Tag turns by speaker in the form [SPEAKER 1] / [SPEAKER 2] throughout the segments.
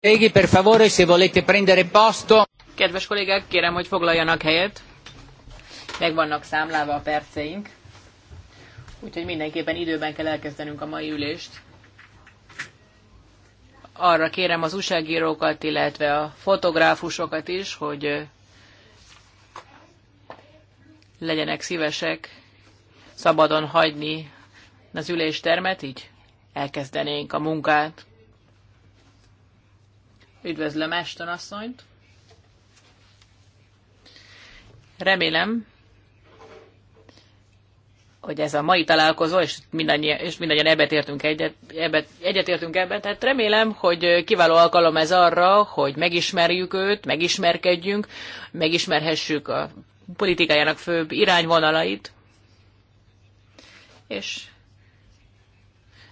[SPEAKER 1] per favore, volete posto.
[SPEAKER 2] Kedves kollégák, kérem, hogy foglaljanak helyet. Meg vannak számlálva a perceink. Úgyhogy mindenképpen időben kell elkezdenünk a mai ülést. Arra kérem az újságírókat, illetve a fotográfusokat is, hogy legyenek szívesek szabadon hagyni az üléstermet, így elkezdenénk a munkát. Üdvözlöm Ashton asszonyt. Remélem, hogy ez a mai találkozó, és mindannyian, és mindannyian ebbet értünk egyet, ebbet, egyet értünk ebben, tehát remélem, hogy kiváló alkalom ez arra, hogy megismerjük őt, megismerkedjünk, megismerhessük a politikájának főbb irányvonalait, és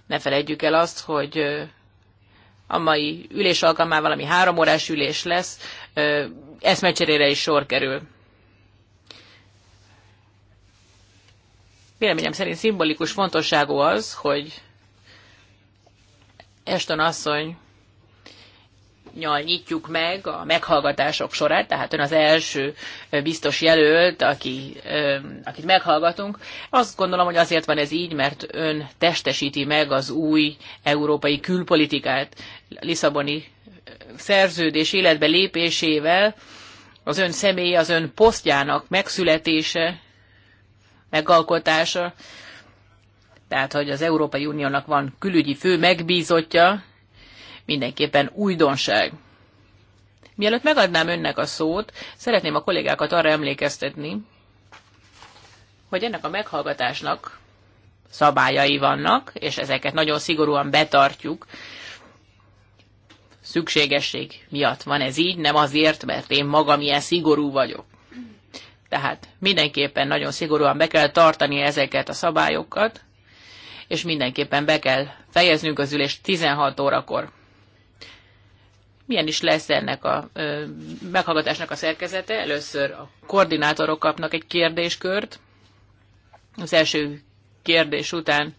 [SPEAKER 2] ne felejtjük el azt, hogy a mai ülés alkalmával, ami három órás ülés lesz, eszmecserére is sor kerül. Véleményem szerint szimbolikus fontosságú az, hogy Eston asszony nyitjuk meg a meghallgatások sorát, tehát ön az első biztos jelölt, aki, akit meghallgatunk. Azt gondolom, hogy azért van ez így, mert ön testesíti meg az új európai külpolitikát. Lisszaboni szerződés életbe lépésével az ön személy, az ön posztjának megszületése, megalkotása, tehát hogy az Európai Uniónak van külügyi fő megbízottja, mindenképpen újdonság. Mielőtt megadnám önnek a szót, szeretném a kollégákat arra emlékeztetni, hogy ennek a meghallgatásnak szabályai vannak, és ezeket nagyon szigorúan betartjuk szükségesség miatt van ez így, nem azért, mert én magam ilyen szigorú vagyok. Tehát mindenképpen nagyon szigorúan be kell tartani ezeket a szabályokat, és mindenképpen be kell fejeznünk az ülést 16 órakor. Milyen is lesz ennek a ö, meghallgatásnak a szerkezete? Először a koordinátorok kapnak egy kérdéskört. Az első kérdés után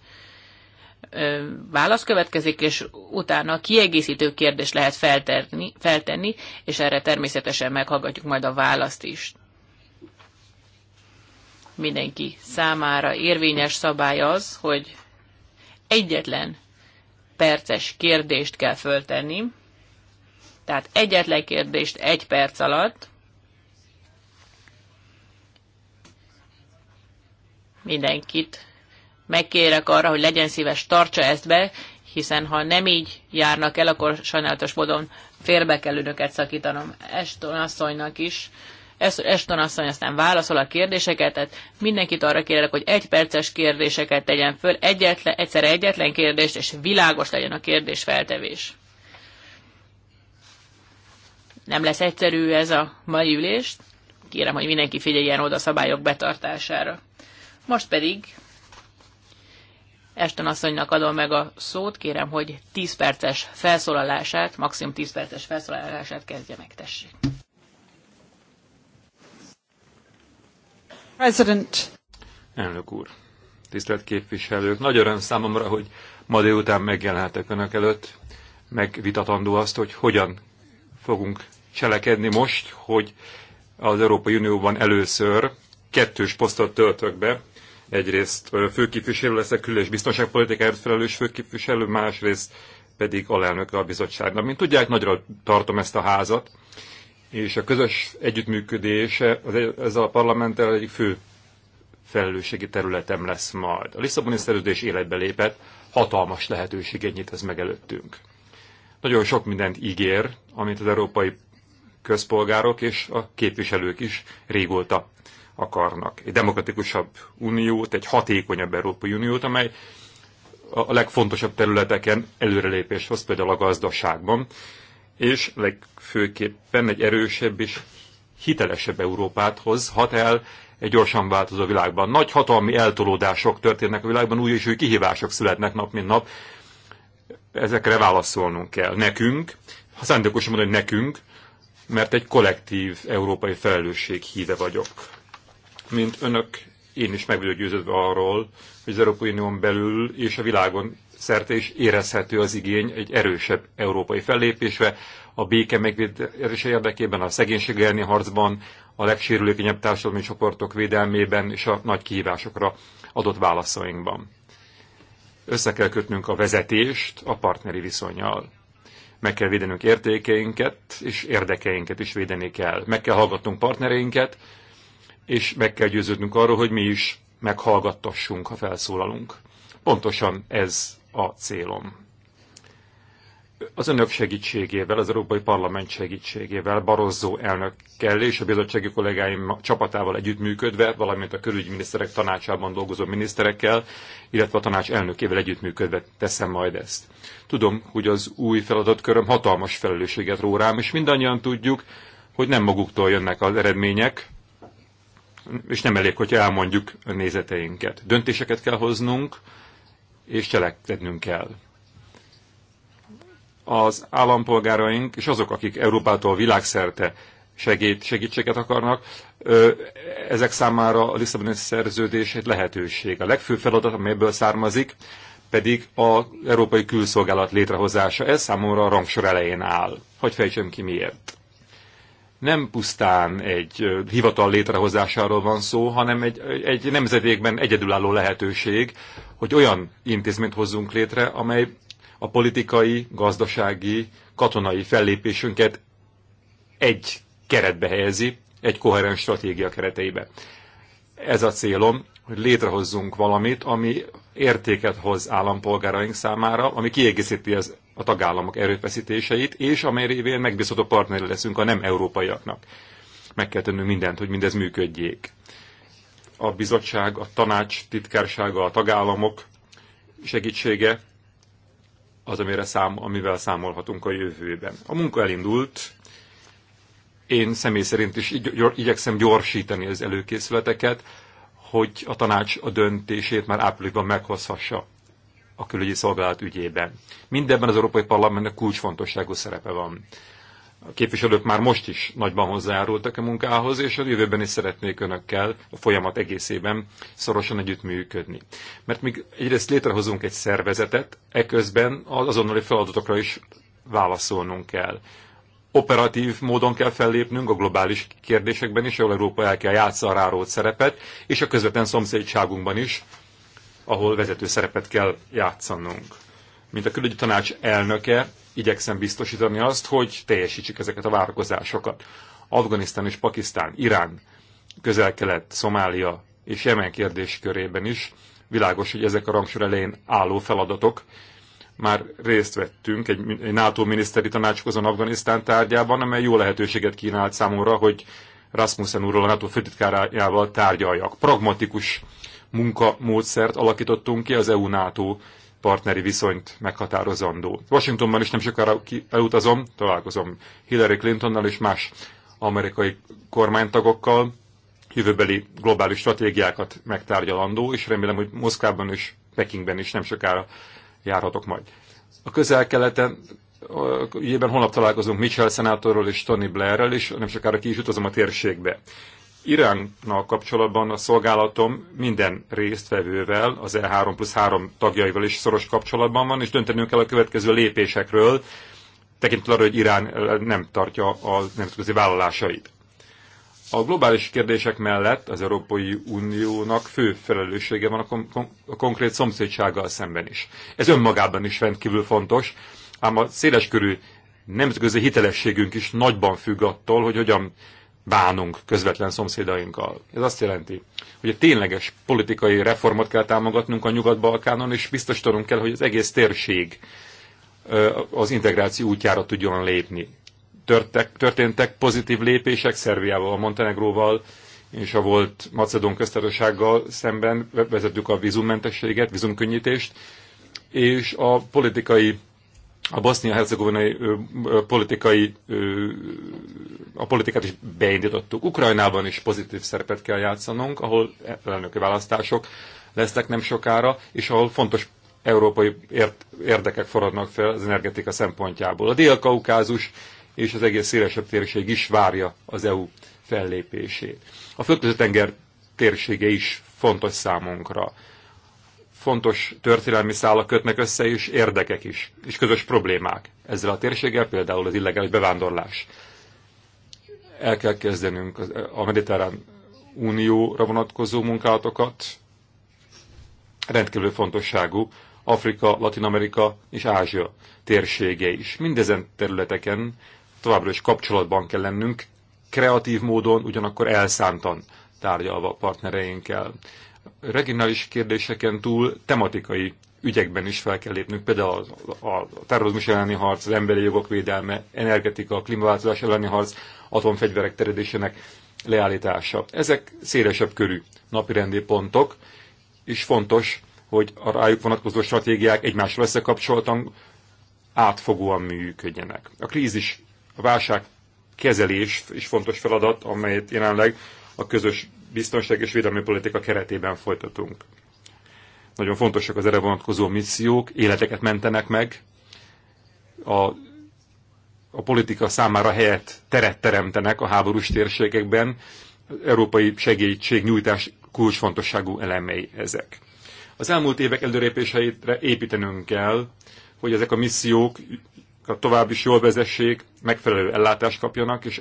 [SPEAKER 2] válasz következik, és utána kiegészítő kérdést lehet feltenni, feltenni, és erre természetesen meghallgatjuk majd a választ is. Mindenki számára érvényes szabály az, hogy egyetlen perces kérdést kell föltenni, tehát egyetlen kérdést egy perc alatt, mindenkit megkérek arra, hogy legyen szíves, tartsa ezt be, hiszen ha nem így járnak el, akkor sajnálatos módon félbe kell önöket szakítanom Eston asszonynak is. Eston asszony aztán válaszol a kérdéseket, tehát mindenkit arra kérlek, hogy egy perces kérdéseket tegyen föl, egyetlen, egyszerre egyetlen kérdést, és világos legyen a kérdés feltevés. Nem lesz egyszerű ez a mai ülést. Kérem, hogy mindenki figyeljen oda a szabályok betartására. Most pedig Esten asszonynak adom meg a szót, kérem, hogy 10 perces felszólalását, maximum 10 perces felszólalását kezdje meg, tessék.
[SPEAKER 1] President.
[SPEAKER 3] Elnök úr, tisztelt képviselők, nagy öröm számomra, hogy ma délután megjelenhetek önök előtt, megvitatandó azt, hogy hogyan fogunk cselekedni most, hogy az Európai Unióban először kettős posztot töltök be, Egyrészt főképviselő leszek, különös biztonságpolitikáért felelős főképviselő, másrészt pedig alelnöke a bizottságnak. Mint tudják, nagyra tartom ezt a házat, és a közös együttműködés ezzel a parlamenttel egyik fő felelősségi területem lesz majd. A Lisszaboni szerződés életbe lépett, hatalmas lehetőséget nyit ez meg előttünk. Nagyon sok mindent ígér, amit az európai közpolgárok és a képviselők is régóta akarnak. Egy demokratikusabb uniót, egy hatékonyabb Európai Uniót, amely a legfontosabb területeken előrelépés hoz, például a gazdaságban, és legfőképpen egy erősebb és hitelesebb Európát hoz, hat el egy gyorsan változó világban. Nagy hatalmi eltolódások történnek a világban, új és új kihívások születnek nap, mint nap. Ezekre válaszolnunk kell. Nekünk, ha szándékosan mondom, hogy nekünk, mert egy kollektív európai felelősség híve vagyok mint önök, én is meg vagyok győződve arról, hogy az Európai Unión belül és a világon szerte is érezhető az igény egy erősebb európai fellépésre, a béke megvédése érdekében, a szegénység elleni harcban, a legsérülékenyebb társadalmi csoportok védelmében és a nagy kihívásokra adott válaszainkban. Össze kell kötnünk a vezetést a partneri viszonyjal. Meg kell védenünk értékeinket, és érdekeinket is védeni kell. Meg kell hallgatnunk partnereinket, és meg kell győződnünk arról, hogy mi is meghallgattassunk, ha felszólalunk. Pontosan ez a célom. Az önök segítségével, az Európai Parlament segítségével, Barozzó elnökkel és a bizottsági kollégáim csapatával együttműködve, valamint a külügyminiszterek tanácsában dolgozó miniszterekkel, illetve a tanács elnökével együttműködve teszem majd ezt. Tudom, hogy az új feladatköröm hatalmas felelősséget ró rám, és mindannyian tudjuk, hogy nem maguktól jönnek az eredmények, és nem elég, hogy elmondjuk a nézeteinket. Döntéseket kell hoznunk, és cselekednünk kell. Az állampolgáraink, és azok, akik Európától világszerte segít, segítséget akarnak, ezek számára a Lisszaboni szerződés egy lehetőség. A legfőbb feladat, ami ebből származik, pedig az Európai Külszolgálat létrehozása. Ez számomra a rangsor elején áll. Hogy fejtsem ki miért nem pusztán egy hivatal létrehozásáról van szó, hanem egy, egy nemzetékben egyedülálló lehetőség, hogy olyan intézményt hozzunk létre, amely a politikai, gazdasági, katonai fellépésünket egy keretbe helyezi, egy koherens stratégia kereteibe. Ez a célom, hogy létrehozzunk valamit, ami értéket hoz állampolgáraink számára, ami kiegészíti az a tagállamok erőfeszítéseit, és amely révén megbízható partneri leszünk a nem európaiaknak. Meg kell tennünk mindent, hogy mindez működjék. A bizottság, a tanács titkársága, a tagállamok segítsége az, amire szám, amivel számolhatunk a jövőben. A munka elindult, én személy szerint is igy- igyekszem gyorsítani az előkészületeket, hogy a tanács a döntését már áprilisban meghozhassa a külügyi szolgálat ügyében. Mindebben az Európai Parlamentnek kulcsfontosságú szerepe van. A képviselők már most is nagyban hozzájárultak a munkához, és a jövőben is szeretnék önökkel a folyamat egészében szorosan együttműködni. Mert míg egyrészt létrehozunk egy szervezetet, eközben az azonnali feladatokra is válaszolnunk kell. Operatív módon kell fellépnünk a globális kérdésekben is, ahol Európa el kell játsza a rárót szerepet, és a közvetlen szomszédságunkban is, ahol vezető szerepet kell játszanunk. Mint a külügyi tanács elnöke, igyekszem biztosítani azt, hogy teljesítsük ezeket a várakozásokat. Afganisztán és Pakisztán, Irán, közel-kelet, Szomália és Jemen körében is világos, hogy ezek a rangsor elején álló feladatok. Már részt vettünk egy, egy NATO miniszteri tanácskozón Afganisztán tárgyában, amely jó lehetőséget kínált számomra, hogy Rasmussen úrról a NATO főtitkárjával tárgyaljak. Pragmatikus munkamódszert alakítottunk ki az EU-NATO partneri viszonyt meghatározandó. Washingtonban is nem sokára elutazom, találkozom Hillary Clintonnal és más amerikai kormánytagokkal, jövőbeli globális stratégiákat megtárgyalandó, és remélem, hogy Moszkvában és Pekingben is nem sokára járhatok majd. A közel-keleten ügyében holnap találkozunk Mitchell szenátorról és Tony Blairrel, és nem sokára ki is utazom a térségbe. Iránnal kapcsolatban a szolgálatom minden résztvevővel, az E3 plusz 3 tagjaival is szoros kapcsolatban van, és döntenünk kell a következő lépésekről, tekintettel arra, hogy Irán eh, nem tartja a nemzetközi vállalásait. A globális kérdések mellett az Európai Uniónak fő felelőssége van a, kon- a konkrét szomszédsággal szemben is. Ez önmagában is rendkívül fontos, ám a széleskörű nemzetközi hitelességünk is nagyban függ attól, hogy hogyan bánunk közvetlen szomszédainkkal. Ez azt jelenti, hogy a tényleges politikai reformot kell támogatnunk a Nyugat-Balkánon, és biztosítanunk kell, hogy az egész térség az integráció útjára tudjon lépni. Törtek, történtek pozitív lépések a Montenegróval és a volt Macedón köztársasággal szemben vezettük a vízummentességet, vízumkönnyítést, és a politikai a bosznia-hercegovinai politikai, a politikát is beindítottuk. Ukrajnában is pozitív szerepet kell játszanunk, ahol e, elnöki választások lesznek nem sokára, és ahol fontos európai érdekek forradnak fel az energetika szempontjából. A dél-kaukázus és az egész szélesebb térség is várja az EU fellépését. A földközi-tenger térsége is fontos számunkra fontos történelmi szálak kötnek össze, és érdekek is, és közös problémák ezzel a térséggel, például az illegális bevándorlás. El kell kezdenünk a Mediterrán Unióra vonatkozó munkálatokat, rendkívül fontosságú Afrika, Latin Amerika és Ázsia térsége is. Mindezen területeken továbbra is kapcsolatban kell lennünk, kreatív módon, ugyanakkor elszántan tárgyalva partnereinkkel regionális kérdéseken túl tematikai ügyekben is fel kell lépnünk, például a, a terrorizmus elleni harc, az emberi jogok védelme, energetika, a klímaváltozás elleni harc, atomfegyverek terjedésének leállítása. Ezek szélesebb körű napirendi pontok, és fontos, hogy a rájuk vonatkozó stratégiák egymásra összekapcsoltan átfogóan működjenek. A krízis, a válság kezelés is fontos feladat, amelyet jelenleg a közös biztonság és védelmi politika keretében folytatunk. Nagyon fontosak az erre vonatkozó missziók, életeket mentenek meg, a, a politika számára helyet teret teremtenek a háborús térségekben, az európai segítségnyújtás kulcsfontosságú elemei ezek. Az elmúlt évek előrépéseire építenünk kell, hogy ezek a missziók tovább is jól vezessék, megfelelő ellátást kapjanak, és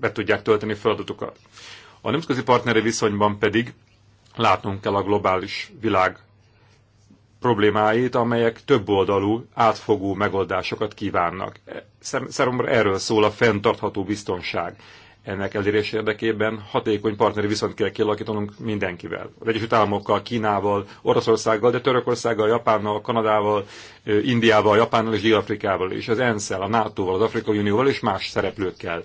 [SPEAKER 3] be tudják tölteni feladatokat. A nemzetközi partneri viszonyban pedig látnunk kell a globális világ problémáit, amelyek több oldalú, átfogó megoldásokat kívánnak. E, számomra erről szól a fenntartható biztonság. Ennek elérés érdekében hatékony partneri viszont kell kialakítanunk mindenkivel. Az Egyesült Államokkal, Kínával, Oroszországgal, de Törökországgal, Japánnal, Kanadával, Indiával, Japánnal és Dél-Afrikával, is. az ENSZ-el, a NATO-val, az Afrikai Unióval és más szereplőkkel.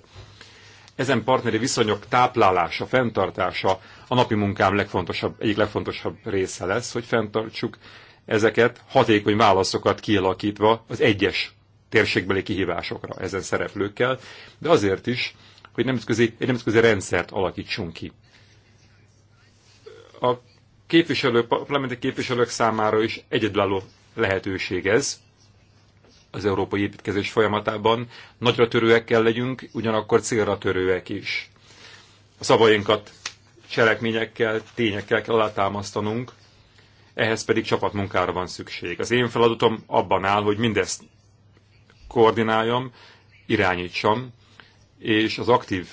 [SPEAKER 3] Ezen partneri viszonyok táplálása, fenntartása a napi munkám legfontosabb, egyik legfontosabb része lesz, hogy fenntartsuk ezeket hatékony válaszokat kialakítva az egyes térségbeli kihívásokra ezen szereplőkkel, de azért is, hogy nemzetközi, egy nemzetközi rendszert alakítsunk ki. A képviselők, parlamenti képviselők számára is egyedülálló lehetőség ez, az európai építkezés folyamatában. Nagyra törőek kell legyünk, ugyanakkor célra törőek is. A szavainkat cselekményekkel, tényekkel kell alátámasztanunk, ehhez pedig csapatmunkára van szükség. Az én feladatom abban áll, hogy mindezt koordináljam, irányítsam, és az aktív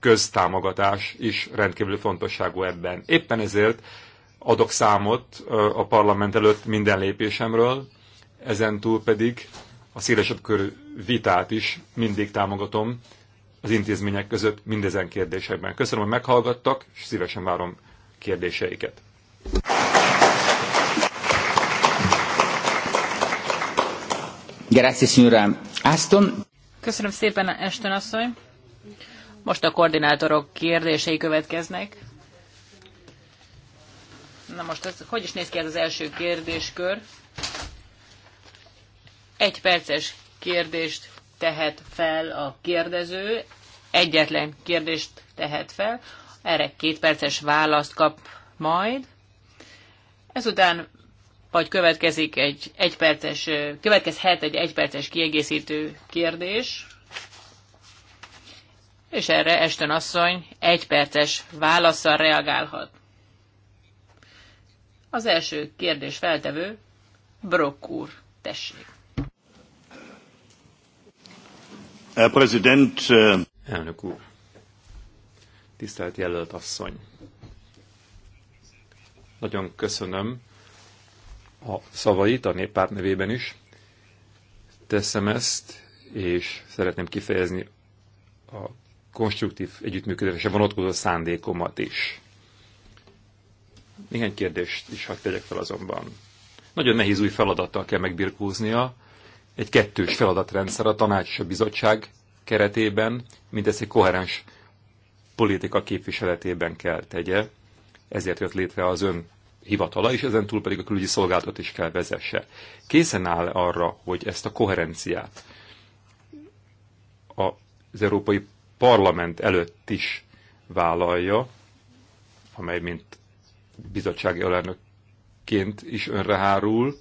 [SPEAKER 3] köztámogatás is rendkívül fontosságú ebben. Éppen ezért adok számot a parlament előtt minden lépésemről, ezen túl pedig a szélesebb körű vitát is mindig támogatom az intézmények között mindezen kérdésekben. Köszönöm, hogy meghallgattak, és szívesen várom
[SPEAKER 1] kérdéseiket. Grazie, signora Aston.
[SPEAKER 2] Köszönöm szépen, Ashton asszony. Most a koordinátorok kérdései következnek. Na most, ez, hogy is néz ki ez az első kérdéskör? Egy perces kérdést tehet fel a kérdező, egyetlen kérdést tehet fel, erre két perces választ kap majd. Ezután vagy következik egy egyperces, következhet egy egyperces kiegészítő kérdés, és erre Esten asszony egyperces válaszsal reagálhat. Az első kérdés feltevő, Brock tessék.
[SPEAKER 3] Äh, Elnök úr! Tisztelt jelölt asszony! Nagyon köszönöm a szavait a néppárt nevében is. Teszem ezt, és szeretném kifejezni a konstruktív együttműködésre vonatkozó szándékomat is. Néhány kérdést is hagyd tegyek fel azonban. Nagyon nehéz új feladattal kell megbirkóznia, egy kettős feladatrendszer a tanács és a bizottság keretében, ezt egy koherens politika képviseletében kell tegye, ezért jött létre az ön hivatala, és ezen túl pedig a külügyi szolgálatot is kell vezesse. Készen áll arra, hogy ezt a koherenciát az Európai Parlament előtt is vállalja, amely mint bizottsági alelnökként is önre hárul,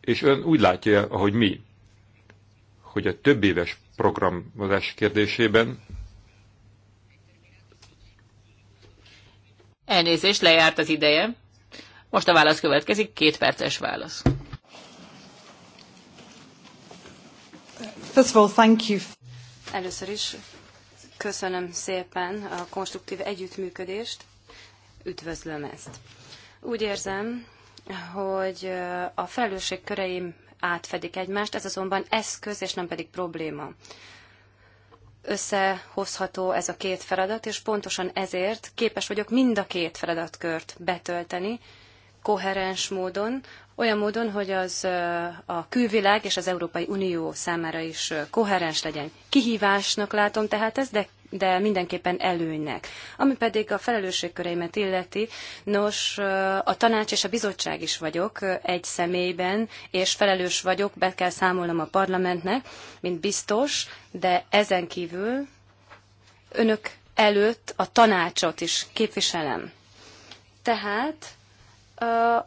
[SPEAKER 3] és ön úgy látja, ahogy mi, hogy a több éves programozás kérdésében
[SPEAKER 2] Elnézést, lejárt az ideje. Most a válasz következik, két perces válasz.
[SPEAKER 1] First of all, thank you.
[SPEAKER 4] Először is köszönöm szépen a konstruktív együttműködést. Üdvözlöm ezt. Úgy érzem, hogy a felelősség köreim átfedik egymást, ez azonban eszköz, és nem pedig probléma. Összehozható ez a két feladat, és pontosan ezért képes vagyok mind a két feladatkört betölteni, koherens módon, olyan módon, hogy az a külvilág és az Európai Unió számára is koherens legyen. Kihívásnak látom tehát ez, de de mindenképpen előnynek. Ami pedig a felelősségköreimet illeti, nos, a tanács és a bizottság is vagyok egy személyben, és felelős vagyok, be kell számolnom a parlamentnek, mint biztos, de ezen kívül önök előtt a tanácsot is képviselem. Tehát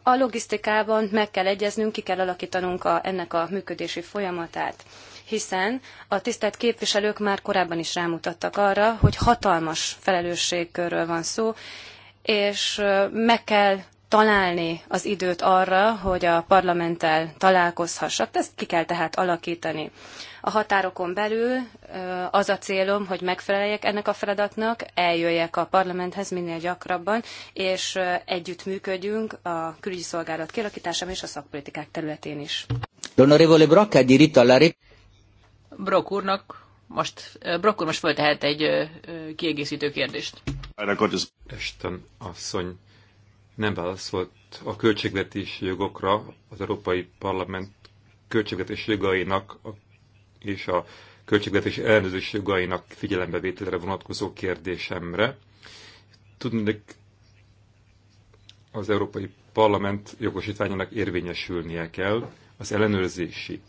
[SPEAKER 4] a logisztikában meg kell egyeznünk, ki kell alakítanunk a, ennek a működési folyamatát hiszen a tisztelt képviselők már korábban is rámutattak arra, hogy hatalmas felelősségkörről van szó, és meg kell találni az időt arra, hogy a parlamenttel találkozhassak. Ezt ki kell tehát alakítani. A határokon belül az a célom, hogy megfeleljek ennek a feladatnak, eljöjjek a parlamenthez minél gyakrabban, és együttműködjünk a külügyi szolgálat kialakításában és a szakpolitikák területén is. Brock úrnak
[SPEAKER 2] most, Brock úr most föltehet egy kiegészítő kérdést.
[SPEAKER 1] Esten
[SPEAKER 3] asszony nem válaszolt a költségvetési jogokra, az Európai Parlament költségvetési jogainak és a költségvetési ellenőrzés jogainak figyelembevételre vonatkozó kérdésemre. Tudnék az Európai Parlament jogosítványának érvényesülnie kell, az ellenőrzési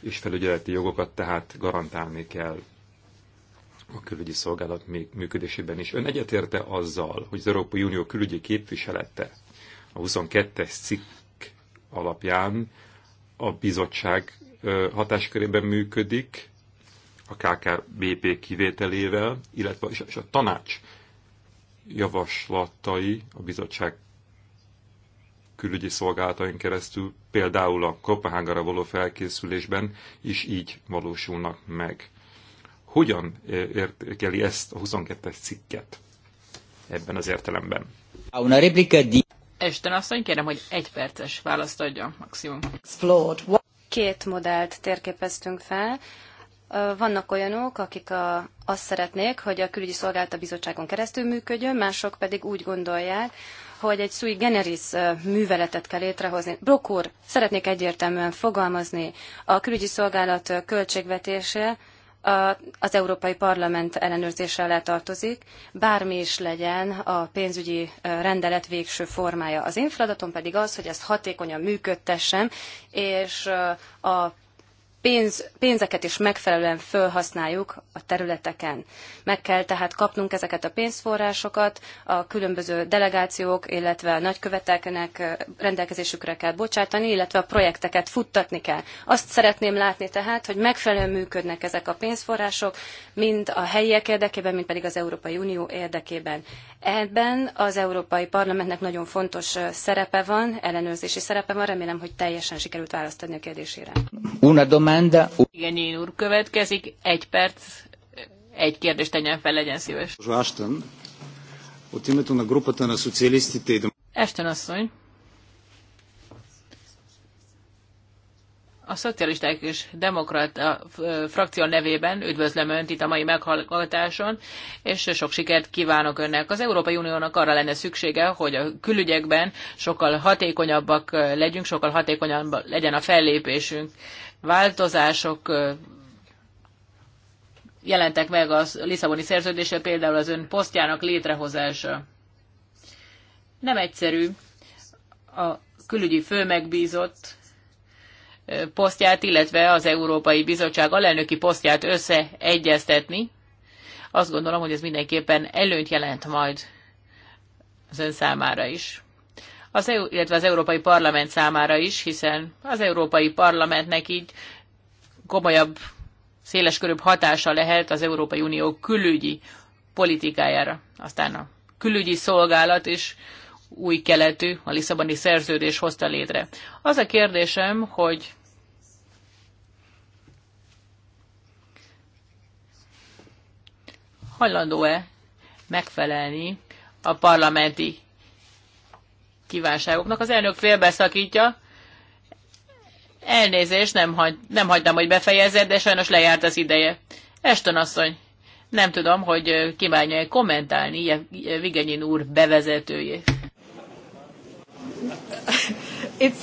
[SPEAKER 3] és felügyeleti jogokat tehát garantálni kell a külügyi szolgálat működésében is. Ön egyetérte azzal, hogy az Európai Unió külügyi képviselete a 22-es cikk alapján a bizottság hatáskörében működik, a KKBP kivételével, illetve és a tanács javaslatai a bizottság külügyi szolgálataink keresztül, például a Kopenhágára való felkészülésben is így valósulnak meg. Hogyan e, értékeli ezt a 22-es cikket ebben
[SPEAKER 1] az értelemben? Una replica di...
[SPEAKER 2] Esten asszony, kérem, hogy egy perces választ adja maximum.
[SPEAKER 4] Két modellt térképeztünk fel. Vannak olyanok, akik a, azt szeretnék, hogy a külügyi szolgálat a bizottságon keresztül működjön, mások pedig úgy gondolják, hogy egy sui generis műveletet kell létrehozni. Brok úr, szeretnék egyértelműen fogalmazni. A külügyi szolgálat költségvetése az Európai Parlament ellenőrzése alá tartozik, bármi is legyen a pénzügyi rendelet végső formája. Az én feladatom pedig az, hogy ezt hatékonyan működtessem, és a pénz, pénzeket is megfelelően felhasználjuk a területeken. Meg kell tehát kapnunk ezeket a pénzforrásokat, a különböző delegációk, illetve a nagyköveteknek rendelkezésükre kell bocsátani, illetve a projekteket futtatni kell. Azt szeretném látni tehát, hogy megfelelően működnek ezek a pénzforrások, mind a helyiek érdekében, mind pedig az Európai Unió érdekében. Ebben az Európai Parlamentnek nagyon fontos szerepe van, ellenőrzési szerepe van, remélem, hogy teljesen sikerült választ adni a kérdésére.
[SPEAKER 1] Una Amanda.
[SPEAKER 4] Igen, én úr, következik
[SPEAKER 2] egy perc, egy kérdést tegyen fel, legyen szíves.
[SPEAKER 1] Ashton, от
[SPEAKER 3] името на групата на социалистите и
[SPEAKER 2] Ashton asszony. A szocialisták és demokrata frakció nevében üdvözlöm Önt itt a mai meghallgatáson, és sok sikert kívánok Önnek. Az Európai Uniónak arra lenne szüksége, hogy a külügyekben sokkal hatékonyabbak legyünk, sokkal hatékonyabb legyen a fellépésünk változások jelentek meg a Lisszaboni szerződése, például az ön posztjának létrehozása. Nem egyszerű a külügyi megbízott posztját, illetve az Európai Bizottság alelnöki posztját összeegyeztetni. Azt gondolom, hogy ez mindenképpen előnyt jelent majd az ön számára is az EU, illetve az Európai Parlament számára is, hiszen az Európai Parlamentnek így komolyabb, széleskörűbb hatása lehet az Európai Unió külügyi politikájára. Aztán a külügyi szolgálat is új keletű, a Lisszaboni szerződés hozta létre. Az a kérdésem, hogy hajlandó-e megfelelni a parlamenti kívánságoknak. Az elnök félbeszakítja. Elnézést, nem, hagy, nem hagytam, hogy befejezed, de sajnos lejárt az ideje. Eston asszony, nem tudom, hogy kívánja-e kommentálni Vigenyin úr bevezetőjét. It's...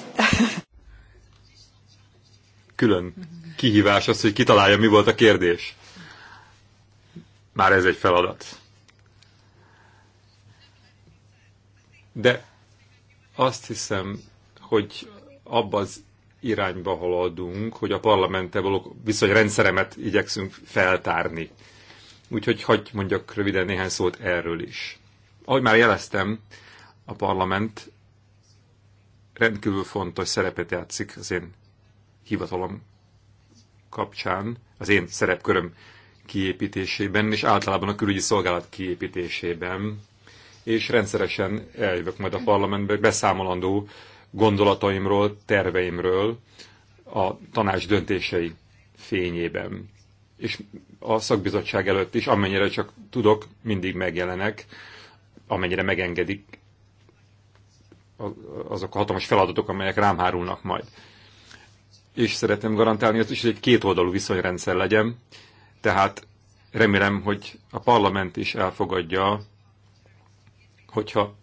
[SPEAKER 3] Külön kihívás az, hogy kitalálja, mi volt a kérdés. Már ez egy feladat. De azt hiszem, hogy abba az irányba haladunk, hogy a parlamenttel való viszonyrendszeremet igyekszünk feltárni. Úgyhogy hagyj mondjak röviden néhány szót erről is. Ahogy már jeleztem, a parlament rendkívül fontos szerepet játszik az én hivatalom kapcsán, az én szerepköröm kiépítésében, és általában a külügyi szolgálat kiépítésében, és rendszeresen eljövök majd a parlamentbe beszámolandó gondolataimról, terveimről a tanács döntései fényében. És a szakbizottság előtt is, amennyire csak tudok, mindig megjelenek, amennyire megengedik azok a hatalmas feladatok, amelyek rám hárulnak majd. És szeretném garantálni azt is, hogy egy kétoldalú viszonyrendszer legyen, tehát remélem, hogy a parlament is elfogadja hogyha,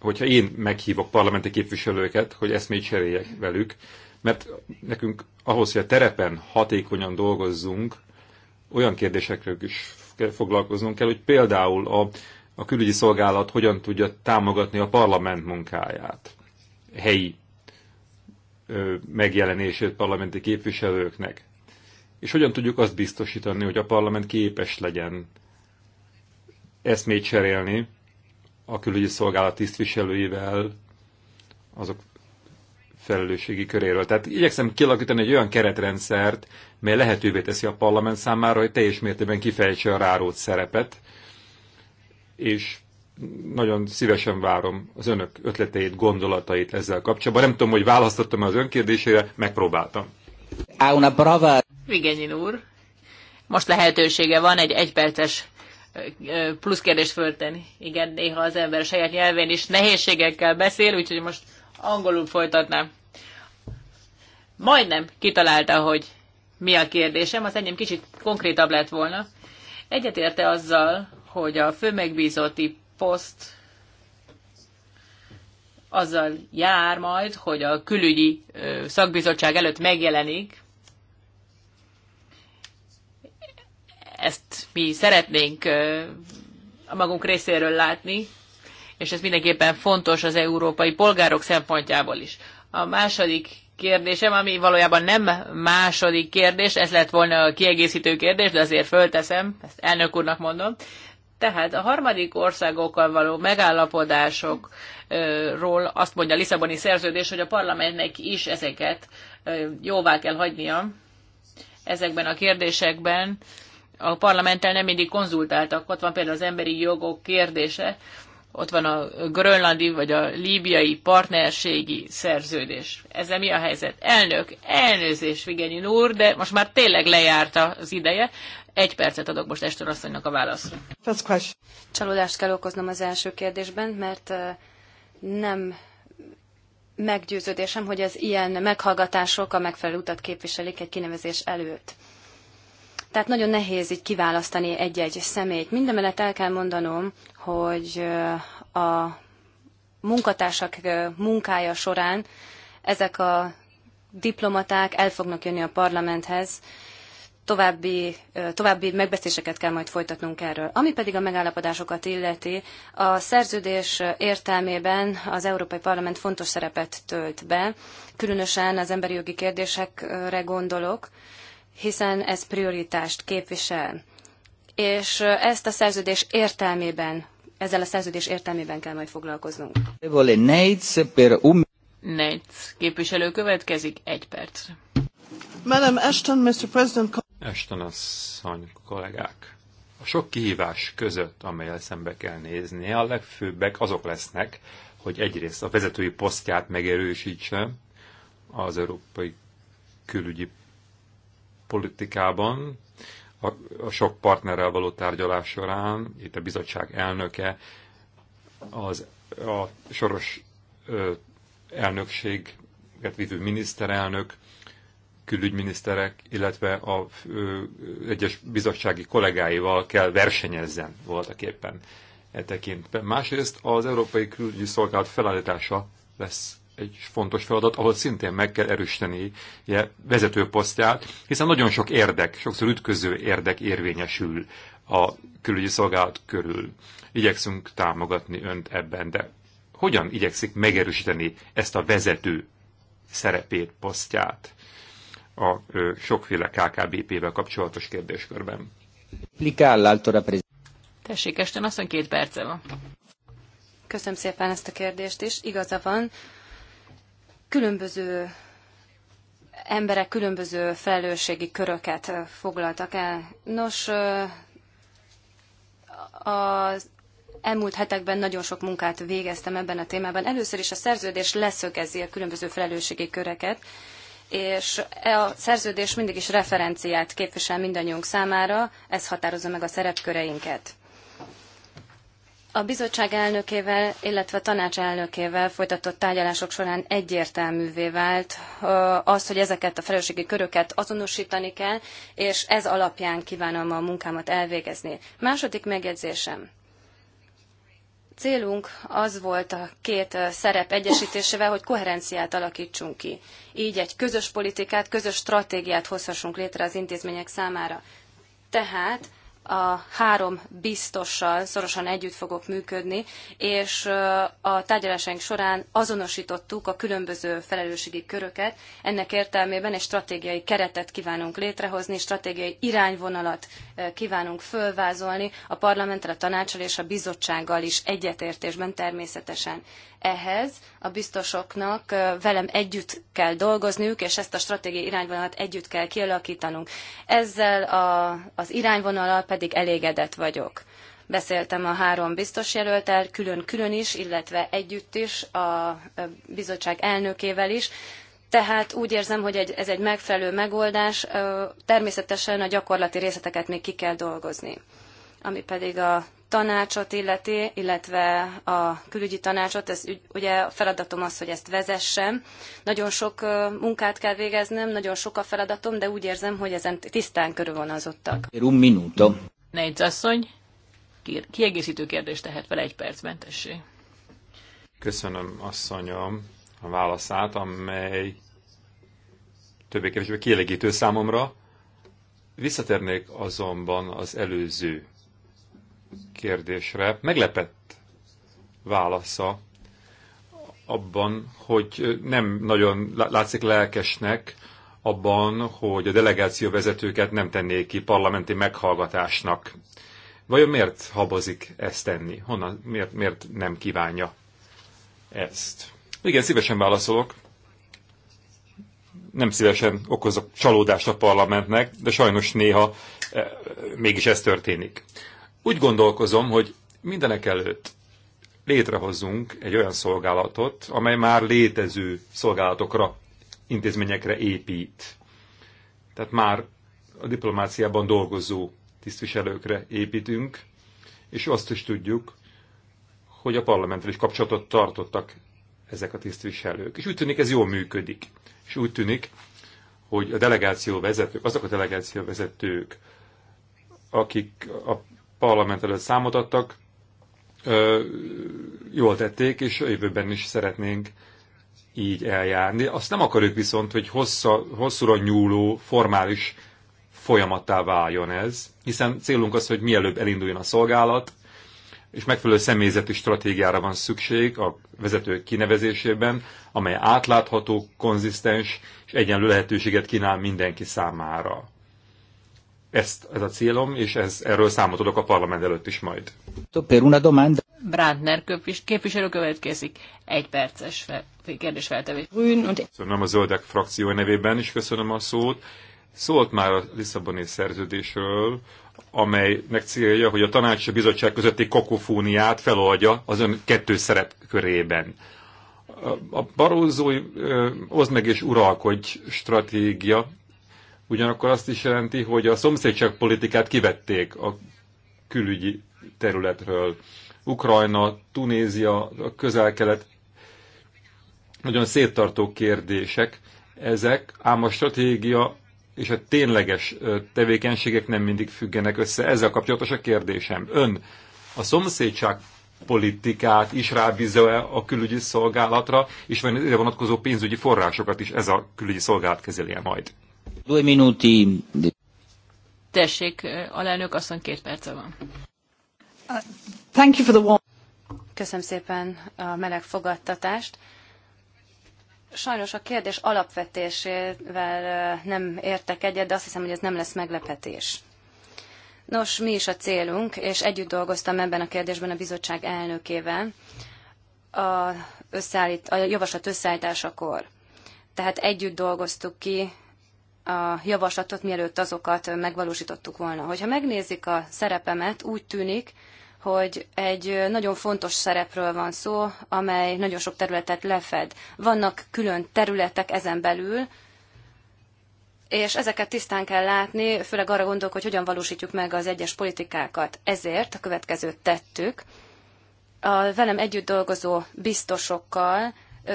[SPEAKER 3] hogyha én meghívok parlamenti képviselőket, hogy eszmét cseréljek velük, mert nekünk ahhoz, hogy a terepen hatékonyan dolgozzunk, olyan kérdésekről is foglalkoznunk kell, hogy például a, a külügyi szolgálat hogyan tudja támogatni a parlament munkáját, helyi ö, megjelenését parlamenti képviselőknek, és hogyan tudjuk azt biztosítani, hogy a parlament képes legyen eszmét cserélni a külügyi szolgálat tisztviselőivel, azok felelősségi köréről. Tehát igyekszem kialakítani egy olyan keretrendszert, mely lehetővé teszi a parlament számára, hogy teljes mértékben kifejtse a rárót szerepet, és nagyon szívesen várom az önök ötleteit, gondolatait ezzel kapcsolatban. Nem tudom, hogy választottam -e az kérdésére, megpróbáltam. Á, una brava.
[SPEAKER 2] Vigenyin úr, most lehetősége van egy egyperces plusz kérdést fölteni. Igen, néha az ember a saját nyelvén is nehézségekkel beszél, úgyhogy most angolul folytatnám. Majdnem kitalálta, hogy mi a kérdésem, az enyém kicsit konkrétabb lett volna. Egyetérte azzal, hogy a főmegbízotti poszt azzal jár majd, hogy a külügyi szakbizottság előtt megjelenik, Ezt mi szeretnénk a magunk részéről látni, és ez mindenképpen fontos az európai polgárok szempontjából is. A második kérdésem, ami valójában nem második kérdés, ez lett volna a kiegészítő kérdés, de azért fölteszem, ezt elnök úrnak mondom. Tehát a harmadik országokkal való megállapodásokról azt mondja a Lisszaboni szerződés, hogy a parlamentnek is ezeket jóvá kell hagynia ezekben a kérdésekben a parlamenttel nem mindig konzultáltak. Ott van például az emberi jogok kérdése, ott van a grönlandi vagy a líbiai partnerségi szerződés. Ezzel mi a helyzet? Elnök, elnőzés, Vigenyin úr, de most már tényleg lejárt az ideje. Egy percet adok most Estor asszonynak a válaszra.
[SPEAKER 4] Csalódást kell okoznom az első kérdésben, mert nem meggyőződésem, hogy az ilyen meghallgatások a megfelelő utat képviselik egy kinevezés előtt. Tehát nagyon nehéz így kiválasztani egy-egy személyt. Mindemellett el kell mondanom, hogy a munkatársak munkája során ezek a diplomaták el fognak jönni a parlamenthez, további, további megbeszéseket kell majd folytatnunk erről. Ami pedig a megállapodásokat illeti, a szerződés értelmében az Európai Parlament fontos szerepet tölt be, különösen az emberi jogi kérdésekre gondolok, hiszen ez prioritást képvisel. És ezt a szerződés értelmében, ezzel a szerződés értelmében kell majd foglalkoznunk. Um- Neitz képviselő következik
[SPEAKER 2] egy perc.
[SPEAKER 3] Madam Ashton, Mr. President... Ashton asszony, kollégák. A sok kihívás között, amelyel szembe kell nézni, a legfőbbek azok lesznek, hogy egyrészt a vezetői posztját megerősítse az európai külügyi politikában a, a sok partnerrel való tárgyalás során, itt a bizottság elnöke, az a soros ö, elnökséget vívő miniszterelnök, külügyminiszterek, illetve a ö, egyes bizottsági kollégáival kell versenyezzen voltak éppen e tekintben. Másrészt az Európai Külügyi Szolgálat felállítása lesz egy fontos feladat, ahol szintén meg kell erősíteni vezető posztját, hiszen nagyon sok érdek, sokszor ütköző érdek érvényesül a külügyi szolgálat körül. Igyekszünk támogatni önt ebben, de hogyan igyekszik megerősíteni ezt a vezető szerepét, posztját a ö, sokféle KKBP-vel kapcsolatos kérdéskörben?
[SPEAKER 4] Tessék, este azt két perce van. Köszönöm szépen ezt a kérdést is. Igaza van, különböző emberek különböző felelősségi köröket eh, foglaltak el. Nos, eh, az elmúlt hetekben nagyon sok munkát végeztem ebben a témában. Először is a szerződés leszögezi a különböző felelősségi köreket, és e a szerződés mindig is referenciát képvisel mindannyiunk számára, ez határozza meg a szerepköreinket. A bizottság elnökével, illetve a tanács elnökével folytatott tárgyalások során egyértelművé vált az, hogy ezeket a felelősségi köröket azonosítani kell, és ez alapján kívánom a munkámat elvégezni. Második megjegyzésem. Célunk az volt a két szerep egyesítésével, hogy koherenciát alakítsunk ki. Így egy közös politikát, közös stratégiát hozhassunk létre az intézmények számára. Tehát a három biztossal szorosan együtt fogok működni, és a tárgyalásaink során azonosítottuk a különböző felelősségi köröket. Ennek értelmében egy stratégiai keretet kívánunk létrehozni, stratégiai irányvonalat kívánunk fölvázolni a parlamenttel, a tanácsal és a bizottsággal is egyetértésben természetesen ehhez a biztosoknak velem együtt kell dolgozniuk, és ezt a stratégiai irányvonalat együtt kell kialakítanunk. Ezzel a, az irányvonalal pedig elégedett vagyok. Beszéltem a három biztos jelöltel, külön-külön is, illetve együtt is, a bizottság elnökével is. Tehát úgy érzem, hogy egy, ez egy megfelelő megoldás, természetesen a gyakorlati részleteket még ki kell dolgozni. Ami pedig a tanácsot illeti, illetve a külügyi tanácsot, ez ugye a feladatom az, hogy ezt vezessem. Nagyon sok munkát kell végeznem, nagyon sok a feladatom, de úgy érzem, hogy ezen tisztán körülvonazottak.
[SPEAKER 1] Un minuto.
[SPEAKER 4] Négy asszony, kiegészítő kérdést tehet fel egy percben, mentessé.
[SPEAKER 3] Köszönöm, asszonyom, a válaszát, amely többé-kevésbé kielégítő számomra. Visszatérnék azonban az előző kérdésre meglepett válasza abban, hogy nem nagyon látszik lelkesnek abban, hogy a delegáció vezetőket nem tennék ki parlamenti meghallgatásnak. Vajon miért habozik ezt tenni? Honnan, miért, miért nem kívánja ezt? Igen, szívesen válaszolok. Nem szívesen okozok csalódást a parlamentnek, de sajnos néha eh, mégis ez történik. Úgy gondolkozom, hogy mindenek előtt létrehozzunk egy olyan szolgálatot, amely már létező szolgálatokra, intézményekre épít. Tehát már a diplomáciában dolgozó tisztviselőkre építünk, és azt is tudjuk, hogy a parlamenttel is kapcsolatot tartottak ezek a tisztviselők. És úgy tűnik, ez jól működik. És úgy tűnik, hogy a delegáció vezetők, azok a delegáció vezetők, akik a parlament előtt számot adtak, jól tették, és a jövőben is szeretnénk így eljárni. Azt nem akarjuk viszont, hogy hossza, hosszúra nyúló, formális folyamattá váljon ez, hiszen célunk az, hogy mielőbb elinduljon a szolgálat, és megfelelő személyzeti stratégiára van szükség a vezetők kinevezésében, amely átlátható, konzisztens és egyenlő lehetőséget kínál mindenki számára. Ezt, ez a célom, és ez, erről számot adok a parlament előtt is majd.
[SPEAKER 2] Brandner képviselő következik. Egy perces feltevés. Köszönöm
[SPEAKER 3] a Zöldek frakció nevében is köszönöm a szót. Szólt már a Lisszaboni szerződésről, amelynek célja, hogy a tanács és a bizottság közötti kakofóniát feloldja az ön kettő szerep körében. A barózói oszd meg és uralkodj stratégia ugyanakkor azt is jelenti, hogy a szomszédság politikát kivették a külügyi területről. Ukrajna, Tunézia, a közel-kelet nagyon széttartó kérdések ezek, ám a stratégia és a tényleges tevékenységek nem mindig függenek össze. Ezzel kapcsolatos a kérdésem. Ön a szomszédság politikát is rábízza-e a külügyi szolgálatra, és van ide vonatkozó pénzügyi forrásokat is ez a külügyi
[SPEAKER 1] szolgálat kezeli majd? Due minuti.
[SPEAKER 2] Tessék, alelnök asszony, két perce van.
[SPEAKER 4] Uh, thank you for the warm. Köszönöm szépen a meleg fogadtatást. Sajnos a kérdés alapvetésével nem értek egyet, de azt hiszem, hogy ez nem lesz meglepetés. Nos, mi is a célunk, és együtt dolgoztam ebben a kérdésben a bizottság elnökével a, összeállít, a javaslat összeállításakor. Tehát együtt dolgoztuk ki a javaslatot, mielőtt azokat megvalósítottuk volna. Hogyha megnézik a szerepemet, úgy tűnik, hogy egy nagyon fontos szerepről van szó, amely nagyon sok területet lefed. Vannak külön területek ezen belül, és ezeket tisztán kell látni, főleg arra gondolok, hogy hogyan valósítjuk meg az egyes politikákat. Ezért a következőt tettük. A velem együtt dolgozó biztosokkal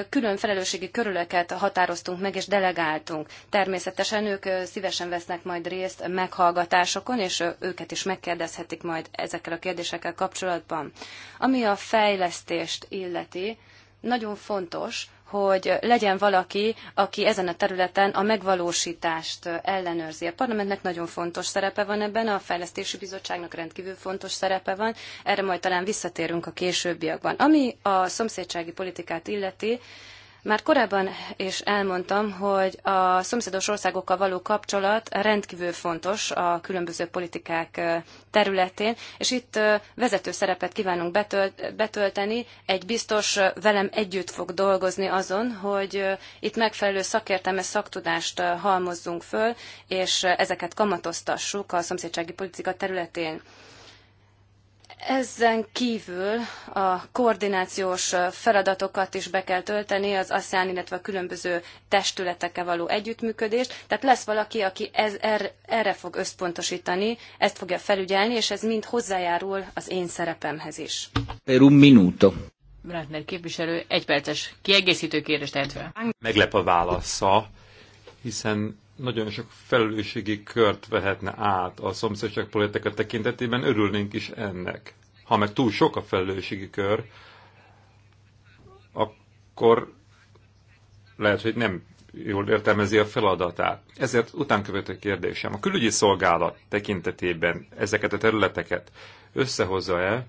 [SPEAKER 4] külön felelősségi körülöket határoztunk meg és delegáltunk. Természetesen ők szívesen vesznek majd részt meghallgatásokon, és őket is megkérdezhetik majd ezekkel a kérdésekkel kapcsolatban. Ami a fejlesztést illeti, nagyon fontos, hogy legyen valaki, aki ezen a területen a megvalósítást ellenőrzi. A parlamentnek nagyon fontos szerepe van ebben, a fejlesztési bizottságnak rendkívül fontos szerepe van, erre majd talán visszatérünk a későbbiekben. Ami a szomszédsági politikát illeti, már korábban is elmondtam, hogy a szomszédos országokkal való kapcsolat rendkívül fontos a különböző politikák területén, és itt vezető szerepet kívánunk betölteni. Egy biztos velem együtt fog dolgozni azon, hogy itt megfelelő szakértelmes szaktudást halmozzunk föl, és ezeket kamatoztassuk a szomszédsági politika területén. Ezen kívül a koordinációs feladatokat is be kell tölteni az ASEAN, illetve a különböző testületekkel való együttműködést. Tehát lesz valaki, aki ez, er, erre fog összpontosítani, ezt fogja felügyelni, és ez mind hozzájárul az én szerepemhez is.
[SPEAKER 1] Per un minuto.
[SPEAKER 4] Brandner képviselő, egy perces kiegészítő kérdést tehet fel.
[SPEAKER 1] Meglep a válasza,
[SPEAKER 3] hiszen nagyon sok felelősségi kört vehetne át a politika tekintetében, örülnénk is ennek. Ha meg túl sok a felelősségi kör, akkor lehet, hogy nem jól értelmezi a feladatát. Ezért utánkövető kérdésem. A külügyi szolgálat tekintetében ezeket a területeket összehozza-e,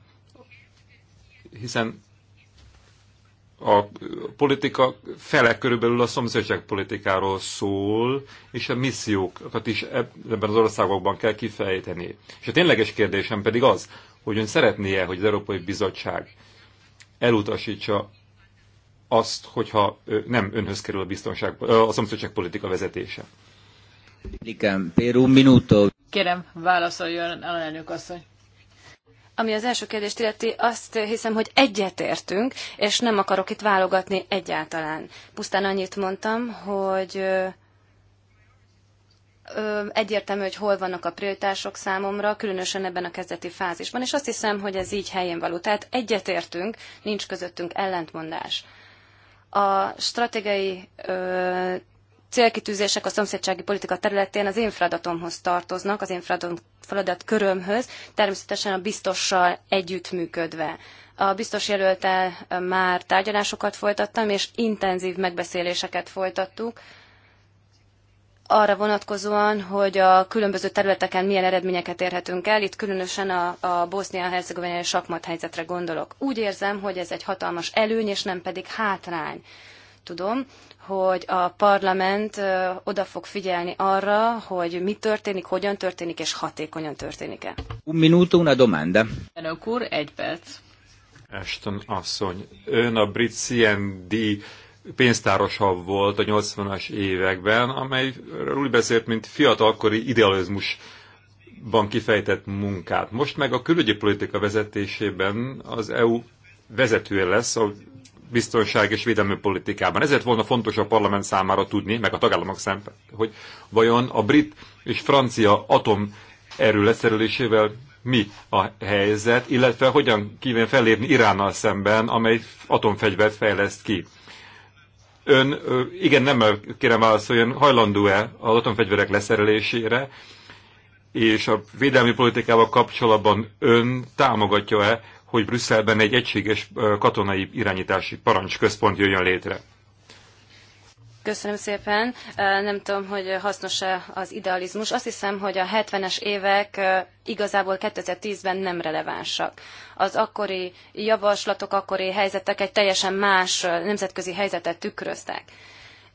[SPEAKER 3] hiszen a politika fele körülbelül a szomszédság politikáról szól, és a missziókat is ebben az országokban kell kifejteni. És a tényleges kérdésem pedig az, hogy ön szeretné-e, hogy az Európai Bizottság elutasítsa azt, hogyha nem önhöz kerül a, biztonság, a szomszédság politika
[SPEAKER 1] vezetése.
[SPEAKER 4] Kérem, válaszoljon, elnök asszony. Ami az első kérdést illeti, azt hiszem, hogy egyetértünk, és nem akarok itt válogatni egyáltalán. Pusztán annyit mondtam, hogy egyértelmű, hogy hol vannak a prioritások számomra, különösen ebben a kezdeti fázisban, és azt hiszem, hogy ez így helyén való. Tehát egyetértünk, nincs közöttünk ellentmondás. A stratégiai ö, célkitűzések a szomszédsági politika területén az én feladatomhoz tartoznak, az én feladat körömhöz, természetesen a biztossal együttműködve. A biztos jelöltel már tárgyalásokat folytattam, és intenzív megbeszéléseket folytattuk, arra vonatkozóan, hogy a különböző területeken milyen eredményeket érhetünk el, itt különösen a, a bosznia-hercegovinai sakmat helyzetre gondolok. Úgy érzem, hogy ez egy hatalmas előny, és nem pedig hátrány. Tudom, hogy a parlament oda fog figyelni arra, hogy mi történik, hogyan történik, és hatékonyan történik-e.
[SPEAKER 1] Un minuto, una domanda.
[SPEAKER 4] Önök úr, egy perc.
[SPEAKER 1] Ashton asszony,
[SPEAKER 3] ön a brit CND pénztárosa volt a 80-as években, amely úgy beszélt, mint fiatalkori idealizmus van kifejtett munkát. Most meg a külügyi politika vezetésében az EU vezetője lesz a biztonság és védelmi politikában. Ezért volna fontos a parlament számára tudni, meg a tagállamok számára, hogy vajon a brit és francia atom erő leszerelésével mi a helyzet, illetve hogyan kíván fellépni Iránnal szemben, amely atomfegyvert fejleszt ki. Ön, igen, nem kérem válaszoljon, hajlandó-e az atomfegyverek leszerelésére, és a védelmi politikával kapcsolatban ön támogatja-e hogy Brüsszelben egy egységes katonai irányítási parancsközpont jöjjön létre.
[SPEAKER 4] Köszönöm szépen. Nem tudom, hogy hasznos-e az idealizmus. Azt hiszem, hogy a 70-es évek igazából 2010-ben nem relevánsak. Az akkori javaslatok, akkori helyzetek egy teljesen más nemzetközi helyzetet tükröztek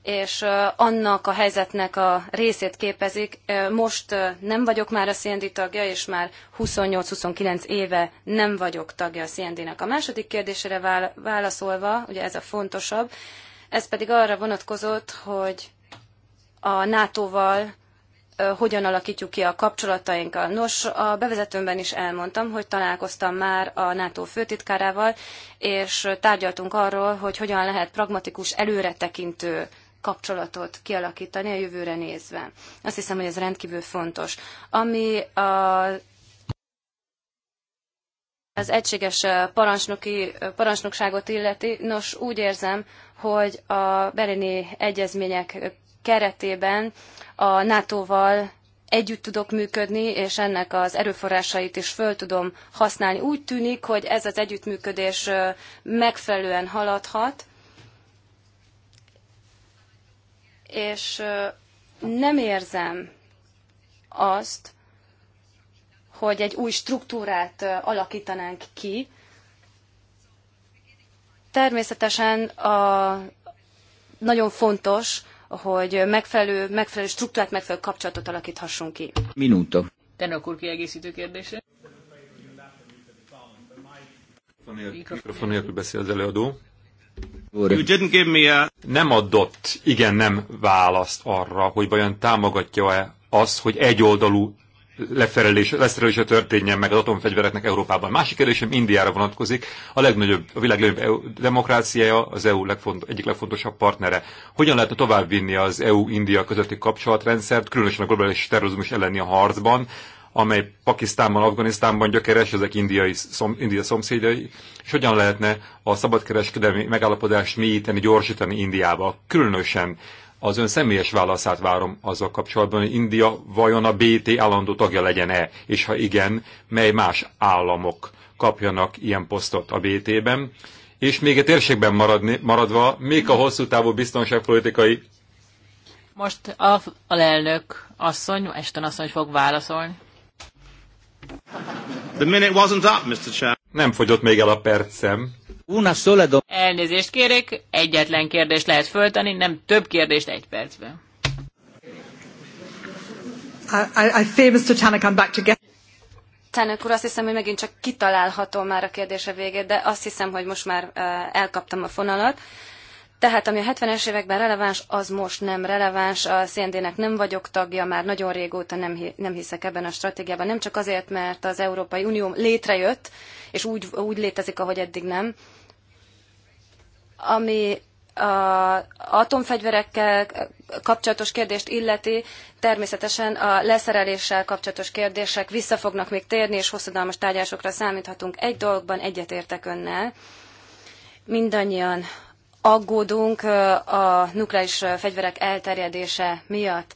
[SPEAKER 4] és annak a helyzetnek a részét képezik. Most nem vagyok már a CND tagja, és már 28-29 éve nem vagyok tagja a CND-nek. A második kérdésére válaszolva, ugye ez a fontosabb, ez pedig arra vonatkozott, hogy a NATO-val hogyan alakítjuk ki a kapcsolatainkat. Nos, a bevezetőmben is elmondtam, hogy találkoztam már a NATO főtitkárával, és tárgyaltunk arról, hogy hogyan lehet pragmatikus, előretekintő kapcsolatot kialakítani a jövőre nézve. Azt hiszem, hogy ez rendkívül fontos. Ami a az egységes parancsnoki, parancsnokságot illeti, nos úgy érzem, hogy a bereni egyezmények keretében a NATO-val együtt tudok működni, és ennek az erőforrásait is föl tudom használni. Úgy tűnik, hogy ez az együttműködés megfelelően haladhat, és nem érzem azt, hogy egy új struktúrát alakítanánk ki. Természetesen a, nagyon fontos, hogy megfelelő, megfelelő struktúrát, megfelelő kapcsolatot alakíthassunk ki. Minuto. Tenok úr kiegészítő kérdése.
[SPEAKER 3] Mikrofon nélkül beszél az előadó. You didn't give me a... Nem adott igen-nem választ arra, hogy vajon támogatja-e az, hogy egyoldalú leszerelése, leszerelése történjen meg az atomfegyvereknek Európában. Másik kérdésem Indiára vonatkozik, a, legnagyobb, a világ legnagyobb EU, demokráciája, az EU legfont, egyik legfontosabb partnere. Hogyan lehetne továbbvinni az EU-India közötti kapcsolatrendszert, különösen a globális terrorizmus elleni a harcban, amely Pakisztánban, Afganisztánban gyökeres, ezek indiai, szom, India szomszédai, és hogyan lehetne a szabadkereskedelmi megállapodást mélyíteni, gyorsítani Indiába. Különösen az ön személyes válaszát várom azzal kapcsolatban, hogy India vajon a BT állandó tagja legyen-e, és ha igen, mely más államok kapjanak ilyen posztot a BT-ben, és még egy térségben maradni, maradva, még a hosszú távú biztonságpolitikai most
[SPEAKER 2] a alelnök asszony, Esten asszony fog válaszolni.
[SPEAKER 3] The minute wasn't up, Mr. Chair. Nem fogyott még el a percem. Una sola do...
[SPEAKER 2] Elnézést kérek, egyetlen kérdést lehet föltenni, nem több kérdést egy percben.
[SPEAKER 1] I, I, I fear, Mr. Tannock, I'm back to get...
[SPEAKER 4] Tanak úr, azt hiszem, hogy megint csak kitalálhatom már a kérdése végét, de azt hiszem, hogy most már eh, elkaptam a fonalat. Tehát ami a 70-es években releváns, az most nem releváns. A CND-nek nem vagyok tagja, már nagyon régóta nem, nem hiszek ebben a stratégiában. Nem csak azért, mert az Európai Unió létrejött, és úgy, úgy létezik, ahogy eddig nem. Ami a atomfegyverekkel kapcsolatos kérdést illeti, természetesen a leszereléssel kapcsolatos kérdések vissza fognak még térni, és hosszadalmas tárgyásokra számíthatunk. Egy dologban egyetértek önnel. Mindannyian aggódunk a nukleáris fegyverek elterjedése miatt.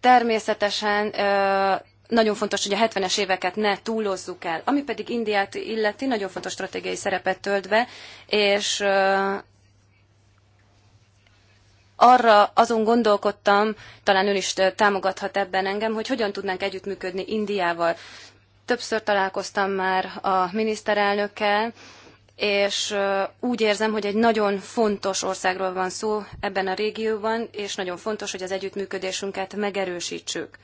[SPEAKER 4] Természetesen nagyon fontos, hogy a 70-es éveket ne túlozzuk el. Ami pedig Indiát illeti, nagyon fontos stratégiai szerepet tölt be, és arra azon gondolkodtam, talán ön is támogathat ebben engem, hogy hogyan tudnánk együttműködni Indiával. Többször találkoztam már a miniszterelnökkel, és úgy érzem, hogy egy nagyon fontos országról van szó ebben a régióban, és nagyon fontos, hogy az együttműködésünket megerősítsük.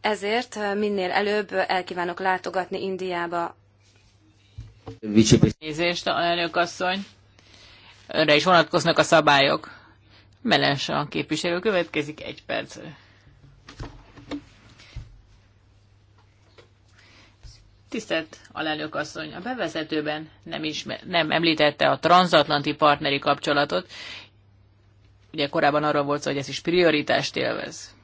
[SPEAKER 4] Ezért minél előbb elkívánok látogatni Indiába.
[SPEAKER 2] Nézést, elnök asszony. Önre is vonatkoznak a szabályok. Meles a képviselő következik egy percre. Tisztelt alelnök asszony, a bevezetőben nem, ismer, nem említette a transatlanti partneri kapcsolatot. Ugye korábban arról volt szó, hogy ez is prioritást élvez.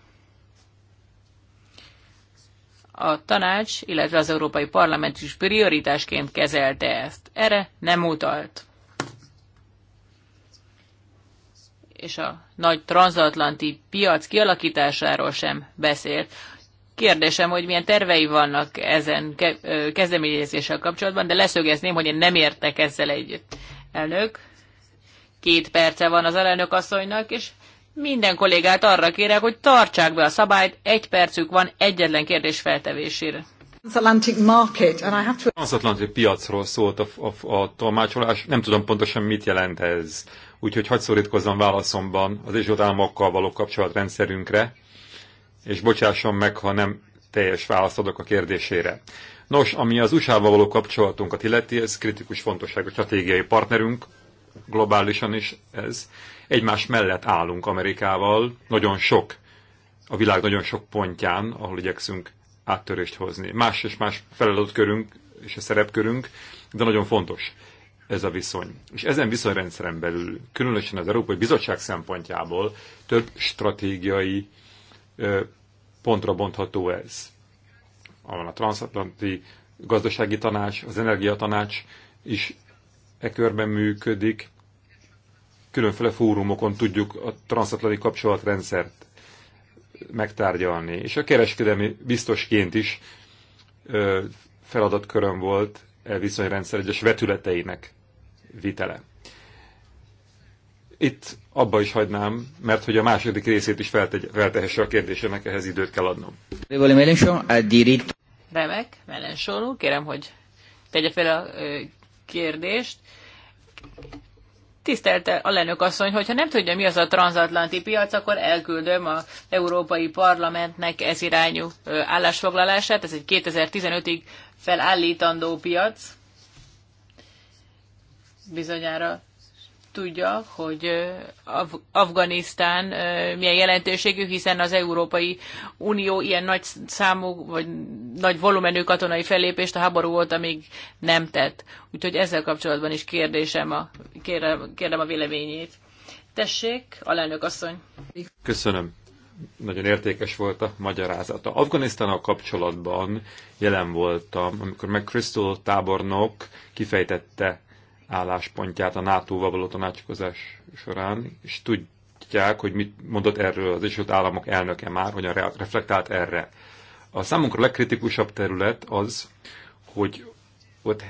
[SPEAKER 2] A tanács, illetve az Európai Parlament is prioritásként kezelte ezt. Erre nem utalt. És a nagy transatlanti piac kialakításáról sem beszélt kérdésem, hogy milyen tervei vannak ezen kezdeményezéssel kapcsolatban, de leszögezném, hogy én nem értek ezzel együtt. Elnök, két perce van az elnök asszonynak, és minden kollégát arra kérek, hogy tartsák be a szabályt, egy percük van egyetlen kérdés feltevésére.
[SPEAKER 3] Transatlanti piacról szólt a, a, a tolmácsolás, nem tudom pontosan mit jelent ez. Úgyhogy hagyd szorítkozzam válaszomban az Egyesült Államokkal való kapcsolatrendszerünkre és bocsásson meg, ha nem teljes választ adok a kérdésére. Nos, ami az USA-val való kapcsolatunkat illeti, ez kritikus fontosságú stratégiai partnerünk, globálisan is ez. Egymás mellett állunk Amerikával, nagyon sok, a világ nagyon sok pontján, ahol igyekszünk áttörést hozni. Más és más feladatkörünk és a szerepkörünk, de nagyon fontos ez a viszony. És ezen viszonyrendszeren belül, különösen az Európai Bizottság szempontjából több stratégiai pontra bontható ez. Van a transatlanti gazdasági tanács, az energiatanács is e körben működik. Különféle fórumokon tudjuk a transatlanti kapcsolatrendszert megtárgyalni. És a kereskedelmi biztosként is feladatköröm volt e viszonyrendszer egyes vetületeinek vitele itt abba is hagynám, mert hogy a második részét is felte- feltehesse a kérdésemnek, ehhez időt kell adnom.
[SPEAKER 1] Remek,
[SPEAKER 2] Melensor úr, kérem, hogy tegye fel a kérdést. Tisztelte a lenök asszony, hogyha nem tudja, mi az a transatlanti piac, akkor elküldöm a Európai Parlamentnek ez irányú állásfoglalását. Ez egy 2015-ig felállítandó piac. Bizonyára tudja, hogy Af- Afganisztán milyen jelentőségű, hiszen az Európai Unió ilyen nagy számú, vagy nagy volumenű katonai fellépést a háború volt, amíg nem tett. Úgyhogy ezzel kapcsolatban is kérdésem a, kérem, kérem a véleményét. Tessék, alelnök asszony.
[SPEAKER 3] Köszönöm. Nagyon értékes volt a magyarázata. Afganisztánnal kapcsolatban jelen voltam, amikor meg Crystal tábornok kifejtette álláspontját a NATO-val való tanácskozás során, és tudják, hogy mit mondott erről az Egyesült Államok elnöke már, hogyan reflektált erre. A számunkra legkritikusabb terület az, hogy ott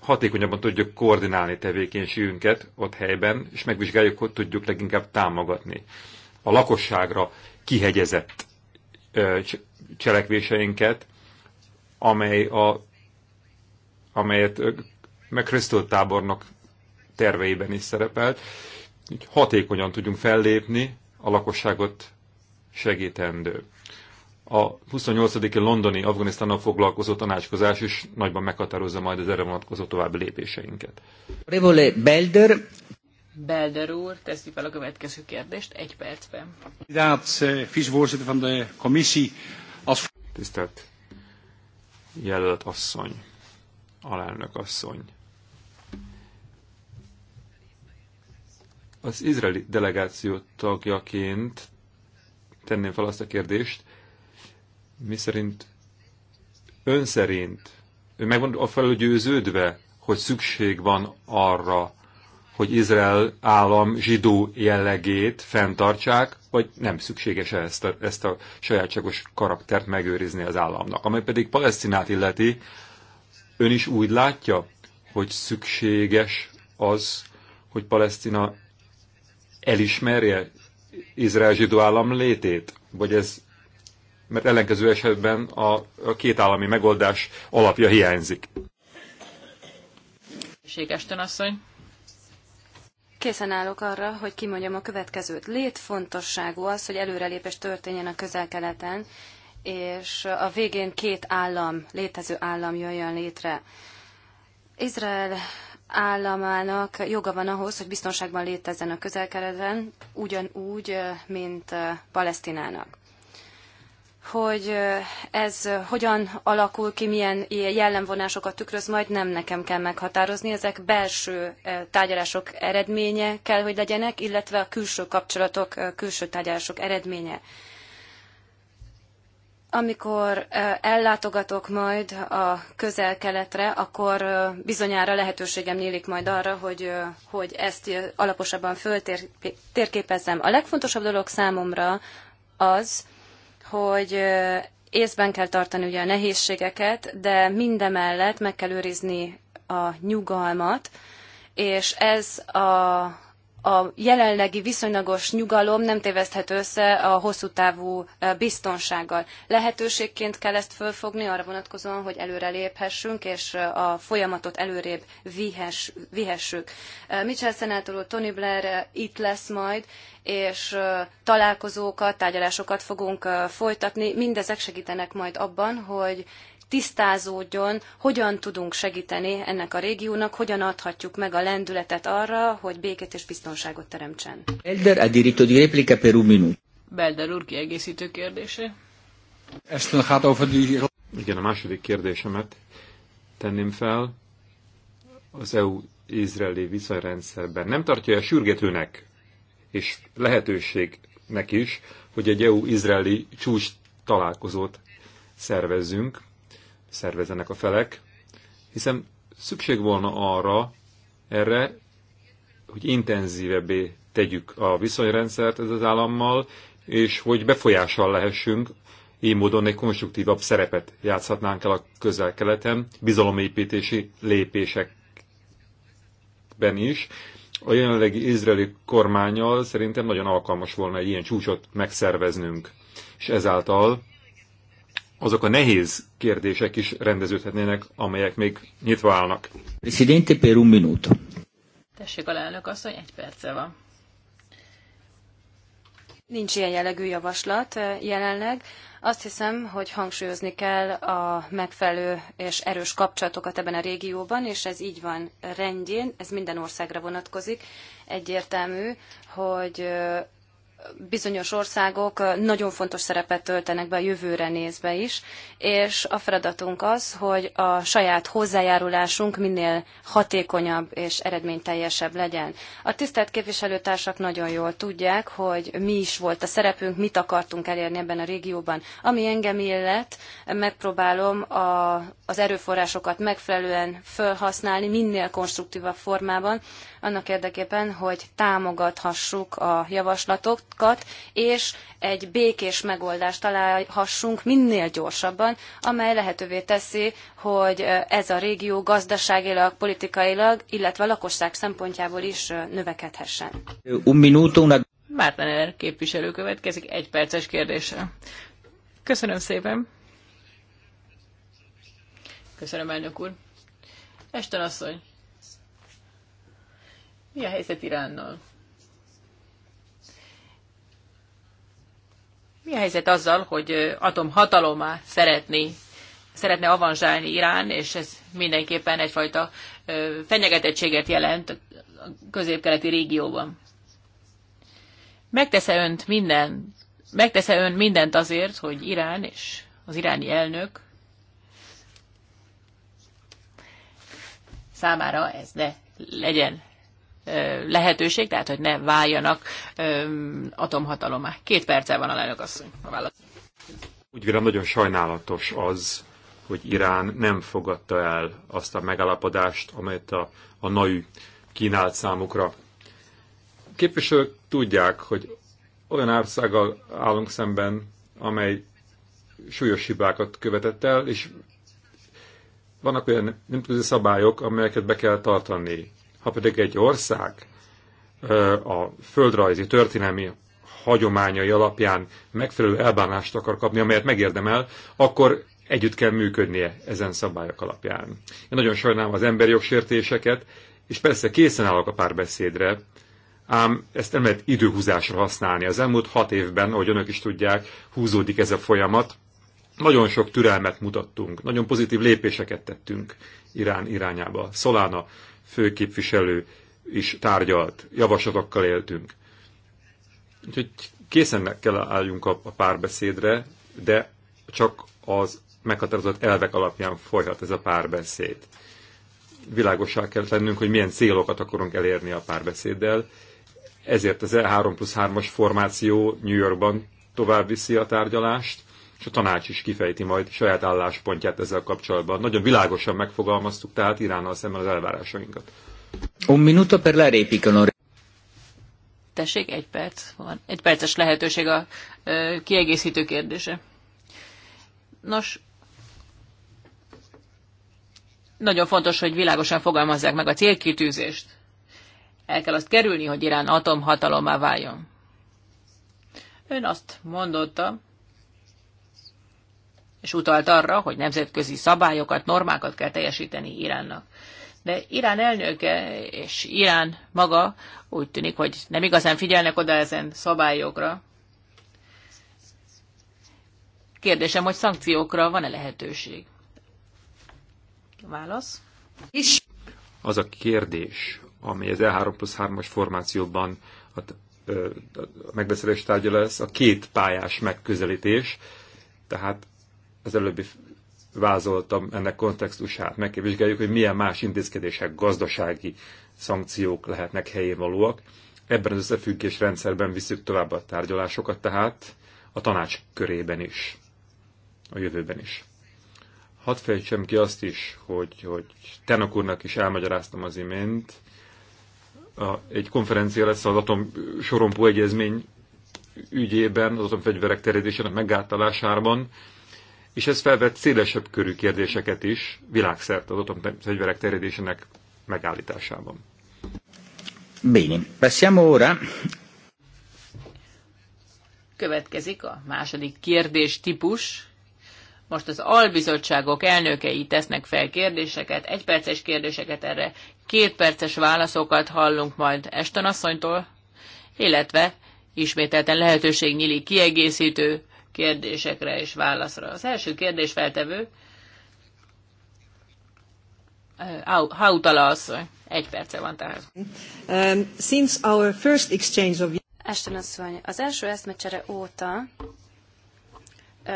[SPEAKER 3] hatékonyabban tudjuk koordinálni tevékenységünket ott helyben, és megvizsgáljuk, hogy tudjuk leginkább támogatni. A lakosságra kihegyezett cselekvéseinket, amely a, amelyet meg Krisztó tábornok terveiben is szerepelt, így hatékonyan tudjunk fellépni a lakosságot segítendő. A 28. londoni Afganisztánnal foglalkozó tanácskozás is nagyban meghatározza majd az erre vonatkozó további lépéseinket.
[SPEAKER 1] Révolé Belder.
[SPEAKER 2] Belder úr, teszi fel a következő kérdést egy percben.
[SPEAKER 3] Eh, Tisztelt jelölt asszony! alelnök asszony. Az izraeli delegáció tagjaként tenném fel azt a kérdést, mi szerint ön szerint, ő meg van afelől győződve, hogy szükség van arra, hogy Izrael állam zsidó jellegét fenntartsák, vagy nem szükséges -e ezt a, ezt a sajátságos karaktert megőrizni az államnak. Amely pedig Palesztinát illeti, Ön is úgy látja, hogy szükséges az, hogy Palesztina elismerje Izrael zsidó állam létét? Vagy ez, mert ellenkező esetben a, a két állami megoldás alapja hiányzik.
[SPEAKER 2] Ségesten asszony.
[SPEAKER 4] Készen állok arra, hogy kimondjam a következőt. Létfontosságú az, hogy előrelépés történjen a közel-keleten, és a végén két állam, létező állam jöjjön létre. Izrael államának joga van ahhoz, hogy biztonságban létezzen a közelkereden, ugyanúgy, mint Palesztinának. Hogy ez hogyan alakul ki, milyen jellemvonásokat tükröz, majd nem nekem kell meghatározni. Ezek belső tárgyalások eredménye kell, hogy legyenek, illetve a külső kapcsolatok, külső tárgyalások eredménye. Amikor ellátogatok majd a közel-keletre, akkor bizonyára lehetőségem nyílik majd arra, hogy, hogy ezt alaposabban föltérképezzem. A legfontosabb dolog számomra az, hogy észben kell tartani ugye a nehézségeket, de mindemellett meg kell őrizni a nyugalmat, és ez a a jelenlegi viszonylagos nyugalom nem téveszthető össze a hosszú távú biztonsággal. Lehetőségként kell ezt fölfogni arra vonatkozóan, hogy előre léphessünk, és a folyamatot előrébb vihess, vihessük. Mitchell szenátor úr, Tony Blair itt lesz majd, és találkozókat, tárgyalásokat fogunk folytatni. Mindezek segítenek majd abban, hogy tisztázódjon, hogyan tudunk segíteni ennek a régiónak, hogyan adhatjuk meg a lendületet arra, hogy békét és biztonságot teremtsen.
[SPEAKER 1] Elder a diritto di replica per un minuto.
[SPEAKER 4] Belder úr kiegészítő kérdése.
[SPEAKER 1] Ezt hát Igen, a második
[SPEAKER 3] kérdésemet tenném fel. Az EU-izraeli viszonyrendszerben nem tartja a sürgetőnek és lehetőségnek is, hogy egy EU-izraeli csúcs találkozót szervezzünk, szervezenek a felek, hiszen szükség volna arra, erre, hogy intenzívebbé tegyük a viszonyrendszert ez az állammal, és hogy befolyással lehessünk, így módon egy konstruktívabb szerepet játszhatnánk el a közel-keleten, bizalomépítési lépésekben is. A jelenlegi izraeli kormányal szerintem nagyon alkalmas volna egy ilyen csúcsot megszerveznünk, és ezáltal azok a nehéz kérdések is rendeződhetnének, amelyek még nyitva állnak.
[SPEAKER 1] Presidente per un minuto.
[SPEAKER 2] Tessék, lelnök asszony, egy perce van.
[SPEAKER 4] Nincs ilyen jellegű javaslat eh, jelenleg. Azt hiszem, hogy hangsúlyozni kell a megfelelő és erős kapcsolatokat ebben a régióban, és ez így van rendjén, ez minden országra vonatkozik. Egyértelmű, hogy eh, bizonyos országok nagyon fontos szerepet töltenek be a jövőre nézve is, és a feladatunk az, hogy a saját hozzájárulásunk minél hatékonyabb és eredményteljesebb legyen. A tisztelt képviselőtársak nagyon jól tudják, hogy mi is volt a szerepünk, mit akartunk elérni ebben a régióban. Ami engem illet, megpróbálom a, az erőforrásokat megfelelően felhasználni, minél konstruktívabb formában, annak érdekében, hogy támogathassuk a javaslatokat, és egy békés megoldást találhassunk minél gyorsabban, amely lehetővé teszi, hogy ez a régió gazdaságilag, politikailag, illetve a lakosság szempontjából is növekedhessen.
[SPEAKER 1] Un minuto, una...
[SPEAKER 4] Márten képviselő következik egy
[SPEAKER 2] perces kérdése. Köszönöm szépen. Köszönöm, elnök úr. Esten asszony, mi a helyzet Iránnal? Mi a helyzet azzal, hogy Atom hatalomá szeretné, szeretne avanzsálni Irán, és ez mindenképpen egyfajta fenyegetettséget jelent a középkeleti régióban? Megtesze önt minden, megtesze ön mindent azért, hogy Irán és az iráni elnök számára ez ne legyen lehetőség, tehát hogy ne váljanak atomhatalomá. Két perccel van a lelök asszony a válasz.
[SPEAKER 3] Úgy vélem nagyon sajnálatos az, hogy Irán nem fogadta el azt a megállapodást, amelyet a, a NAU kínált számukra. Képviselők tudják, hogy olyan országgal állunk szemben, amely súlyos hibákat követett el, és vannak olyan nemzetközi szabályok, amelyeket be kell tartani. Ha pedig egy ország a földrajzi, történelmi hagyományai alapján megfelelő elbánást akar kapni, amelyet megérdemel, akkor együtt kell működnie ezen szabályok alapján. Én nagyon sajnálom az emberi jogsértéseket, és persze készen állok a párbeszédre, ám ezt nem lehet időhúzásra használni. Az elmúlt hat évben, ahogy önök is tudják, húzódik ez a folyamat. Nagyon sok türelmet mutattunk, nagyon pozitív lépéseket tettünk Irán irányába. Szolána főképviselő is tárgyalt, javaslatokkal éltünk. Úgyhogy készen kell álljunk a, a párbeszédre, de csak az meghatározott elvek alapján folyhat ez a párbeszéd. Világosá kell tennünk, hogy milyen célokat akarunk elérni a párbeszéddel, ezért az E3 plusz 3-as formáció New Yorkban tovább viszi a tárgyalást, és a tanács is kifejti majd saját álláspontját ezzel kapcsolatban. Nagyon világosan megfogalmaztuk tehát Iránnal szemben az elvárásainkat.
[SPEAKER 1] Un minuto per la replica,
[SPEAKER 2] Tessék, egy perc van. Egy perces lehetőség a ö, kiegészítő kérdése. Nos, nagyon fontos, hogy világosan fogalmazzák meg a célkitűzést. El kell azt kerülni, hogy Irán atomhatalommá váljon. Ön azt mondotta, és utalt arra, hogy nemzetközi szabályokat, normákat kell teljesíteni Iránnak. De Irán elnöke és Irán maga úgy tűnik, hogy nem igazán figyelnek oda ezen szabályokra. Kérdésem, hogy szankciókra van-e lehetőség?
[SPEAKER 4] Válasz? És
[SPEAKER 3] az a kérdés, ami az E3 plusz 3-as formációban a, a megbeszélés tárgya lesz, a két pályás megközelítés, tehát az előbbi vázoltam ennek kontextusát, meg kell vizsgáljuk, hogy milyen más intézkedések, gazdasági szankciók lehetnek helyén valóak. Ebben az összefüggés rendszerben visszük tovább a tárgyalásokat, tehát a tanács körében is, a jövőben is. Hadd fejtsem ki azt is, hogy, hogy Tenok úrnak is elmagyaráztam az imént, a, egy konferencia lesz az atom sorompó egyezmény ügyében, az atomfegyverek terjedésének megáltalásában és ez felvett szélesebb körű kérdéseket is világszerte az atomfegyverek terjedésének megállításában.
[SPEAKER 1] Bene, passiamo ora.
[SPEAKER 2] Következik a második kérdés típus. Most az albizottságok elnökei tesznek fel kérdéseket, egyperces kérdéseket erre, kétperces válaszokat hallunk majd Eston asszonytól, illetve ismételten lehetőség nyílik kiegészítő kérdésekre és válaszra. Az első kérdés feltevő, eh, Hautala asszony. Egy perce van tehát.
[SPEAKER 4] Um, since our first exchange of... Ashton asszony, az első eszmecsere óta uh,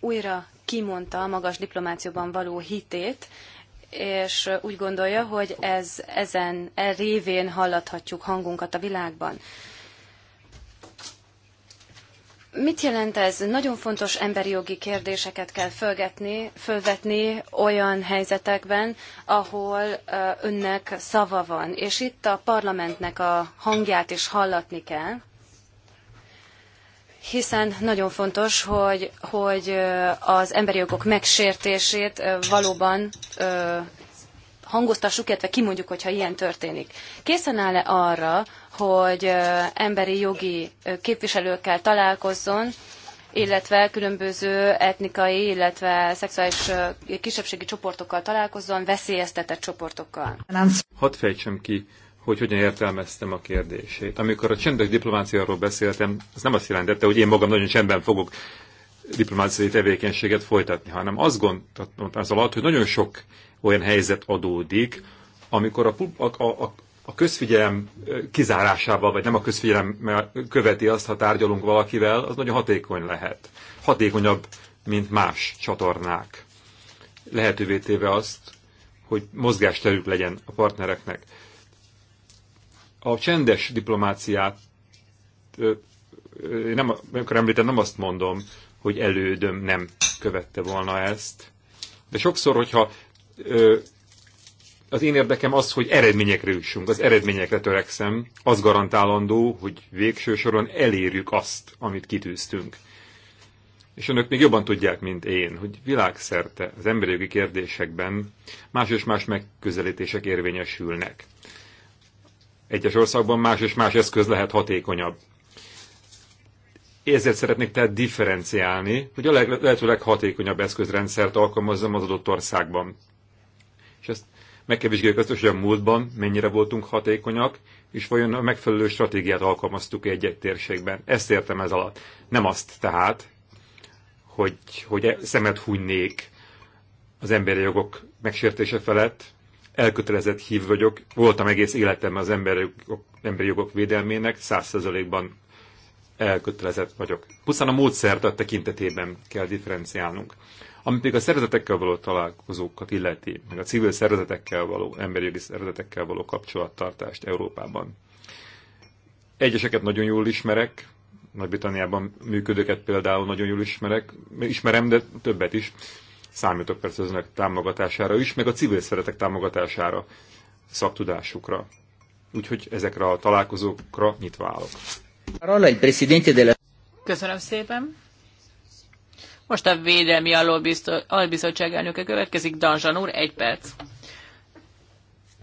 [SPEAKER 4] újra kimondta a magas diplomációban való hitét, és úgy gondolja, hogy ez ezen e révén hallathatjuk hangunkat a világban. Uh, Mit jelent ez? Nagyon fontos emberi jogi kérdéseket kell fölgetni, fölvetni olyan helyzetekben, ahol önnek szava van, és itt a parlamentnek a hangját is hallatni kell, hiszen nagyon fontos, hogy, hogy az emberi jogok megsértését valóban hangoztassuk, illetve kimondjuk, hogyha ilyen történik. Készen áll-e arra, hogy emberi jogi képviselőkkel találkozzon, illetve különböző etnikai, illetve szexuális kisebbségi csoportokkal találkozzon, veszélyeztetett csoportokkal.
[SPEAKER 3] Hadd fejtsem ki, hogy hogyan értelmeztem a kérdését. Amikor a csendes diplomáciáról beszéltem, ez nem azt jelentette, hogy én magam nagyon csendben fogok diplomáciai tevékenységet folytatni, hanem azt gondoltam az alatt, hogy nagyon sok olyan helyzet adódik, amikor a, a, a, a közfigyelem kizárásával, vagy nem a közfigyelem követi azt, ha tárgyalunk valakivel, az nagyon hatékony lehet. Hatékonyabb, mint más csatornák. Lehetővé téve azt, hogy mozgásterük legyen a partnereknek. A csendes diplomáciát nem, amikor említem, nem azt mondom, hogy elődöm nem követte volna ezt. De sokszor, hogyha az én érdekem az, hogy eredményekre jussunk, az eredményekre törekszem. Az garantálandó, hogy végső soron elérjük azt, amit kitűztünk. És önök még jobban tudják, mint én, hogy világszerte az emberi jogi kérdésekben más és más megközelítések érvényesülnek. Egyes országban más és más eszköz lehet hatékonyabb. Ezért szeretnék tehát differenciálni, hogy a lehető leghatékonyabb eszközrendszert alkalmazzam az adott országban. És ezt megkevizsgáljuk azt, hogy a múltban mennyire voltunk hatékonyak, és vajon a megfelelő stratégiát alkalmaztuk egy-egy térségben. Ezt értem ez alatt. Nem azt tehát, hogy, hogy szemet hunynék az emberi jogok megsértése felett, elkötelezett hív vagyok, voltam egész életemben az emberi jogok, emberi jogok védelmének, százalékban elkötelezett vagyok. Pusztán a módszert a tekintetében kell differenciálnunk. Ami pedig a szervezetekkel való találkozókat illeti, meg a civil szervezetekkel való, emberi jogi szervezetekkel való kapcsolattartást Európában. Egyeseket nagyon jól ismerek, Nagy-Britanniában működőket például nagyon jól ismerek, ismerem, de többet is. Számítok persze az önök támogatására is, meg a civil szeretek támogatására, szaktudásukra. Úgyhogy ezekre a találkozókra nyitva állok.
[SPEAKER 2] Köszönöm szépen. Most a Védelmi Albizottság elnöke következik, Danzsan úr, egy perc.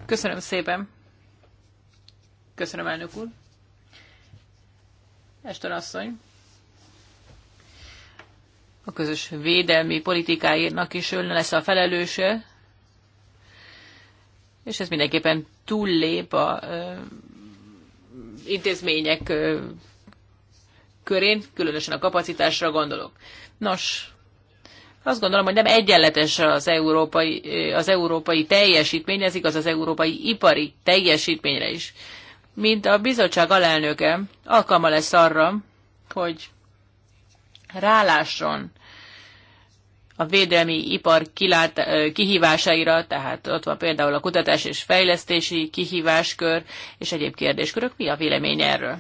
[SPEAKER 2] Köszönöm szépen. Köszönöm, elnök úr. Esten asszony. A közös védelmi politikáinak is ön lesz a felelőse, és ez mindenképpen túllép a ö, intézmények ö, körén, különösen a kapacitásra gondolok. Nos, azt gondolom, hogy nem egyenletes az európai, az európai teljesítmény, ez igaz az európai ipari teljesítményre is. Mint a bizottság alelnöke, alkalma lesz arra, hogy rálásson a védelmi ipar kilát, kihívásaira, tehát ott van például a kutatás és fejlesztési kihíváskör és egyéb kérdéskörök. Mi a vélemény erről?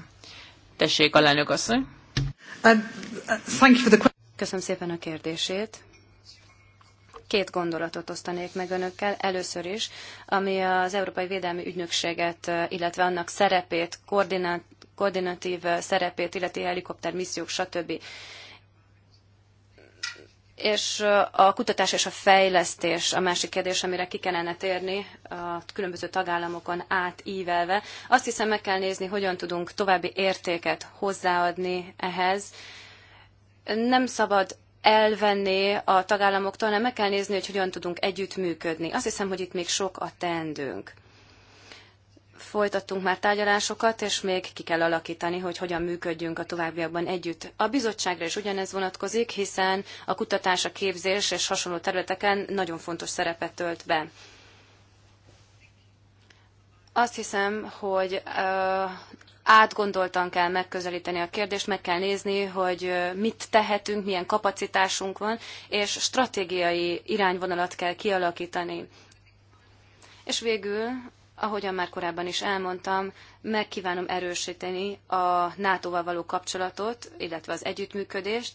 [SPEAKER 2] Tessék, alelnök asszony!
[SPEAKER 4] Um, uh, Köszönöm szépen a kérdését. Két gondolatot osztanék meg önökkel. Először is, ami az Európai Védelmi Ügynökséget, uh, illetve annak szerepét, koordinát, koordinatív uh, szerepét, illeti helikopter missziók, stb. És a kutatás és a fejlesztés a másik kérdés, amire ki kellene térni a különböző tagállamokon átívelve. Azt hiszem meg kell nézni, hogyan tudunk további értéket hozzáadni ehhez. Nem szabad elvenni a tagállamoktól, hanem meg kell nézni, hogy hogyan tudunk együttműködni. Azt hiszem, hogy itt még sok a teendőnk folytattunk már tárgyalásokat, és még ki kell alakítani, hogy hogyan működjünk a továbbiakban együtt. A bizottságra is ugyanez vonatkozik, hiszen a kutatás, a képzés és hasonló területeken nagyon fontos szerepet tölt be. Azt hiszem, hogy átgondoltan kell megközelíteni a kérdést, meg kell nézni, hogy mit tehetünk, milyen kapacitásunk van, és stratégiai irányvonalat kell kialakítani. És végül Ahogyan már korábban is elmondtam, megkívánom erősíteni a NATO-val való kapcsolatot, illetve az együttműködést,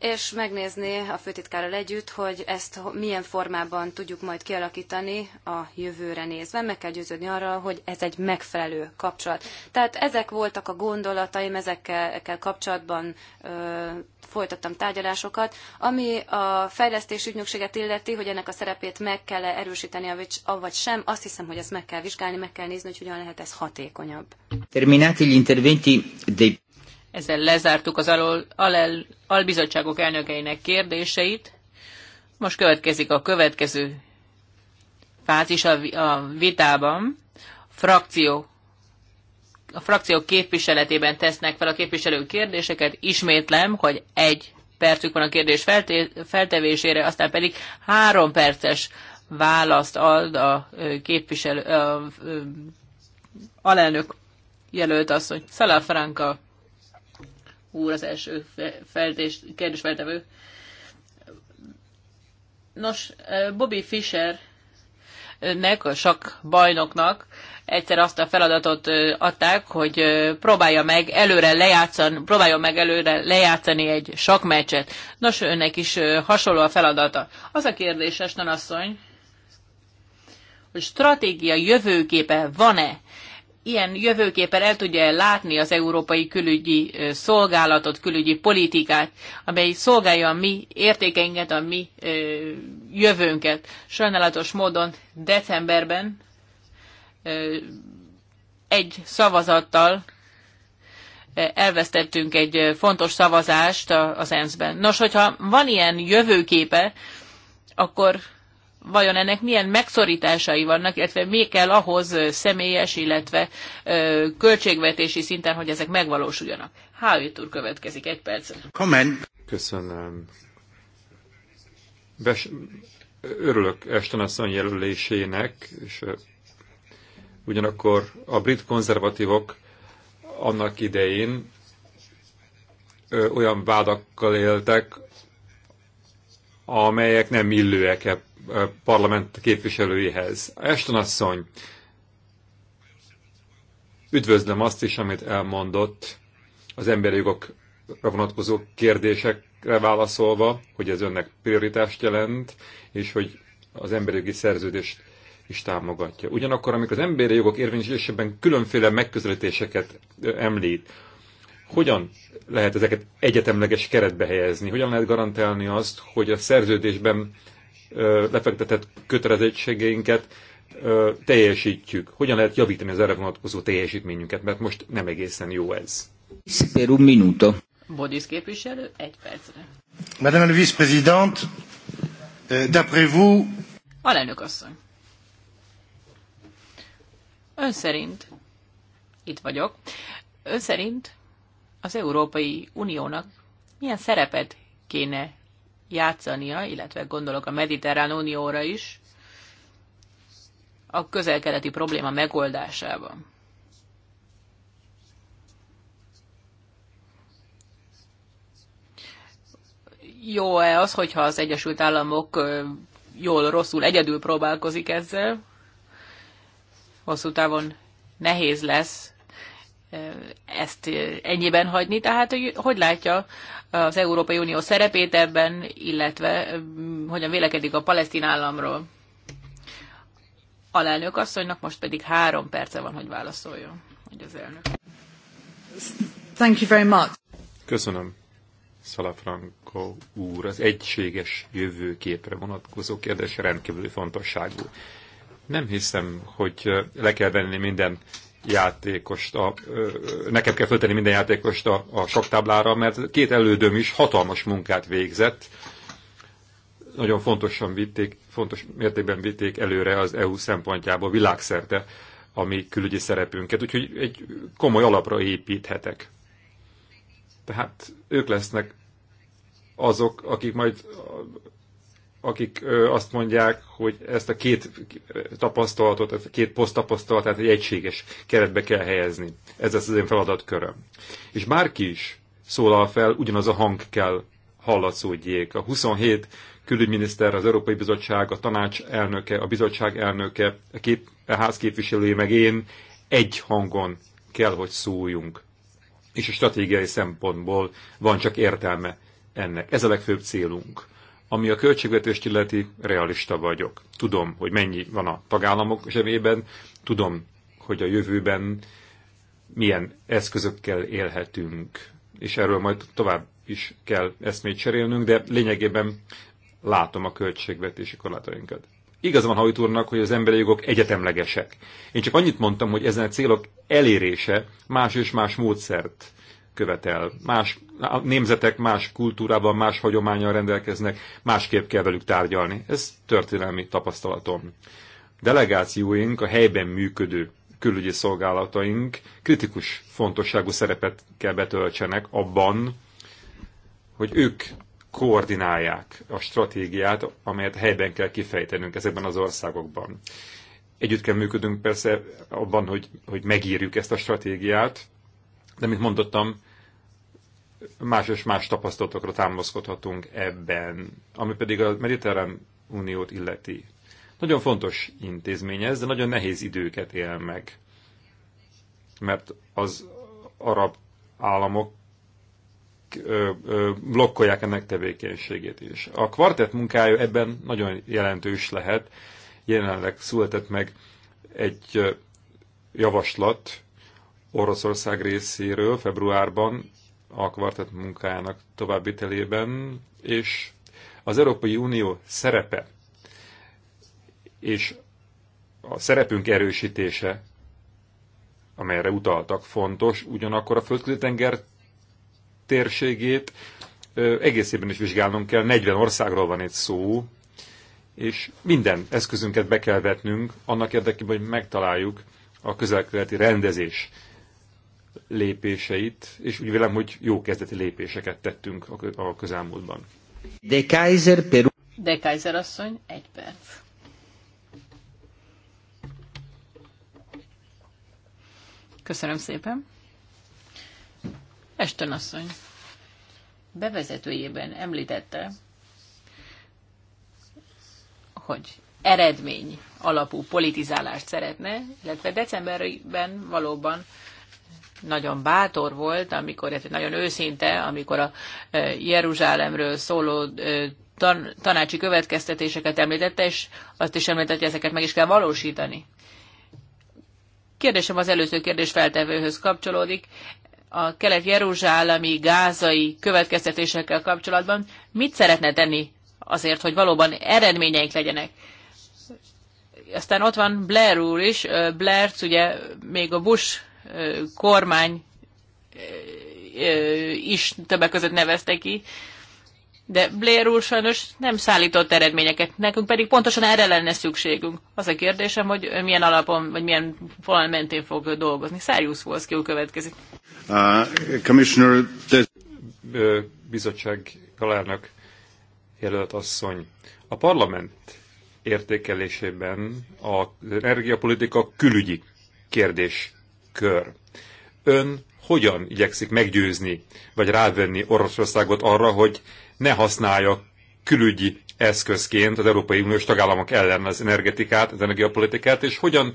[SPEAKER 4] és megnézni a főtitkárral együtt, hogy ezt milyen formában tudjuk majd kialakítani a jövőre nézve. Meg kell győződni arra, hogy ez egy megfelelő kapcsolat. Tehát ezek voltak a gondolataim, ezekkel kapcsolatban ö, folytattam tárgyalásokat. Ami a fejlesztés ügynökséget illeti, hogy ennek a szerepét meg kell -e erősíteni, avagy sem, azt hiszem, hogy ezt meg kell vizsgálni, meg kell nézni, hogy hogyan lehet ez hatékonyabb.
[SPEAKER 1] Terminati gli interventi dei...
[SPEAKER 4] Ezzel lezártuk az alol, alel,
[SPEAKER 2] albizottságok elnökeinek kérdéseit. Most következik a következő fázis a, a vitában. Frakció a frakciók képviseletében tesznek fel a képviselők kérdéseket. Ismétlem, hogy egy percük van a kérdés feltevésére, aztán pedig három perces választ ad a képviselő, a, a, a, alelnök jelölt asszony. Szala Franka úr az első feltés, kérdés feltevő. Nos, Bobby Fischer nek, a sok bajnoknak egyszer azt a feladatot adták, hogy próbálja meg előre lejátszani, próbálja meg előre lejátszani egy sok meccset. Nos, önnek is hasonló a feladata. Az a kérdés, Estan asszony, hogy stratégia jövőképe van-e? ilyen jövőképpen el tudja látni az európai külügyi szolgálatot, külügyi politikát, amely szolgálja a mi értékeinket, a mi jövőnket. Sajnálatos módon decemberben egy szavazattal elvesztettünk egy fontos szavazást az ENSZ-ben. Nos, hogyha van ilyen jövőképe, akkor vajon ennek milyen megszorításai vannak, illetve mi kell ahhoz személyes, illetve ö, költségvetési szinten, hogy ezek megvalósuljanak. Hájt úr következik egy perc.
[SPEAKER 1] Comment.
[SPEAKER 3] Köszönöm. Bes örülök Ashton asszony jelölésének, és ugyanakkor a brit konzervatívok annak idején olyan vádakkal éltek, amelyek nem illőek parlament képviselőihez. Eston asszony, üdvözlöm azt is, amit elmondott az emberi jogokra vonatkozó kérdésekre válaszolva, hogy ez önnek prioritást jelent, és hogy az emberi jogi szerződést is támogatja. Ugyanakkor, amikor az emberi jogok érvényesülésében különféle megközelítéseket említ, hogyan lehet ezeket egyetemleges keretbe helyezni? Hogyan lehet garantálni azt, hogy a szerződésben lefektetett kötelezettségeinket teljesítjük. Hogyan lehet javítani az erre vonatkozó teljesítményünket, mert most nem egészen jó ez.
[SPEAKER 1] Per minuto.
[SPEAKER 2] Bodis képviselő, egy percre.
[SPEAKER 4] Madame la vice-présidente, euh, d'après vous...
[SPEAKER 2] Alelnök asszony. Ön szerint, itt vagyok, ön szerint az Európai Uniónak milyen szerepet kéne játszania, illetve gondolok a Mediterrán Unióra is, a közelkeleti probléma megoldásában. Jó-e az, hogyha az Egyesült Államok jól, rosszul egyedül próbálkozik ezzel? Hosszú távon nehéz lesz ezt ennyiben hagyni. Tehát, hogy, hogy látja az Európai Unió szerepét ebben, illetve mm, hogyan vélekedik a palesztin államról. Alelnök asszonynak most pedig három perce van, hogy válaszoljon, hogy
[SPEAKER 1] az elnök. Thank you very much.
[SPEAKER 3] Köszönöm. Szalafranko úr, az egységes jövőképre vonatkozó kérdés rendkívül fontosságú. Nem hiszem, hogy le kell venni minden játékost, a, ö, nekem kell föltenni minden játékost a, a saktáblára, mert két elődöm is hatalmas munkát végzett, nagyon fontosan vitték, fontos mértékben vitték előre az EU szempontjából világszerte a mi külügyi szerepünket, úgyhogy egy komoly alapra építhetek. Tehát ők lesznek azok, akik majd akik azt mondják, hogy ezt a két tapasztalatot, ezt a két poszt tapasztalatát egy egységes keretbe kell helyezni. Ez lesz az én feladatköröm. És bárki is szólal fel, ugyanaz a hang kell hallatszódjék. A 27 külügyminiszter, az Európai Bizottság, a tanács elnöke, a bizottság elnöke, a, kép, a ház képviselője, meg én egy hangon kell, hogy szóljunk. És a stratégiai szempontból van csak értelme ennek. Ez a legfőbb célunk. Ami a költségvetést illeti, realista vagyok. Tudom, hogy mennyi van a tagállamok zsebében, tudom, hogy a jövőben milyen eszközökkel élhetünk, és erről majd tovább is kell eszmét cserélnünk, de lényegében látom a költségvetési korlátainkat. Igaz van Hajt úrnak, hogy az emberi jogok egyetemlegesek. Én csak annyit mondtam, hogy ezen a célok elérése más és más módszert követel. Más a nemzetek más kultúrában, más hagyományjal rendelkeznek, másképp kell velük tárgyalni. Ez történelmi tapasztalatom. Delegációink, a helyben működő külügyi szolgálataink kritikus fontosságú szerepet kell betöltsenek abban, hogy ők koordinálják a stratégiát, amelyet helyben kell kifejtenünk ezekben az országokban. Együtt kell működünk persze abban, hogy, hogy megírjuk ezt a stratégiát, de mint mondottam, más és más tapasztalatokra támaszkodhatunk ebben, ami pedig a Mediterrán Uniót illeti. Nagyon fontos intézmény ez, de nagyon nehéz időket él meg, mert az arab államok ö, ö, blokkolják ennek tevékenységét is. A kvartett munkája ebben nagyon jelentős lehet. Jelenleg született meg egy javaslat Oroszország részéről februárban a kvartett munkájának további telében, és az Európai Unió szerepe és a szerepünk erősítése, amelyre utaltak, fontos, ugyanakkor a földközi tenger térségét egészében is vizsgálnunk kell, 40 országról van itt szó, és minden eszközünket be kell vetnünk annak érdekében, hogy megtaláljuk a közelkületi rendezés lépéseit, és úgy vélem, hogy jó kezdeti lépéseket tettünk a
[SPEAKER 1] közelmúltban. De Kaiser Peru.
[SPEAKER 2] De Kaiser asszony, egy perc. Köszönöm szépen. Esten asszony bevezetőjében említette, hogy eredmény alapú politizálást szeretne, illetve decemberben valóban nagyon bátor volt, amikor, ez nagyon őszinte, amikor a e, Jeruzsálemről szóló e, tanácsi következtetéseket említette, és azt is említette, hogy ezeket meg is kell valósítani. Kérdésem az előző kérdés feltevőhöz kapcsolódik. A kelet-jeruzsálemi, gázai következtetésekkel kapcsolatban mit szeretne tenni azért, hogy valóban eredményeink legyenek? Aztán ott van Blair úr is. Blair ugye még a Bush kormány is többek között nevezte ki, de Blair úr sajnos nem szállított eredményeket, nekünk pedig pontosan erre lenne szükségünk. Az a kérdésem, hogy milyen alapon, vagy milyen vonal mentén fog dolgozni. Szárjusz volt ki következik.
[SPEAKER 3] Uh, commissioner, this... Bizottság alárnak jelölt asszony. A parlament értékelésében az energiapolitika külügyi kérdés kör. Ön hogyan igyekszik meggyőzni, vagy rávenni Oroszországot arra, hogy ne használja külügyi eszközként az Európai Uniós tagállamok ellen az energetikát, az energiapolitikát, és hogyan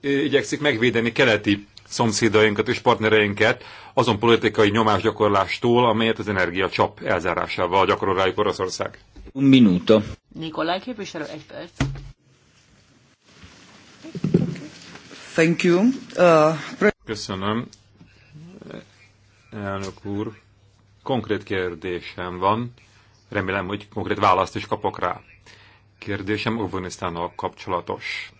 [SPEAKER 3] igyekszik megvédeni keleti szomszédainkat és partnereinket azon politikai nyomásgyakorlástól, amelyet az energia csap elzárásával gyakorol rájuk Oroszország.
[SPEAKER 1] Un minuto.
[SPEAKER 2] Nikolaj képviselő, egy perc.
[SPEAKER 3] Thank you. Uh, Köszönöm. Elnök úr, konkrét kérdésem van. Remélem, hogy konkrét választ is kapok rá. Kérdésem Afganisztánnal kapcsolatos.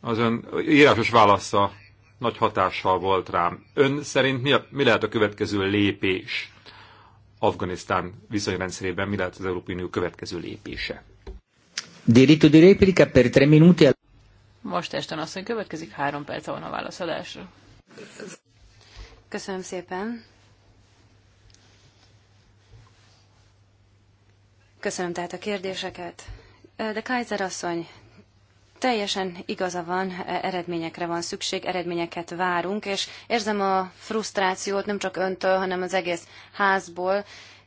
[SPEAKER 3] Az ön írásos válasza nagy hatással volt rám. Ön szerint mi, a, mi lehet a következő lépés Afganisztán viszonyrendszerében, mi lehet az Európai Unió következő lépése?
[SPEAKER 1] Diritto di replica per tre minuti.
[SPEAKER 2] Most Esten hogy következik, három perc van a válaszadásra.
[SPEAKER 4] Köszönöm szépen. Köszönöm tehát a kérdéseket. De Kaiser asszony, teljesen igaza van, eredményekre van szükség, eredményeket várunk, és érzem a frusztrációt nem csak öntől, hanem az egész házból,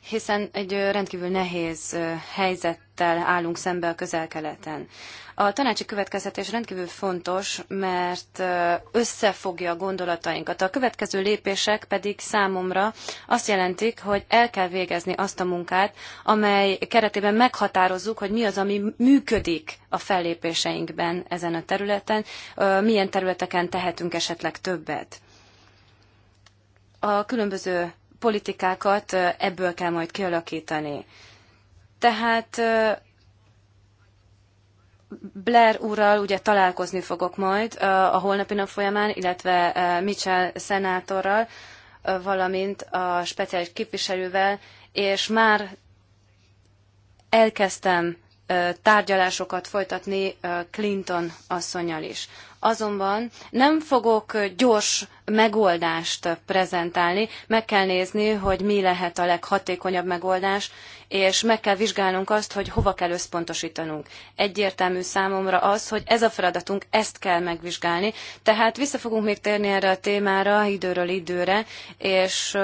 [SPEAKER 4] hiszen egy rendkívül nehéz helyzettel állunk szembe a közel-keleten. A tanácsi következetés rendkívül fontos, mert összefogja a gondolatainkat. A következő lépések pedig számomra azt jelentik, hogy el kell végezni azt a munkát, amely keretében meghatározzuk, hogy mi az, ami működik a fellépéseinkben ezen a területen, milyen területeken tehetünk esetleg többet. A különböző politikákat ebből kell majd kialakítani. Tehát Blair úrral ugye találkozni fogok majd a holnapi nap folyamán, illetve Mitchell szenátorral, valamint a speciális képviselővel, és már elkezdtem tárgyalásokat folytatni Clinton asszonyal is azonban nem fogok gyors megoldást prezentálni, meg kell nézni, hogy mi lehet a leghatékonyabb megoldás, és meg kell vizsgálnunk azt, hogy hova kell összpontosítanunk. Egyértelmű számomra az, hogy ez a feladatunk, ezt kell megvizsgálni, tehát vissza fogunk még térni erre a témára időről időre, és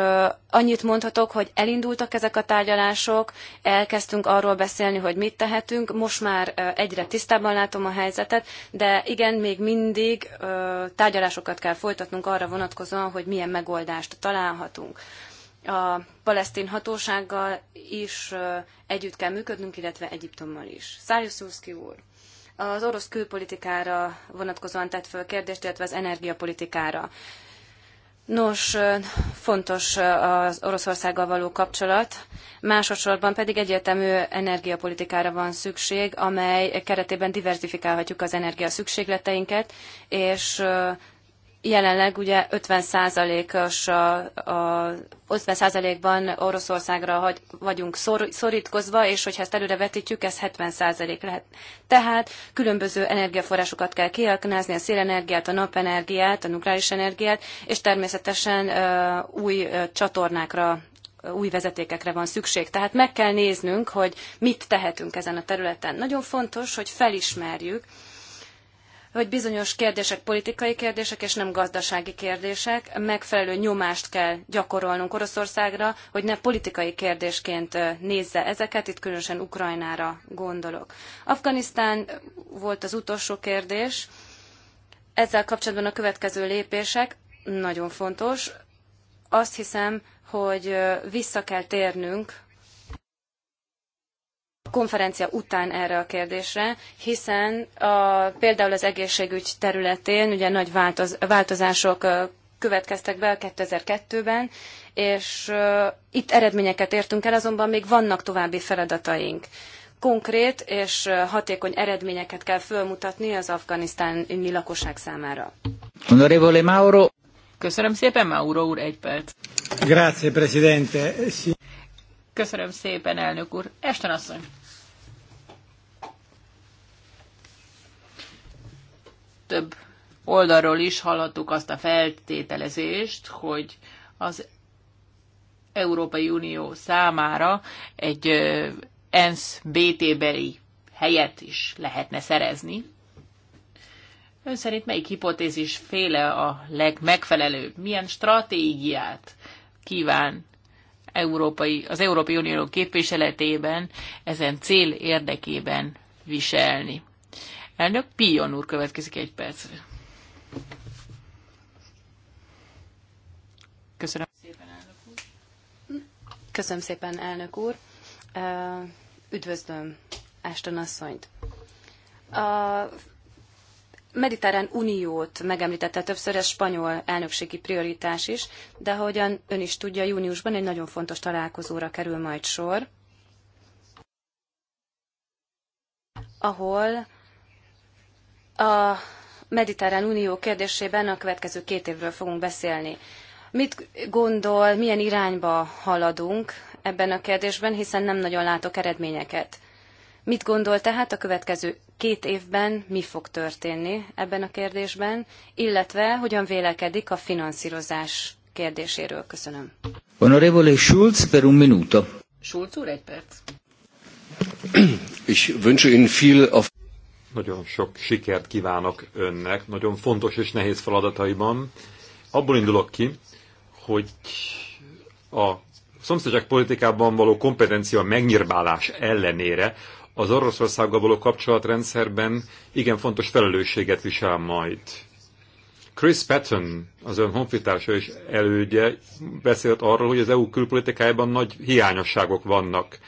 [SPEAKER 4] annyit mondhatok, hogy elindultak ezek a tárgyalások, elkezdtünk arról beszélni, hogy mit tehetünk, most már egyre tisztában látom a helyzetet, de igen, még mind mindig ö, tárgyalásokat kell folytatnunk arra vonatkozóan, hogy milyen megoldást találhatunk. A palesztin hatósággal is ö, együtt kell működnünk, illetve Egyiptommal is. Szárjuszúszki úr, az orosz külpolitikára vonatkozóan tett föl kérdést, illetve az energiapolitikára. Nos, fontos az Oroszországgal való kapcsolat, másodszorban pedig egyértelmű energiapolitikára van szükség, amely keretében diversifikálhatjuk az energia szükségleteinket, és Jelenleg ugye 50%-os a, a 50%-ban Oroszországra hagy, vagyunk szor, szorítkozva, és hogyha ezt előre vetítjük, ez 70% lehet. Tehát különböző energiaforrásokat kell kiaknázni, a szélenergiát, a napenergiát, a nukleáris energiát, és természetesen új csatornákra új vezetékekre van szükség. Tehát meg kell néznünk, hogy mit tehetünk ezen a területen. Nagyon fontos, hogy felismerjük, hogy bizonyos kérdések politikai kérdések és nem gazdasági kérdések, megfelelő nyomást kell gyakorolnunk Oroszországra, hogy ne politikai kérdésként nézze ezeket, itt különösen Ukrajnára gondolok. Afganisztán volt az utolsó kérdés, ezzel kapcsolatban a következő lépések nagyon fontos. Azt hiszem, hogy vissza kell térnünk konferencia után erre a kérdésre, hiszen a, például az egészségügy területén ugye nagy változ, változások következtek be 2002-ben, és itt eredményeket értünk el, azonban még vannak további feladataink. Konkrét és hatékony eredményeket kell fölmutatni az afganisztáni lakosság számára.
[SPEAKER 1] Honorevole Mauro.
[SPEAKER 4] Köszönöm szépen, Mauro úr, egy perc.
[SPEAKER 1] Grazie, Presidente.
[SPEAKER 4] Köszönöm
[SPEAKER 2] szépen, elnök úr. Esten asszony. több oldalról is hallhattuk azt a feltételezést, hogy az Európai Unió számára egy ENSZ BT-beli helyet is lehetne szerezni. Ön szerint melyik hipotézis féle a legmegfelelőbb? Milyen stratégiát kíván Európai, az Európai Unió képviseletében ezen cél érdekében viselni? Elnök Pion úr következik egy percre.
[SPEAKER 4] Köszönöm
[SPEAKER 1] szépen, elnök úr.
[SPEAKER 4] Köszönöm szépen, elnök úr. Üdvözlöm Áston asszonyt. A Mediterrán Uniót megemlítette többször, ez spanyol elnökségi prioritás is, de ahogyan ön is tudja, júniusban egy nagyon fontos találkozóra kerül majd sor, ahol a Mediterrán Unió kérdésében a következő két évről fogunk beszélni. Mit gondol, milyen irányba haladunk ebben a kérdésben, hiszen nem nagyon látok eredményeket. Mit gondol tehát a következő két évben mi fog történni ebben a kérdésben, illetve hogyan vélekedik a finanszírozás kérdéséről? Köszönöm.
[SPEAKER 1] Honorevole Schulz per un minuto.
[SPEAKER 4] Schulz úr, egy perc.
[SPEAKER 1] Ich wünsche Ihnen viel auf nagyon
[SPEAKER 3] sok sikert kívánok önnek, nagyon fontos és nehéz feladataiban. Abból indulok ki, hogy a szomszédság politikában való kompetencia megnyírbálás ellenére az Oroszországgal való kapcsolatrendszerben igen fontos felelősséget visel majd. Chris Patton, az ön honfitársa és elődje beszélt arról, hogy az EU külpolitikájában nagy hiányosságok vannak.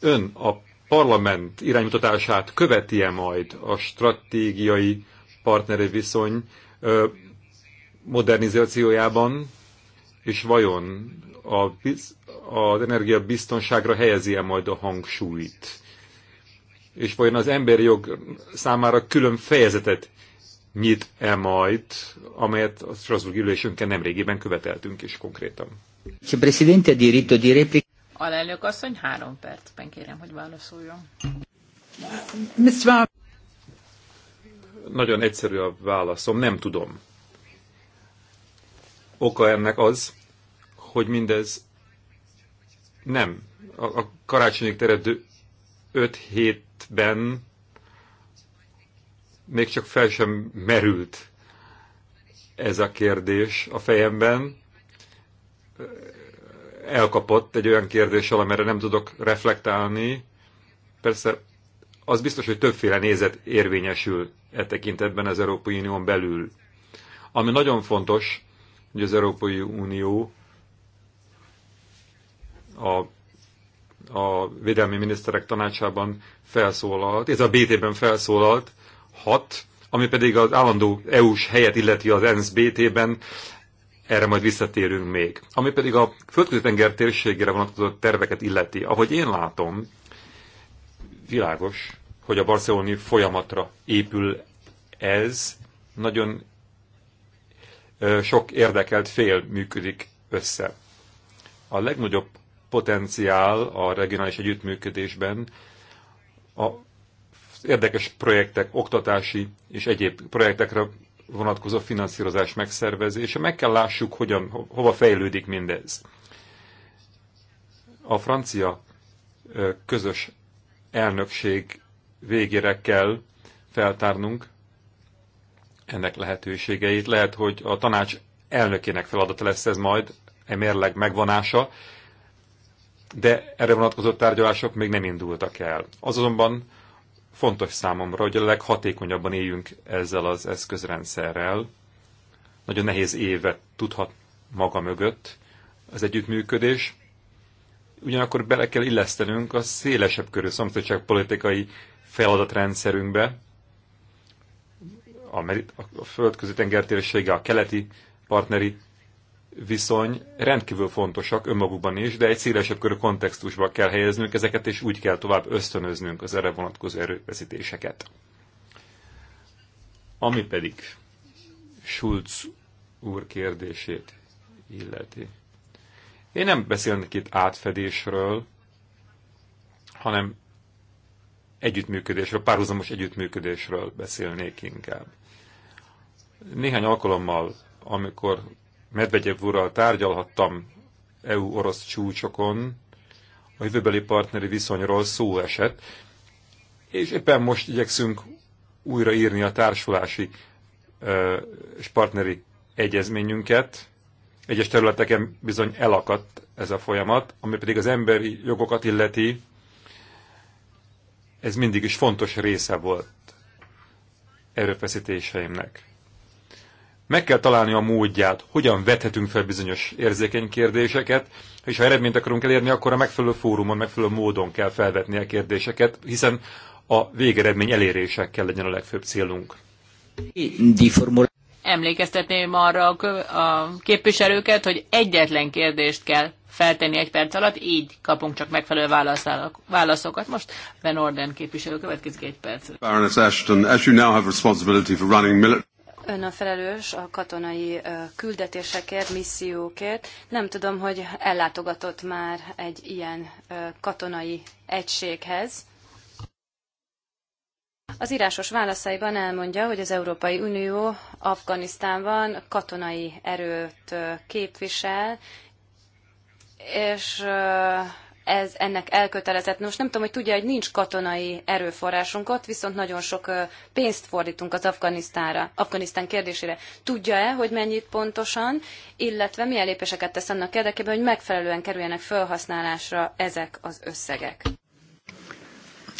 [SPEAKER 3] Ön a parlament iránymutatását követi-e majd a stratégiai partneri viszony modernizációjában, és vajon a, az energiabiztonságra helyezi-e majd a hangsúlyt? És vajon az emberi jog számára külön fejezetet nyit-e majd, amelyet a Strasbourg ülésünkkel
[SPEAKER 1] nemrégiben követeltünk is konkrétan? Alelnök
[SPEAKER 2] asszony, három percben kérem, hogy válaszoljon.
[SPEAKER 3] Nagyon egyszerű a válaszom, nem tudom. Oka ennek az, hogy mindez nem. A, a karácsonyig teredő öt hétben még csak fel sem merült ez a kérdés a fejemben elkapott egy olyan kérdéssel, amire nem tudok reflektálni. Persze az biztos, hogy többféle nézet érvényesül e tekintetben az Európai Unión belül. Ami nagyon fontos, hogy az Európai Unió a, a védelmi miniszterek tanácsában felszólalt, ez a BT-ben felszólalt, hat, ami pedig az állandó EU-s helyet illeti az ENSZ BT-ben, erre majd visszatérünk még. Ami pedig a földközi tenger térségére vonatkozó terveket illeti, ahogy én látom, világos, hogy a barceloni folyamatra épül ez, nagyon sok érdekelt fél működik össze. A legnagyobb potenciál a regionális együttműködésben a érdekes projektek, oktatási és egyéb projektekre vonatkozó finanszírozás megszervezése. Meg kell lássuk, hogyan, hova fejlődik mindez. A francia közös elnökség végére kell feltárnunk ennek lehetőségeit. Lehet, hogy a tanács elnökének feladata lesz ez majd, e mérleg megvonása, de erre vonatkozó tárgyalások még nem indultak el. Az azonban fontos számomra, hogy a leghatékonyabban éljünk ezzel az eszközrendszerrel. Nagyon nehéz évet tudhat maga mögött az együttműködés. Ugyanakkor bele kell illesztenünk a szélesebb körű politikai feladatrendszerünkbe, a, a földközi tengertérsége, a keleti partneri viszony rendkívül fontosak önmagukban is, de egy szélesebb körű kontextusba kell helyeznünk ezeket, és úgy kell tovább ösztönöznünk az erre vonatkozó erőfeszítéseket. Ami pedig Schulz úr kérdését illeti. Én nem beszélnék itt átfedésről, hanem együttműködésről, párhuzamos együttműködésről beszélnék inkább. Néhány alkalommal, amikor Medvegyev úrral tárgyalhattam EU-orosz csúcsokon, a jövőbeli partneri viszonyról szó esett, és éppen most igyekszünk újraírni a társulási és partneri egyezményünket. Egyes területeken bizony elakadt ez a folyamat, ami pedig az emberi jogokat illeti, ez mindig is fontos része volt erőfeszítéseimnek. Meg kell találni a módját, hogyan vethetünk fel bizonyos érzékeny kérdéseket, és ha eredményt akarunk elérni, akkor a megfelelő fórumon, megfelelő módon kell felvetni a kérdéseket, hiszen a végeredmény elérése kell legyen a legfőbb célunk.
[SPEAKER 2] Emlékeztetném arra a képviselőket, hogy egyetlen kérdést kell feltenni egy perc alatt, így kapunk csak megfelelő válaszokat. Most Ben Orden képviselő következik egy perc. Baroness
[SPEAKER 4] Ashton, as
[SPEAKER 3] you now have responsibility for running military...
[SPEAKER 4] Ön a felelős a katonai küldetésekért, missziókért. Nem tudom, hogy ellátogatott már egy ilyen katonai egységhez. Az írásos válaszaiban elmondja, hogy az Európai Unió Afganisztánban katonai erőt képvisel, és ez, ennek elkötelezett. Most nem tudom, hogy tudja, hogy nincs katonai erőforrásunk ott, viszont nagyon sok pénzt fordítunk az Afganisztánra, Afganisztán kérdésére. Tudja-e, hogy mennyit pontosan, illetve milyen lépéseket tesz annak érdekében, hogy megfelelően kerüljenek felhasználásra ezek az összegek?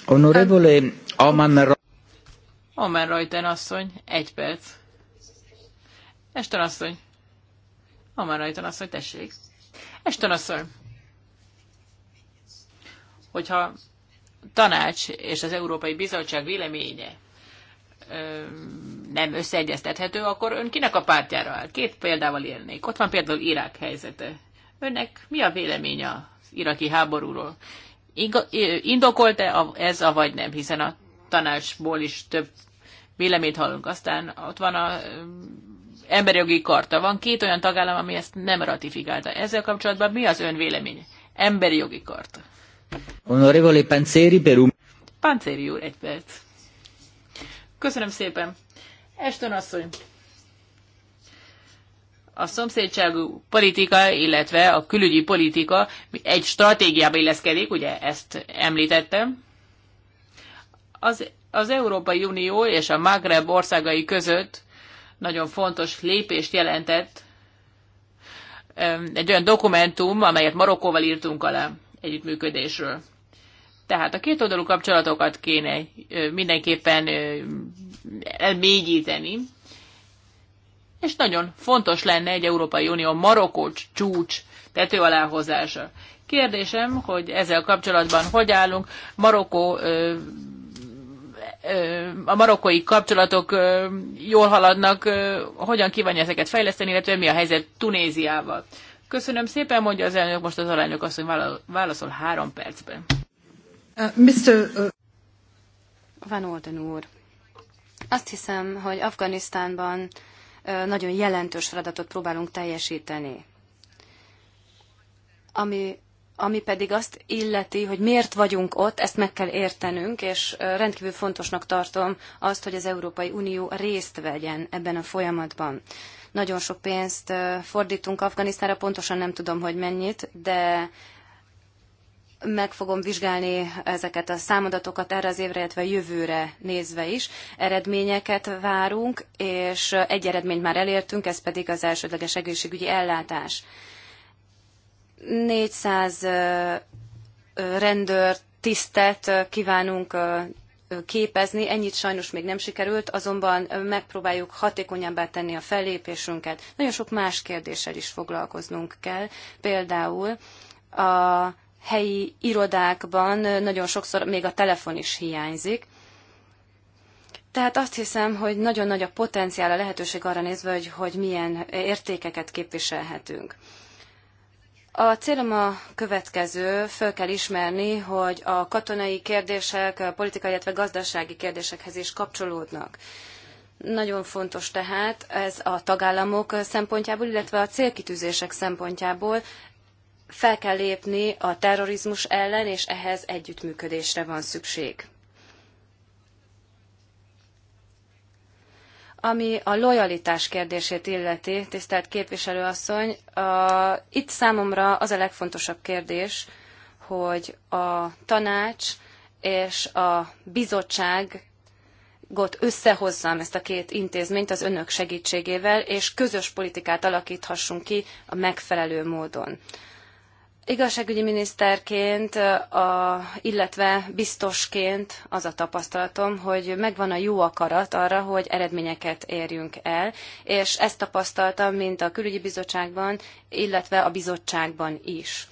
[SPEAKER 1] Honorevole Aman
[SPEAKER 2] Omer asszony, egy perc. Esten asszony. Omer Reuten asszony, tessék. Esten asszony, hogyha tanács és az Európai Bizottság véleménye nem összeegyeztethető, akkor ön kinek a pártjára áll? Két példával élnék. Ott van például Irák helyzete. Önnek mi a véleménye az iraki háborúról? Indokolt-e ez, vagy nem? Hiszen a tanácsból is több véleményt hallunk. Aztán ott van a jogi karta. Van két olyan tagállam, ami ezt nem ratifikálta. Ezzel kapcsolatban mi az ön véleménye? Emberi jogi karta.
[SPEAKER 1] Honorevole Pancéri, Peru.
[SPEAKER 2] Panzeri, úr, egy perc. Köszönöm szépen. Eston asszony. A szomszédságú politika, illetve a külügyi politika egy stratégiába illeszkedik, ugye ezt említettem. Az, az Európai Unió és a Magreb országai között nagyon fontos lépést jelentett egy olyan dokumentum, amelyet Marokkóval írtunk alá együttműködésről. Tehát a kétoldalú kapcsolatokat kéne mindenképpen elmélyíteni, és nagyon fontos lenne egy Európai Unió marokocs csúcs tető aláhozása. Kérdésem, hogy ezzel kapcsolatban hogy állunk, marokó a marokkói kapcsolatok jól haladnak, hogyan kívánja ezeket fejleszteni, illetve mi a helyzet Tunéziával. Köszönöm szépen, mondja az elnök, most az alányok azt, hogy válaszol három percben.
[SPEAKER 4] Uh, Mr. Uh, Van Olden úr, azt hiszem, hogy Afganisztánban uh, nagyon jelentős feladatot próbálunk teljesíteni. Ami, ami pedig azt illeti, hogy miért vagyunk ott, ezt meg kell értenünk, és rendkívül fontosnak tartom azt, hogy az Európai Unió részt vegyen ebben a folyamatban. Nagyon sok pénzt fordítunk Afganisztára, pontosan nem tudom, hogy mennyit, de meg fogom vizsgálni ezeket a számadatokat erre az évre, illetve jövőre nézve is. Eredményeket várunk, és egy eredményt már elértünk, ez pedig az elsődleges egészségügyi ellátás. 400 rendőrt tisztet kívánunk képezni, ennyit sajnos még nem sikerült, azonban megpróbáljuk hatékonyabbá tenni a fellépésünket. Nagyon sok más kérdéssel is foglalkoznunk kell, például a helyi irodákban nagyon sokszor még a telefon is hiányzik, tehát azt hiszem, hogy nagyon nagy a potenciál, a lehetőség arra nézve, hogy, hogy milyen értékeket képviselhetünk. A célom a következő, föl kell ismerni, hogy a katonai kérdések, a politikai, illetve gazdasági kérdésekhez is kapcsolódnak. Nagyon fontos tehát ez a tagállamok szempontjából, illetve a célkitűzések szempontjából fel kell lépni a terrorizmus ellen, és ehhez együttműködésre van szükség. Ami a lojalitás kérdését illeti, tisztelt képviselőasszony, a, itt számomra az a legfontosabb kérdés, hogy a tanács és a bizottság gott összehozzam ezt a két intézményt az önök segítségével, és közös politikát alakíthassunk ki a megfelelő módon. Igazságügyi miniszterként, a, illetve biztosként az a tapasztalatom, hogy megvan a jó akarat arra, hogy eredményeket érjünk el, és ezt tapasztaltam, mint a külügyi bizottságban, illetve a bizottságban is.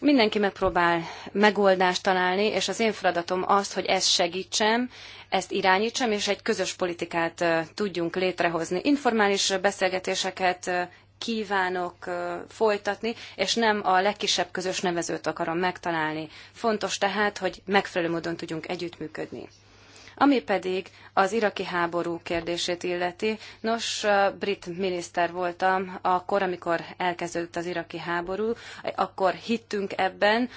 [SPEAKER 4] Mindenki megpróbál megoldást találni, és az én feladatom az, hogy ezt segítsem, ezt irányítsam, és egy közös politikát tudjunk létrehozni. Informális beszélgetéseket kívánok folytatni, és nem a legkisebb közös nevezőt akarom megtalálni. Fontos tehát, hogy megfelelő módon tudjunk együttműködni. Ami pedig az iraki háború kérdését illeti, nos, brit miniszter voltam akkor, amikor elkezdődött az iraki háború, akkor hittünk ebben,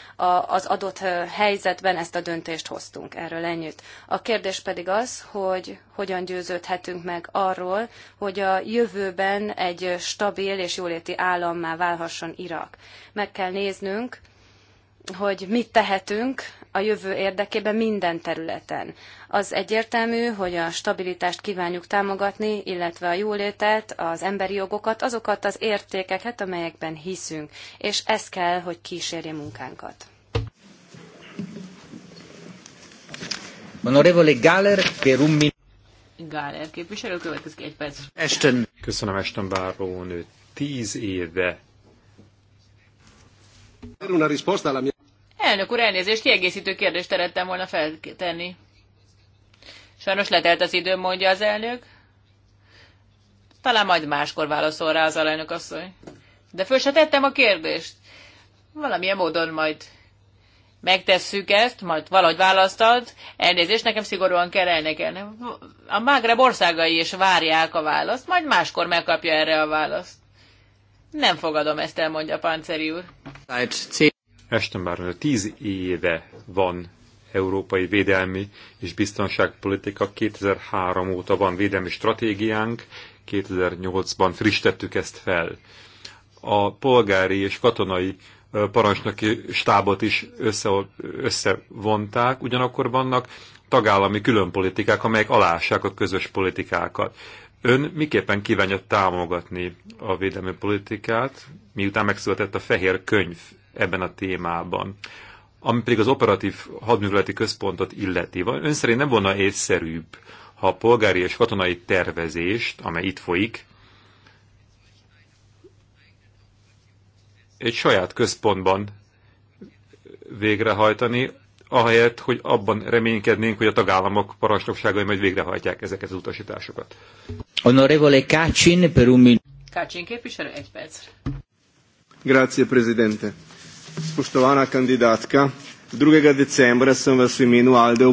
[SPEAKER 4] az adott helyzetben ezt a döntést hoztunk, erről ennyit. A kérdés pedig az, hogy hogyan győződhetünk meg arról, hogy a jövőben egy stabil és jóléti állammá válhasson Irak. Meg kell néznünk, hogy mit tehetünk a jövő érdekében minden területen. Az egyértelmű, hogy a stabilitást kívánjuk támogatni, illetve a jólétet, az emberi jogokat, azokat az értékeket, amelyekben hiszünk, és ez kell, hogy kísérje munkánkat.
[SPEAKER 1] Honorevole Galler, per un min-
[SPEAKER 2] Gáler képviselő, következik egy perc.
[SPEAKER 3] Esten. Köszönöm, Esten Bárónő. Tíz éve. Una risposta alla mia...
[SPEAKER 2] Elnök úr, elnézést, kiegészítő kérdést szerettem volna feltenni. Sajnos letelt az idő, mondja az elnök. Talán majd máskor válaszol rá az alelnök asszony. De föl se tettem a kérdést. Valamilyen módon majd megtesszük ezt, majd valahogy választad. Elnézést, nekem szigorúan kell elnekelni. A Mágreb országai is várják a választ, majd máskor megkapja erre a választ. Nem fogadom ezt, elmondja panceri úr
[SPEAKER 3] már tíz éve van európai védelmi és biztonságpolitika. 2003 óta van védelmi stratégiánk, 2008-ban frissítettük ezt fel. A polgári és katonai parancsnoki stábot is össze, összevonták, ugyanakkor vannak tagállami különpolitikák, amelyek alássák a közös politikákat. Ön miképpen kívánja támogatni a védelmi politikát, miután megszületett a fehér könyv ebben a témában. Ami pedig az operatív hadműveleti központot illeti. Ön szerint nem volna észszerűbb, ha a polgári és katonai tervezést, amely itt folyik, egy saját központban végrehajtani, ahelyett, hogy abban reménykednénk, hogy a tagállamok parancsnokságai majd végrehajtják
[SPEAKER 1] ezeket az utasításokat. Honorevole Kácsin, per un
[SPEAKER 2] Kácsin képviselő, egy
[SPEAKER 4] perc. Grazie, Presidente. Spoštovana kandidátka, 2. decembra sem vas v imenu Alde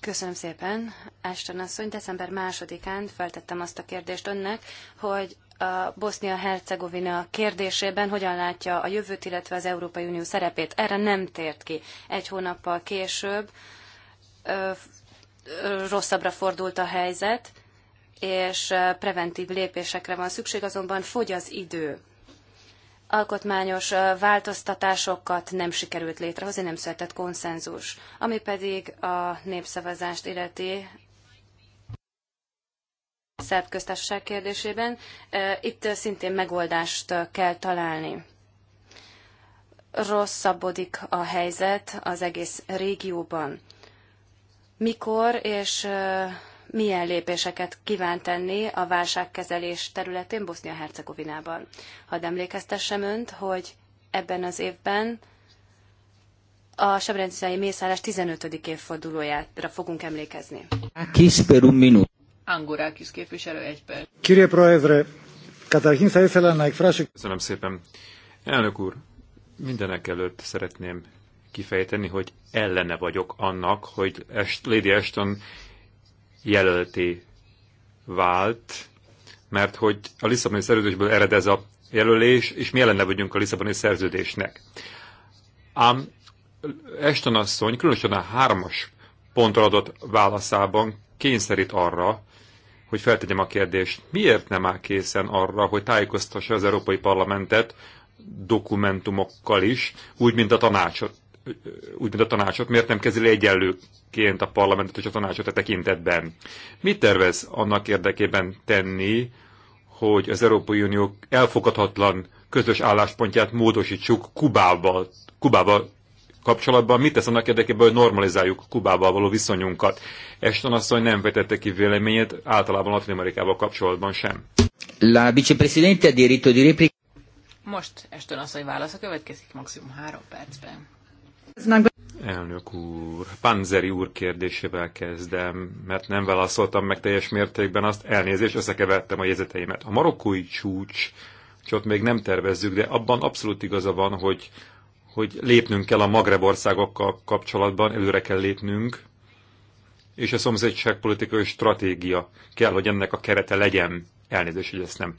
[SPEAKER 4] Köszönöm szépen, Ashton asszony. December másodikán feltettem azt a kérdést önnek, hogy a Bosznia-Hercegovina kérdésében hogyan látja a jövőt, illetve az Európai Unió szerepét. Erre nem tért ki. Egy hónappal később ö, rosszabbra fordult a helyzet, és preventív lépésekre van szükség, azonban fogy az idő alkotmányos változtatásokat nem sikerült létrehozni, nem született konszenzus. Ami pedig a népszavazást illeti szerb köztársaság kérdésében, itt szintén megoldást kell találni. Rosszabbodik a helyzet az egész régióban. Mikor és milyen lépéseket kíván tenni a válságkezelés területén Bosznia-Hercegovinában. Hadd emlékeztessem önt, hogy ebben az évben a Sebrenciai Mészállás 15. évfordulójára fogunk emlékezni.
[SPEAKER 1] Kis per un minut.
[SPEAKER 4] Angurákis képviselő egy perc.
[SPEAKER 1] Kirje Proezre, Katarhin Köszönöm
[SPEAKER 3] szépen. Elnök úr, mindenek előtt szeretném kifejteni, hogy ellene vagyok annak, hogy Est, Lady Ashton jelölté vált, mert hogy a Lisszaboni szerződésből ered ez a jelölés, és mi ellene vagyunk a Lisszaboni szerződésnek. Ám Eston asszony különösen a hármas pontra adott válaszában kényszerít arra, hogy feltegyem a kérdést, miért nem áll készen arra, hogy tájékoztassa az Európai Parlamentet dokumentumokkal is, úgy, mint a tanácsot úgy, mint a tanácsot, miért nem kezeli egyenlőként a parlamentet és a tanácsot a tekintetben? Mit tervez annak érdekében tenni, hogy az Európai Unió elfogadhatlan közös álláspontját módosítsuk Kubával, Kubával kapcsolatban? Mit tesz annak érdekében, hogy normalizáljuk Kubával való viszonyunkat? Eston asszony nem vetette ki véleményét általában Latin-Amerikával kapcsolatban sem.
[SPEAKER 1] La vicepresidente a diritto di replica.
[SPEAKER 2] Most Eston asszony válasza következik maximum három percben.
[SPEAKER 3] Elnök úr, Panzeri úr kérdésével kezdem, mert nem válaszoltam meg teljes mértékben azt, elnézést, összekevertem a jegyzeteimet. A marokkói csúcs, csak még nem tervezzük, de abban abszolút igaza van, hogy, hogy lépnünk kell a Magreb országokkal kapcsolatban, előre kell lépnünk, és a szomszédságpolitikai stratégia kell, hogy ennek a kerete legyen. Elnézést, hogy ezt nem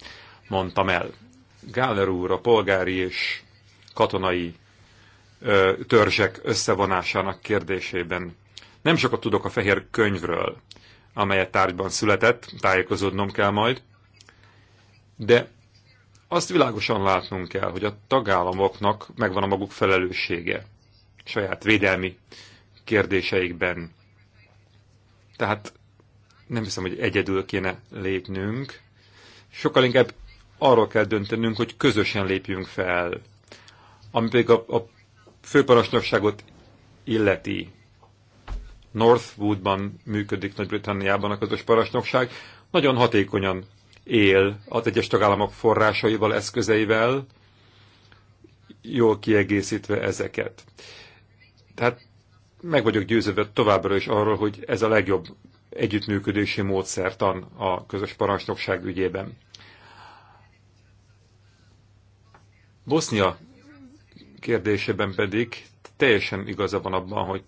[SPEAKER 3] mondtam el. Gáler úr a polgári és katonai törzsek összevonásának kérdésében. Nem sokat tudok a fehér könyvről, amelyet tárgyban született, tájékozódnom kell majd, de azt világosan látnunk kell, hogy a tagállamoknak megvan a maguk felelőssége saját védelmi kérdéseikben. Tehát nem hiszem, hogy egyedül kéne lépnünk. Sokkal inkább arról kell döntenünk, hogy közösen lépjünk fel. Ami pedig a, a főparancsnokságot illeti. Northwoodban működik Nagy-Britanniában a közös parancsnokság. Nagyon hatékonyan él az egyes tagállamok forrásaival, eszközeivel, jól kiegészítve ezeket. Tehát meg vagyok győződve továbbra is arról, hogy ez a legjobb együttműködési módszertan a közös parancsnokság ügyében. Bosznia kérdésében pedig teljesen igaza van abban, hogy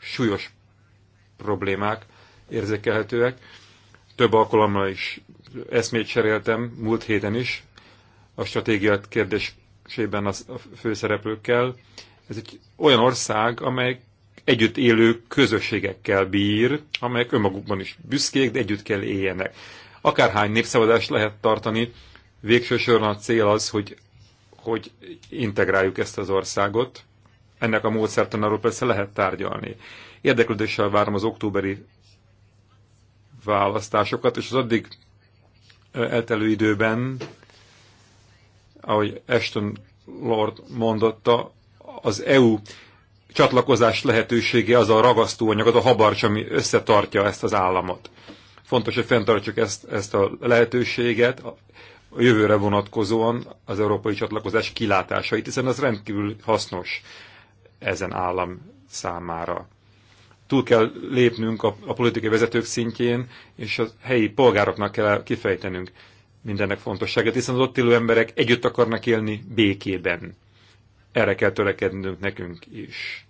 [SPEAKER 3] súlyos problémák érzékelhetőek. Több alkalommal is eszmét cseréltem, múlt héten is, a stratégiát kérdésében a főszereplőkkel. Ez egy olyan ország, amely együtt élő közösségekkel bír, amelyek önmagukban is büszkék, de együtt kell éljenek. Akárhány népszavazást lehet tartani, végső soron a cél az, hogy hogy integráljuk ezt az országot. Ennek a módszertanáról persze lehet tárgyalni. Érdeklődéssel várom az októberi választásokat, és az addig eltelő időben, ahogy Ashton Lord mondotta, az EU csatlakozás lehetősége az a ragasztóanyag, az a habarcs, ami összetartja ezt az államot. Fontos, hogy fenntartsuk ezt, ezt a lehetőséget, a jövőre vonatkozóan az európai csatlakozás kilátásait, hiszen az rendkívül hasznos ezen állam számára. Túl kell lépnünk a, a politikai vezetők szintjén, és a helyi polgároknak kell kifejtenünk mindennek fontosságát, hiszen az ott élő emberek együtt akarnak élni békében. Erre kell törekednünk nekünk is.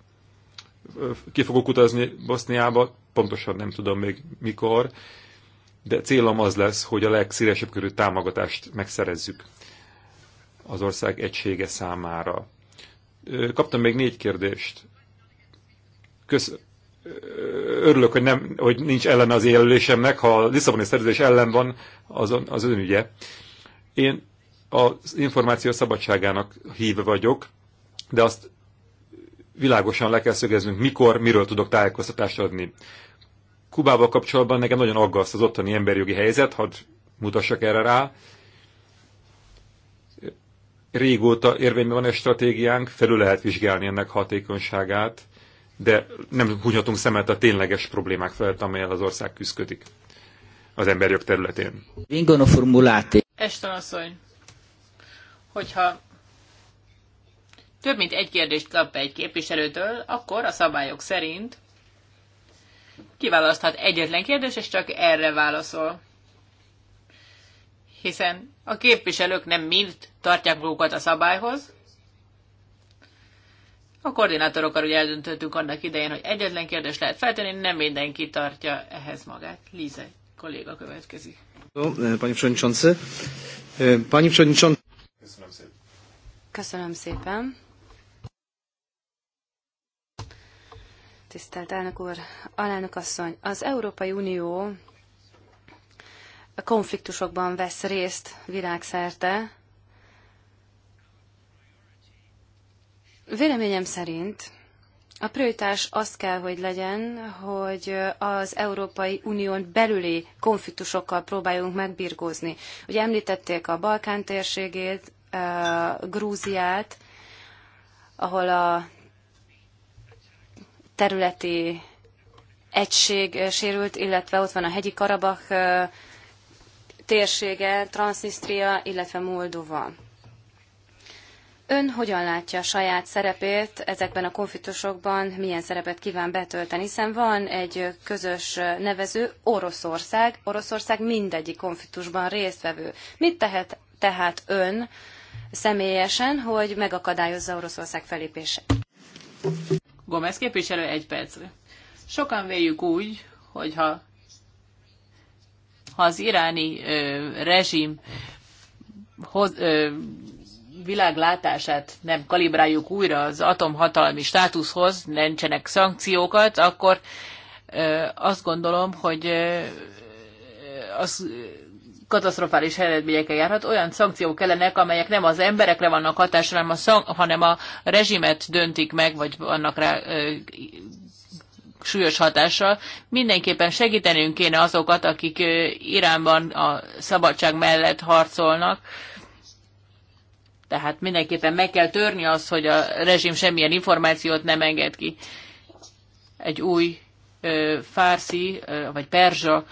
[SPEAKER 3] Ki fogok utazni Boszniába, pontosan nem tudom még mikor, de célom az lesz, hogy a legszélesebb körű támogatást megszerezzük az ország egysége számára. Kaptam még négy kérdést. Kösz... Örülök, hogy, nem, hogy nincs ellen az jelölésemnek, ha a Lisszaboni szerződés ellen van, az, az önügye. Én az információ szabadságának híve vagyok, de azt világosan le kell szögeznünk, mikor, miről tudok tájékoztatást adni. Kubával kapcsolatban nekem nagyon aggaszt az ottani emberjogi helyzet, hadd mutassak erre rá. Régóta érvényben van egy stratégiánk, felül lehet vizsgálni ennek hatékonyságát, de nem hunyhatunk szemet a tényleges problémák felett, amelyel az ország küzdik
[SPEAKER 1] az emberjog területén. Vingono formuláti.
[SPEAKER 2] Este asszony, hogyha több mint egy kérdést kap egy képviselőtől, akkor a szabályok szerint kiválaszthat egyetlen kérdés, és csak erre válaszol. Hiszen a képviselők nem mind tartják magukat a szabályhoz. A koordinátorokkal ugye eldöntöttük annak idején, hogy egyetlen kérdés lehet feltenni, nem mindenki tartja ehhez magát. Líze
[SPEAKER 4] kolléga következik. Eh, Pani Przewodniczący. Eh, Pani Przewodniczący. Köszönöm szépen. Köszönöm szépen. tisztelt elnök úr, alelnök asszony. Az Európai Unió konfliktusokban vesz részt világszerte. Véleményem szerint a prioritás azt kell, hogy legyen, hogy az Európai Unión belüli konfliktusokkal próbáljunk megbirgózni. Ugye említették a Balkán térségét, eh, Grúziát, ahol a területi egység sérült, illetve ott van a hegyi Karabach térsége, Transnistria, illetve Moldova. Ön hogyan látja a saját szerepét ezekben a konfliktusokban, milyen szerepet kíván betölteni, hiszen van egy közös nevező Oroszország, Oroszország mindegyik konfliktusban résztvevő. Mit tehet tehát ön személyesen, hogy megakadályozza Oroszország felépését? Gomez képviselő, egy percre. Sokan véljük úgy, hogyha
[SPEAKER 2] ha az iráni ö, rezsim hoz, ö, világlátását nem kalibráljuk újra az atomhatalmi státuszhoz, nincsenek szankciókat, akkor ö, azt gondolom, hogy ö, az katasztrofális eredményekkel járhat. Olyan szankciók kellenek, amelyek nem az emberekre vannak hatásra, hanem a, szank- hanem a rezsimet döntik meg, vagy vannak rá ö, súlyos hatással. Mindenképpen segítenünk kéne azokat, akik ö, Iránban a szabadság mellett harcolnak. Tehát mindenképpen meg kell törni azt, hogy a rezsim semmilyen információt nem enged ki. Egy új fárszi vagy perzsa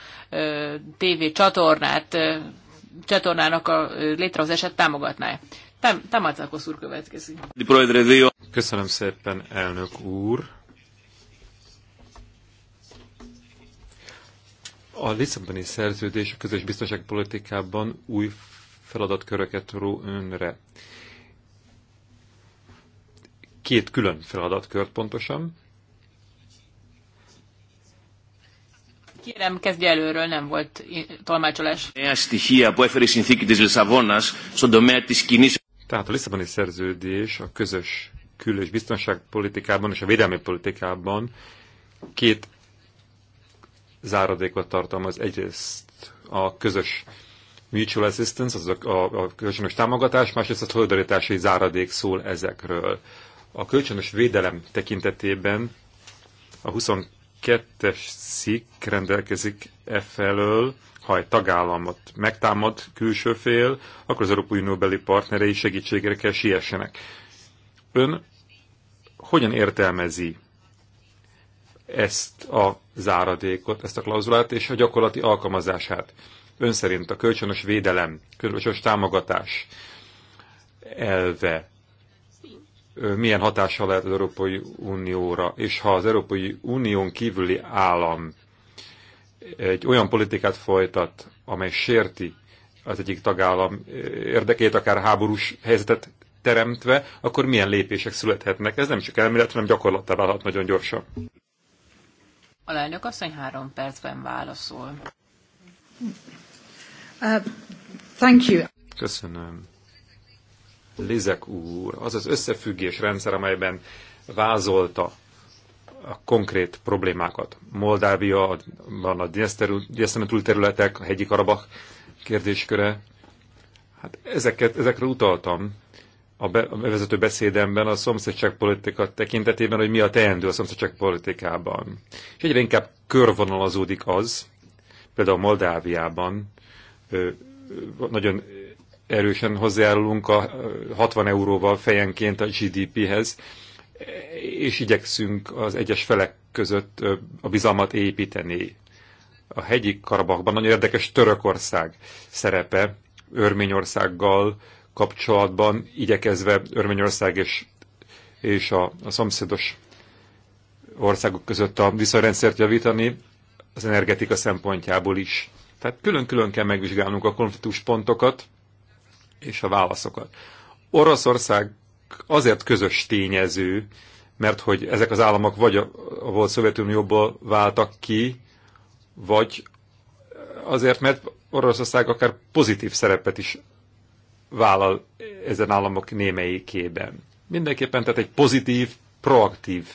[SPEAKER 2] TV csatornát, csatornának a létrehozását támogatná. Tamadzakosz úr következik.
[SPEAKER 3] Köszönöm szépen, elnök úr. A Lisszaboni szerződés a közös biztonságpolitikában új feladatköröket ró önre. Két külön feladatkört pontosan.
[SPEAKER 2] Kérem, kezdje előről, nem volt tolmácsolás.
[SPEAKER 3] Tehát a Lisszaboni szerződés a közös kül- és biztonságpolitikában és a védelmi politikában két záradékot tartalmaz. Egyrészt a közös mutual assistance, az a, a, a kölcsönös támogatás, másrészt a szolidaritási záradék szól ezekről. A kölcsönös védelem tekintetében a 20 kettes szik rendelkezik e felől, ha egy tagállamot megtámad külső fél, akkor az Európai beli partnerei segítségre kell siessenek. Ön hogyan értelmezi ezt a záradékot, ezt a klauzulát és a gyakorlati alkalmazását? Ön szerint a kölcsönös védelem, kölcsönös támogatás elve milyen hatással lehet az Európai Unióra, és ha az Európai Unión kívüli állam egy olyan politikát folytat, amely sérti az egyik tagállam érdekét, akár háborús helyzetet teremtve, akkor milyen lépések születhetnek? Ez nem csak elmélet, hanem gyakorlattá válhat nagyon gyorsan.
[SPEAKER 2] A lányok asszony három percben válaszol.
[SPEAKER 1] Uh, thank you.
[SPEAKER 3] Köszönöm. Lizek úr, az az összefüggés rendszer, amelyben vázolta a konkrét problémákat. Moldávia, van a Dnieszteren területek a hegyi Karabach kérdésköre. Hát ezeket, ezekre utaltam a, be, a bevezető beszédemben a szomszédságpolitika tekintetében, hogy mi a teendő a szomszédságpolitikában. És egyre inkább körvonalazódik az, például Moldáviában, nagyon erősen hozzájárulunk a 60 euróval fejenként a GDP-hez, és igyekszünk az egyes felek között a bizalmat építeni. A hegyi Karabakban nagyon érdekes Törökország szerepe Örményországgal kapcsolatban, igyekezve Örményország és, és a, a szomszédos országok között a viszonyrendszert javítani, az energetika szempontjából is. Tehát külön-külön kell megvizsgálnunk a konfliktuspontokat, és a válaszokat. Oroszország azért közös tényező, mert hogy ezek az államok vagy a, a volt Szovjetunióból váltak ki, vagy azért, mert Oroszország akár pozitív szerepet is vállal ezen államok némelyikében. Mindenképpen tehát egy pozitív, proaktív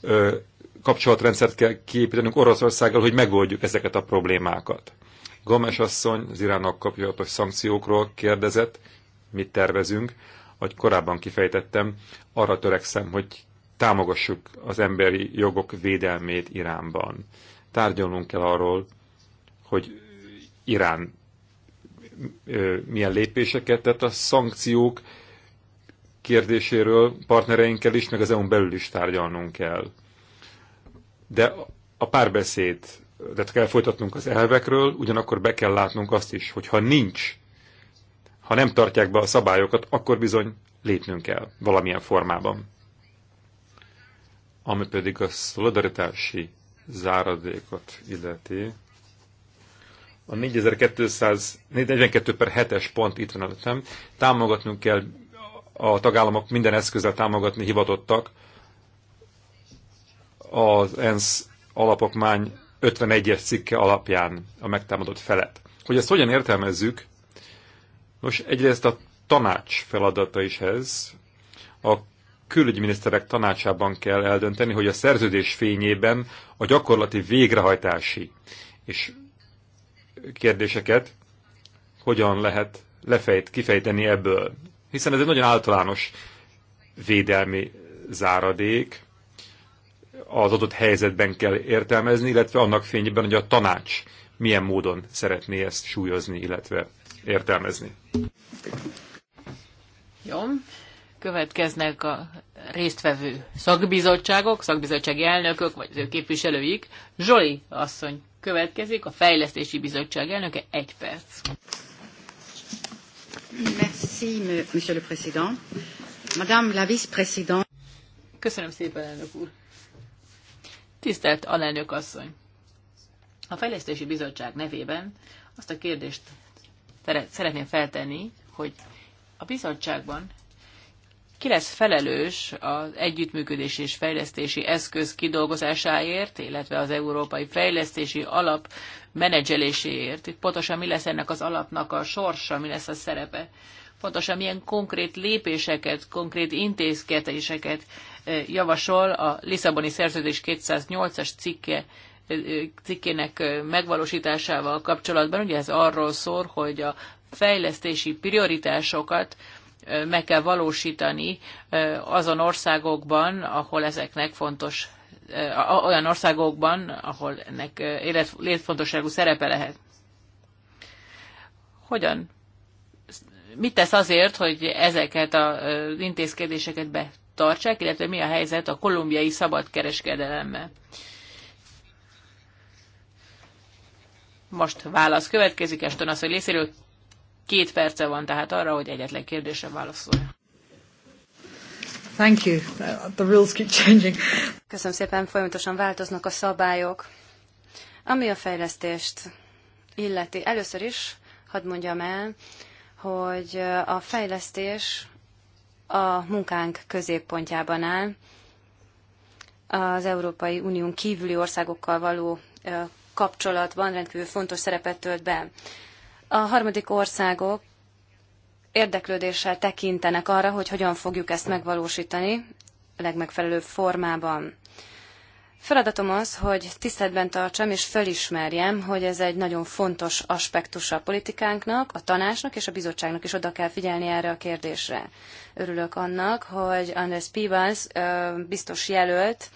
[SPEAKER 3] ö, kapcsolatrendszert kell kiépítenünk Oroszországgal, hogy megoldjuk ezeket a problémákat. Gomes asszony az iránok kapcsolatos szankciókról kérdezett, mit tervezünk, ahogy korábban kifejtettem, arra törekszem, hogy támogassuk az emberi jogok védelmét Iránban. Tárgyalnunk kell arról, hogy Irán milyen lépéseket tett a szankciók kérdéséről partnereinkkel is, meg az EU-n belül is tárgyalnunk kell. De a párbeszéd de kell folytatnunk az elvekről, ugyanakkor be kell látnunk azt is, hogy ha nincs, ha nem tartják be a szabályokat, akkor bizony lépnünk kell valamilyen formában. Ami pedig a szolidaritási záradékot illeti, a 4242 per 7-es pont itt van előttem, támogatnunk kell a tagállamok minden eszközzel támogatni hivatottak az ENSZ alapokmány 51-es cikke alapján a megtámadott felet. Hogy ezt hogyan értelmezzük? Nos, egyrészt a tanács feladata is ez. A külügyminiszterek tanácsában kell eldönteni, hogy a szerződés fényében a gyakorlati végrehajtási és kérdéseket hogyan lehet lefejt, kifejteni ebből. Hiszen ez egy nagyon általános védelmi záradék, az adott helyzetben kell értelmezni, illetve annak fényében, hogy a tanács milyen módon szeretné ezt súlyozni, illetve értelmezni.
[SPEAKER 2] Jó, következnek a résztvevő szakbizottságok, szakbizottsági elnökök, vagy az ő képviselőik. Zsoli asszony következik, a Fejlesztési Bizottság elnöke, egy perc.
[SPEAKER 4] Merci, monsieur le président. Madame la vice-présidente. Köszönöm
[SPEAKER 2] szépen, elnök úr. Tisztelt alelnök asszony! A Fejlesztési Bizottság nevében azt a kérdést szeretném feltenni, hogy a bizottságban ki lesz felelős az együttműködési és fejlesztési eszköz kidolgozásáért, illetve az Európai Fejlesztési Alap menedzseléséért. Itt pontosan mi lesz ennek az alapnak a sorsa, mi lesz a szerepe. Pontosan milyen konkrét lépéseket, konkrét intézkedéseket javasol a Lisszaboni Szerződés 208-as cikke cikkének megvalósításával kapcsolatban. Ugye ez arról szól, hogy a fejlesztési prioritásokat meg kell valósítani azon országokban, ahol ezeknek fontos olyan országokban, ahol ennek élet, létfontosságú szerepe lehet. Hogyan? Mit tesz azért, hogy ezeket az intézkedéseket be tartsák, illetve mi a helyzet a kolumbiai szabadkereskedelemmel. Most válasz következik Eston hogy részéről. Két perce van tehát arra, hogy egyetlen kérdésre válaszolja.
[SPEAKER 4] Thank you. The rules keep changing. Köszönöm szépen, folyamatosan változnak a szabályok. Ami a fejlesztést illeti, először is hadd mondjam el, hogy a fejlesztés a munkánk középpontjában áll. Az Európai Unión kívüli országokkal való kapcsolatban rendkívül fontos szerepet tölt be. A harmadik országok érdeklődéssel tekintenek arra, hogy hogyan fogjuk ezt megvalósítani a legmegfelelőbb formában. Feladatom az, hogy tiszteletben tartsam és felismerjem, hogy ez egy nagyon fontos aspektus a politikánknak, a tanácsnak és a bizottságnak is oda kell figyelni erre a kérdésre. Örülök annak, hogy Andrés Pibans biztos jelölt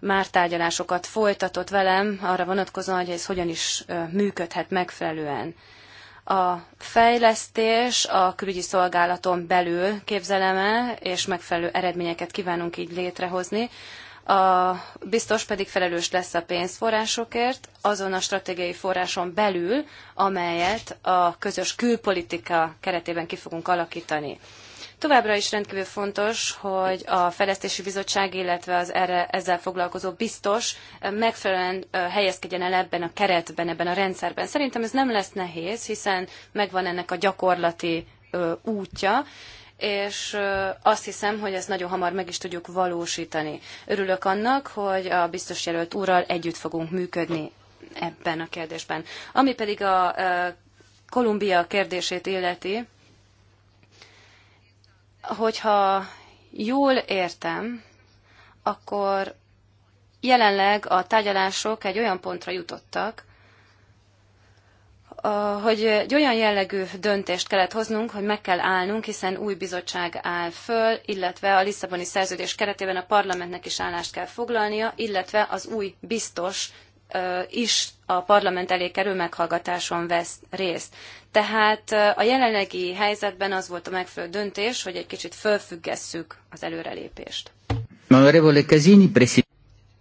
[SPEAKER 4] már tárgyalásokat folytatott velem arra vonatkozóan, hogy ez hogyan is működhet megfelelően. A fejlesztés a külügyi szolgálaton belül képzelem el, és megfelelő eredményeket kívánunk így létrehozni a biztos pedig felelős lesz a pénzforrásokért, azon a stratégiai forráson belül, amelyet a közös külpolitika keretében ki fogunk alakítani. Továbbra is rendkívül fontos, hogy a Fejlesztési Bizottság, illetve az erre ezzel foglalkozó biztos eh, megfelelően eh, helyezkedjen el ebben a keretben, ebben a rendszerben. Szerintem ez nem lesz nehéz, hiszen megvan ennek a gyakorlati útja, és azt hiszem, hogy ezt nagyon hamar meg is tudjuk valósítani. Örülök annak, hogy a biztos jelölt úrral együtt fogunk működni ebben a kérdésben. Ami pedig a Kolumbia kérdését illeti, hogyha jól értem, akkor jelenleg a tárgyalások egy olyan pontra jutottak, hogy egy olyan jellegű döntést kellett hoznunk, hogy meg kell állnunk, hiszen új bizottság áll föl, illetve a Lisszaboni szerződés keretében a parlamentnek is állást kell foglalnia, illetve az új biztos is a parlament elé kerül meghallgatáson vesz részt. Tehát a jelenlegi helyzetben az volt a megfelelő döntés, hogy egy kicsit fölfüggesszük az előrelépést.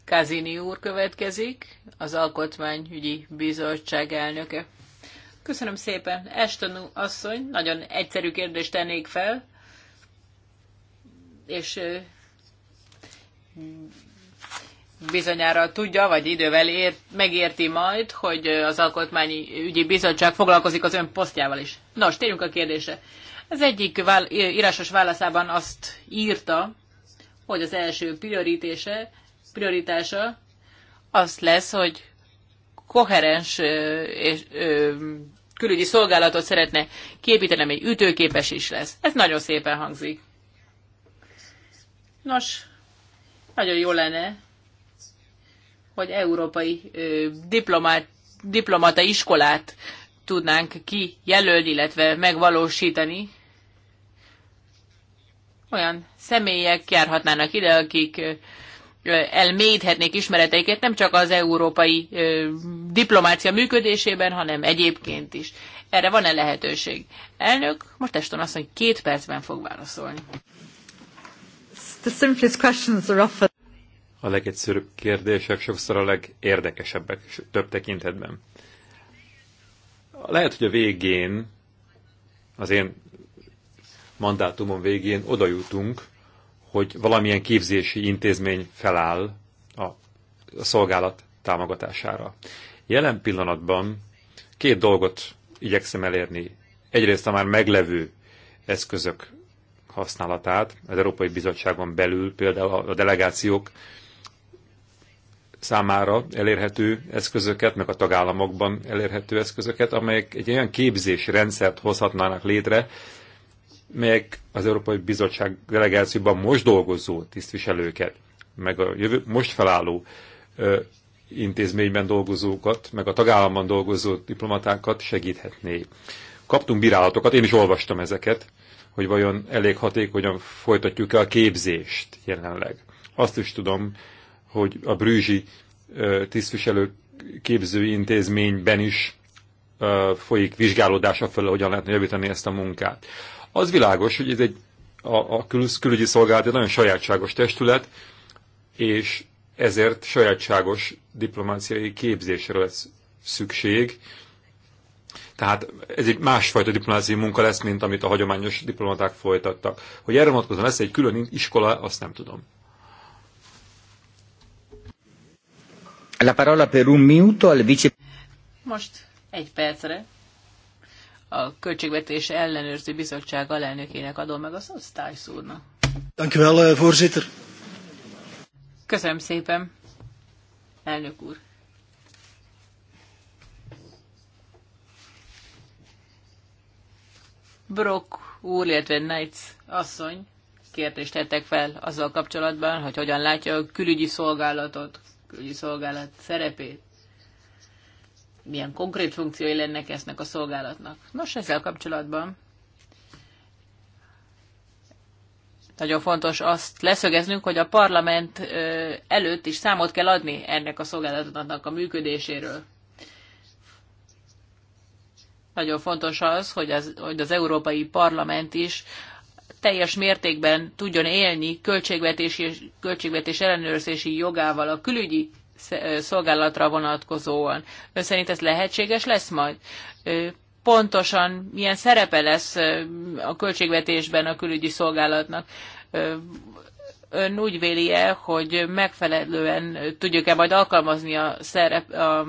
[SPEAKER 2] Kazini úr következik, az Alkotmányügyi Bizottság elnöke. Köszönöm szépen. Ashton asszony, nagyon egyszerű kérdést tennék fel, és bizonyára tudja, vagy idővel ért, megérti majd, hogy az Alkotmányi Ügyi Bizottság foglalkozik az ön posztjával is. Nos, térjünk a kérdése. Az egyik vál, írásos válaszában azt írta, hogy az első prioritése, prioritása az lesz, hogy koherens és külügyi szolgálatot szeretne kiépíteni, ami ütőképes is lesz. Ez nagyon szépen hangzik. Nos, nagyon jó lenne, hogy európai ö, diplomát, diplomata iskolát tudnánk kijelölni, illetve megvalósítani. Olyan személyek járhatnának ide, akik ö, elmélyíthetnék ismereteiket nem csak az európai diplomácia működésében, hanem egyébként is. Erre van-e lehetőség? Elnök, most teston azt mondja, két percben fog válaszolni.
[SPEAKER 1] The simplest questions are often...
[SPEAKER 3] A legegyszerűbb kérdések sokszor a legérdekesebbek több tekintetben. Lehet, hogy a végén, az én mandátumom végén oda jutunk, hogy valamilyen képzési intézmény feláll a, szolgálat támogatására. Jelen pillanatban két dolgot igyekszem elérni. Egyrészt a már meglevő eszközök használatát, az Európai Bizottságon belül például a delegációk számára elérhető eszközöket, meg a tagállamokban elérhető eszközöket, amelyek egy olyan képzési rendszert hozhatnának létre, még az Európai Bizottság delegációban most dolgozó tisztviselőket, meg a jövő, most felálló ö, intézményben dolgozókat, meg a tagállamban dolgozó diplomatákat segíthetné. Kaptunk bírálatokat, én is olvastam ezeket, hogy vajon elég hatékonyan folytatjuk-e a képzést jelenleg. Azt is tudom, hogy a Brűzsi tisztviselő képző intézményben is folyik vizsgálódása felől, hogyan lehetne javítani ezt a munkát. Az világos, hogy ez egy a, a kül, külügyi szolgálat egy nagyon sajátságos testület, és ezért sajátságos diplomáciai képzésre lesz szükség. Tehát ez egy másfajta diplomáciai munka lesz, mint amit a hagyományos diplomaták folytattak. Hogy erre vonatkozóan lesz egy külön iskola, azt nem tudom.
[SPEAKER 1] La parola per un minuto al vice...
[SPEAKER 2] Most egy percre a Költségvetés Ellenőrző Bizottság alelnökének adom meg a szót Stiles úrnak.
[SPEAKER 1] Eh,
[SPEAKER 2] Köszönöm szépen, elnök úr. Brock úr, illetve Knights asszony kérdést tettek fel azzal kapcsolatban, hogy hogyan látja a külügyi szolgálatot, külügyi szolgálat szerepét milyen konkrét funkciói lennek eznek a szolgálatnak. Nos, ezzel kapcsolatban nagyon fontos azt leszögeznünk, hogy a parlament előtt is számot kell adni ennek a szolgálatnak a működéséről. Nagyon fontos az, hogy az, hogy az Európai Parlament is teljes mértékben tudjon élni költségvetési, költségvetés ellenőrzési jogával. A külügyi szolgálatra vonatkozóan. Ön szerint ez lehetséges lesz majd? Pontosan milyen szerepe lesz a költségvetésben a külügyi szolgálatnak? Ön úgy véli-e, hogy megfelelően tudjuk-e majd alkalmazni a, szerep, a,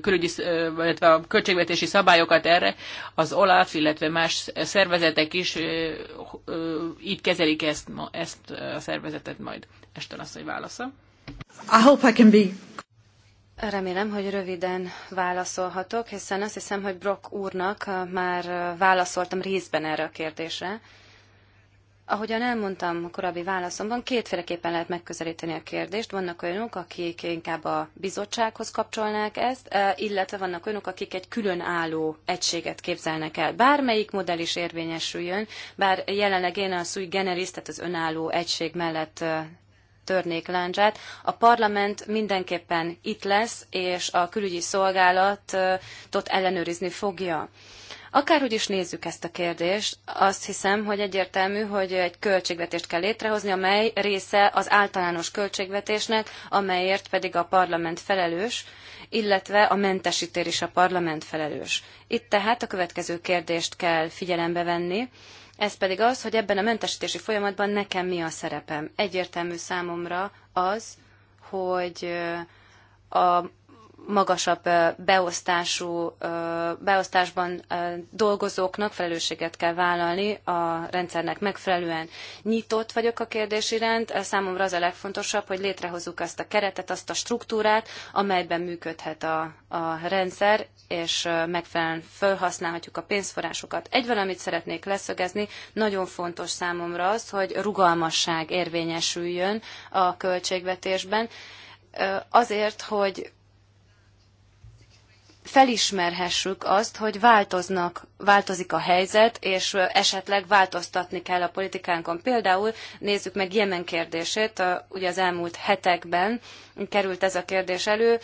[SPEAKER 2] külügyi, illetve a költségvetési szabályokat erre? Az OLAF, illetve más szervezetek is így kezelik ezt, ezt a szervezetet majd. Esten azt, hogy válaszol.
[SPEAKER 4] Remélem, hogy röviden válaszolhatok, hiszen azt hiszem, hogy Brock úrnak már válaszoltam részben erre a kérdésre. Ahogyan elmondtam a korábbi válaszomban, kétféleképpen lehet megközelíteni a kérdést. Vannak olyanok, akik inkább a bizottsághoz kapcsolnák ezt, illetve vannak olyanok, akik egy különálló egységet képzelnek el. Bármelyik modell is érvényesüljön, bár jelenleg én a sui generis, tehát az önálló egység mellett törnék láncsát. A parlament mindenképpen itt lesz, és a külügyi szolgálatot ellenőrizni fogja. Akárhogy is nézzük ezt a kérdést, azt hiszem, hogy egyértelmű, hogy egy költségvetést kell létrehozni, amely része az általános költségvetésnek, amelyért pedig a parlament felelős, illetve a mentesítés is a parlament felelős. Itt tehát a következő kérdést kell figyelembe venni. Ez pedig az, hogy ebben a mentesítési folyamatban nekem mi a szerepem. Egyértelmű számomra az, hogy a magasabb beosztású, beosztásban dolgozóknak felelősséget kell vállalni a rendszernek megfelelően. Nyitott vagyok a kérdés iránt, számomra az a legfontosabb, hogy létrehozzuk azt a keretet, azt a struktúrát, amelyben működhet a, a rendszer, és megfelelően felhasználhatjuk a pénzforrásokat. Egy valamit szeretnék leszögezni, nagyon fontos számomra az, hogy rugalmasság érvényesüljön a költségvetésben, azért, hogy felismerhessük azt, hogy változnak, változik a helyzet, és esetleg változtatni kell a politikánkon. Például nézzük meg Jemen kérdését, ugye az elmúlt hetekben került ez a kérdés elő,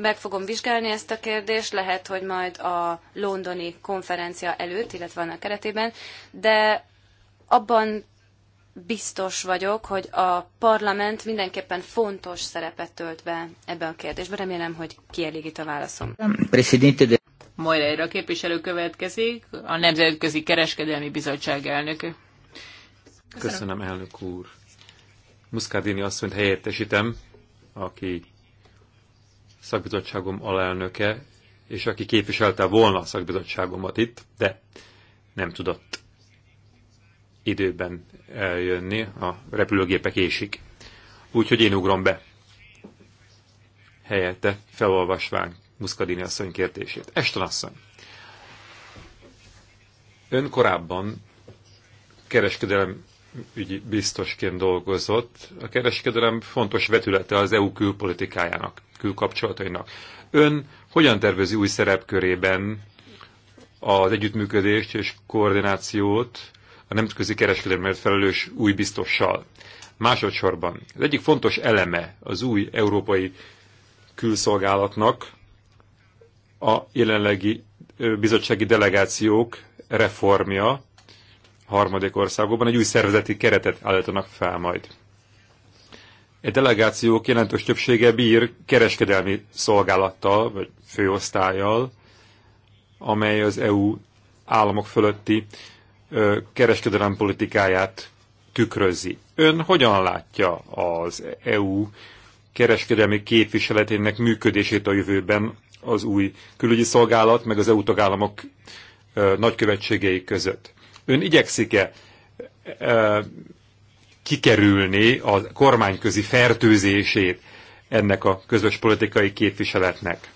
[SPEAKER 4] meg fogom vizsgálni ezt a kérdést, lehet, hogy majd a londoni konferencia előtt, illetve annak keretében, de abban biztos vagyok, hogy a parlament mindenképpen fontos szerepet tölt be ebben a kérdésben. Remélem, hogy kielégít a válaszom. Moireira
[SPEAKER 2] képviselő következik, a Nemzetközi Kereskedelmi Bizottság elnöke.
[SPEAKER 3] Köszönöm, Köszönöm elnök úr. Muszkádini asszonyt helyettesítem, aki szakbizottságom alelnöke, és aki képviselte volna a szakbizottságomat itt, de nem tudott időben eljönni, a repülőgépek ésik. Úgyhogy én ugrom be. Helyette felolvasván Muszkadini asszony kérdését. Eston asszony, ön korábban kereskedelem ügyi biztosként dolgozott. A kereskedelem fontos vetülete az EU külpolitikájának, külkapcsolatainak. Ön hogyan tervezi új szerepkörében az együttműködést és koordinációt a nemzetközi kereskedelmért felelős új biztossal. Másodszorban az egyik fontos eleme az új európai külszolgálatnak a jelenlegi bizottsági delegációk reformja harmadik országokban egy új szervezeti keretet állítanak fel majd. E delegációk jelentős többsége bír kereskedelmi szolgálattal, vagy főosztályjal, amely az EU államok fölötti kereskedelem politikáját tükrözi. Ön hogyan látja az EU kereskedelmi képviseletének működését a jövőben az új külügyi szolgálat, meg az EU tagállamok nagykövetségei között? Ön igyekszik-e kikerülni a kormányközi fertőzését ennek a közös politikai képviseletnek,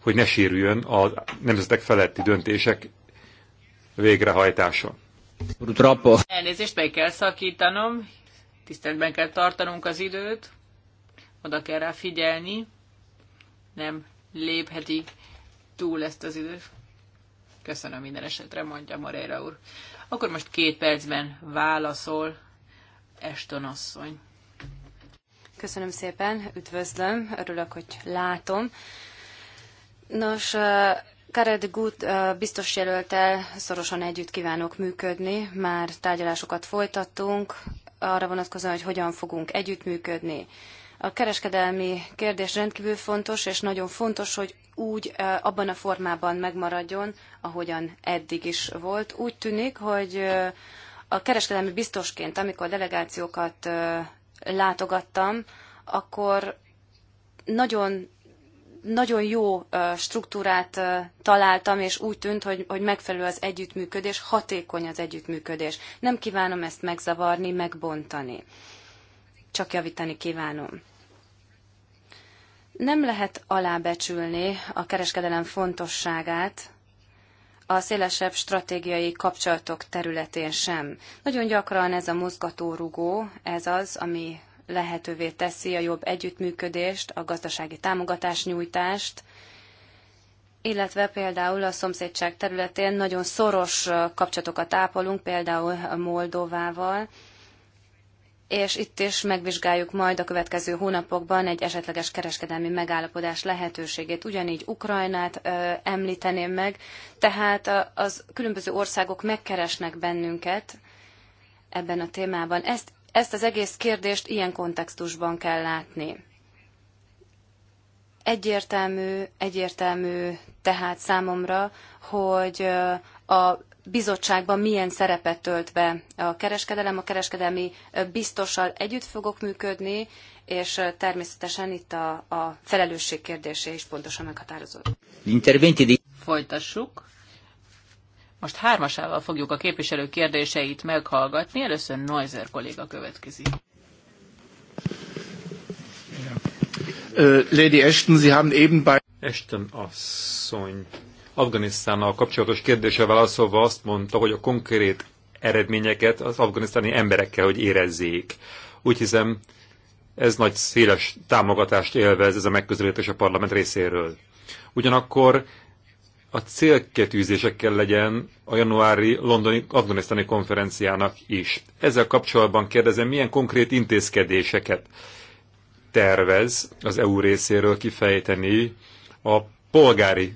[SPEAKER 3] hogy ne sérüljön a nemzetek feletti döntések végrehajtása. Purtroppo.
[SPEAKER 2] Elnézést, meg kell szakítanom, tiszteletben kell tartanunk az időt, oda kell rá figyelni, nem lépheti túl ezt az időt. Köszönöm minden esetre, mondja Moreira úr. Akkor most két percben válaszol
[SPEAKER 4] Eston asszony. Köszönöm szépen, üdvözlöm, örülök, hogy látom. Nos, Kared Gut biztos jelöltel szorosan együtt kívánok működni, már tárgyalásokat folytattunk, arra vonatkozóan, hogy hogyan fogunk együttműködni. A kereskedelmi kérdés rendkívül fontos, és nagyon fontos, hogy úgy abban a formában megmaradjon, ahogyan eddig is volt. Úgy tűnik, hogy a kereskedelmi biztosként, amikor delegációkat látogattam, akkor nagyon nagyon jó struktúrát találtam, és úgy tűnt, hogy, hogy megfelelő az együttműködés, hatékony az együttműködés. Nem kívánom ezt megzavarni, megbontani. Csak javítani kívánom. Nem lehet alábecsülni a kereskedelem fontosságát a szélesebb stratégiai kapcsolatok területén sem. Nagyon gyakran ez a mozgatórugó, ez az, ami lehetővé teszi a jobb együttműködést, a gazdasági támogatás nyújtást, illetve például a szomszédság területén nagyon szoros kapcsolatokat ápolunk, például a Moldovával, és itt is megvizsgáljuk majd a következő hónapokban egy esetleges kereskedelmi megállapodás lehetőségét. Ugyanígy Ukrajnát ö, említeném meg, tehát az különböző országok megkeresnek bennünket ebben a témában. Ezt ezt az egész kérdést ilyen kontextusban kell látni. Egyértelmű, egyértelmű tehát számomra, hogy a bizottságban milyen szerepet tölt be a kereskedelem. A kereskedelmi biztossal együtt fogok működni, és természetesen itt a, a felelősség kérdése is pontosan meghatározott. Folytassuk.
[SPEAKER 2] Most hármasával fogjuk a képviselő kérdéseit meghallgatni. Először Neuser kolléga következik.
[SPEAKER 3] Lady Ashton, Sie haben eben bei... Ashton asszony Afganisztánnal kapcsolatos kérdése válaszolva azt mondta, hogy a konkrét eredményeket az afganisztáni emberekkel, hogy érezzék. Úgy hiszem, ez nagy széles támogatást élvez ez a megközelítés a parlament részéről. Ugyanakkor a célkitűzésekkel legyen a januári londoni afganisztáni konferenciának is. Ezzel kapcsolatban kérdezem, milyen konkrét intézkedéseket tervez az EU részéről kifejteni a polgári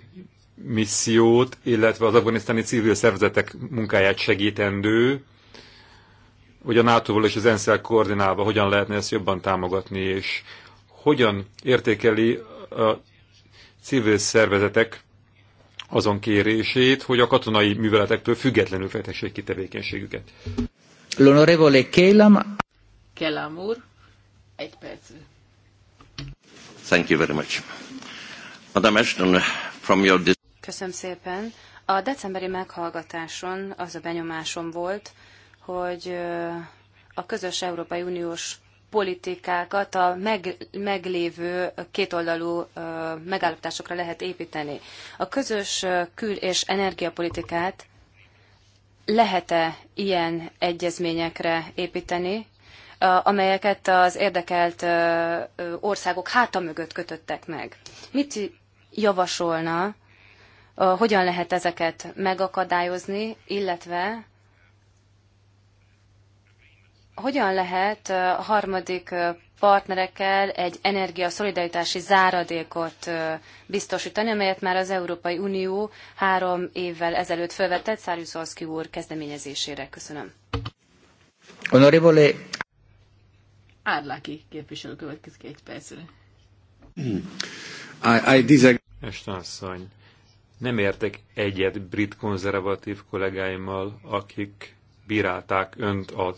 [SPEAKER 3] missziót, illetve az afganisztáni civil szervezetek munkáját segítendő, hogy a NATO-val és az ensz koordinálva hogyan lehetne ezt jobban támogatni, és hogyan értékeli a civil szervezetek azon kérését, hogy a katonai műveletektől függetlenül fejtessék ki tevékenységüket.
[SPEAKER 1] L'onorevole Kélam.
[SPEAKER 4] Kélam úr, egy perc. Thank you very much. Madam Ashton, from your... Köszönöm szépen. A decemberi meghallgatáson az a benyomásom volt, hogy a közös Európai Uniós politikákat a meg, meglévő kétoldalú megállapításokra lehet építeni. A közös kül- és energiapolitikát lehet-e ilyen egyezményekre építeni, amelyeket az érdekelt országok háta mögött kötöttek meg? Mit javasolna, hogyan lehet ezeket megakadályozni, illetve hogyan lehet a harmadik partnerekkel egy energiaszolidaritási záradékot biztosítani, amelyet már az Európai Unió három évvel ezelőtt felvetett Száriuszolszki úr kezdeményezésére. Köszönöm.
[SPEAKER 1] Honorable.
[SPEAKER 4] Árláki képviselő következik egy percre.
[SPEAKER 3] I, I disagree. Estasszony, nem értek egyet brit konzervatív kollégáimmal, akik bírálták önt a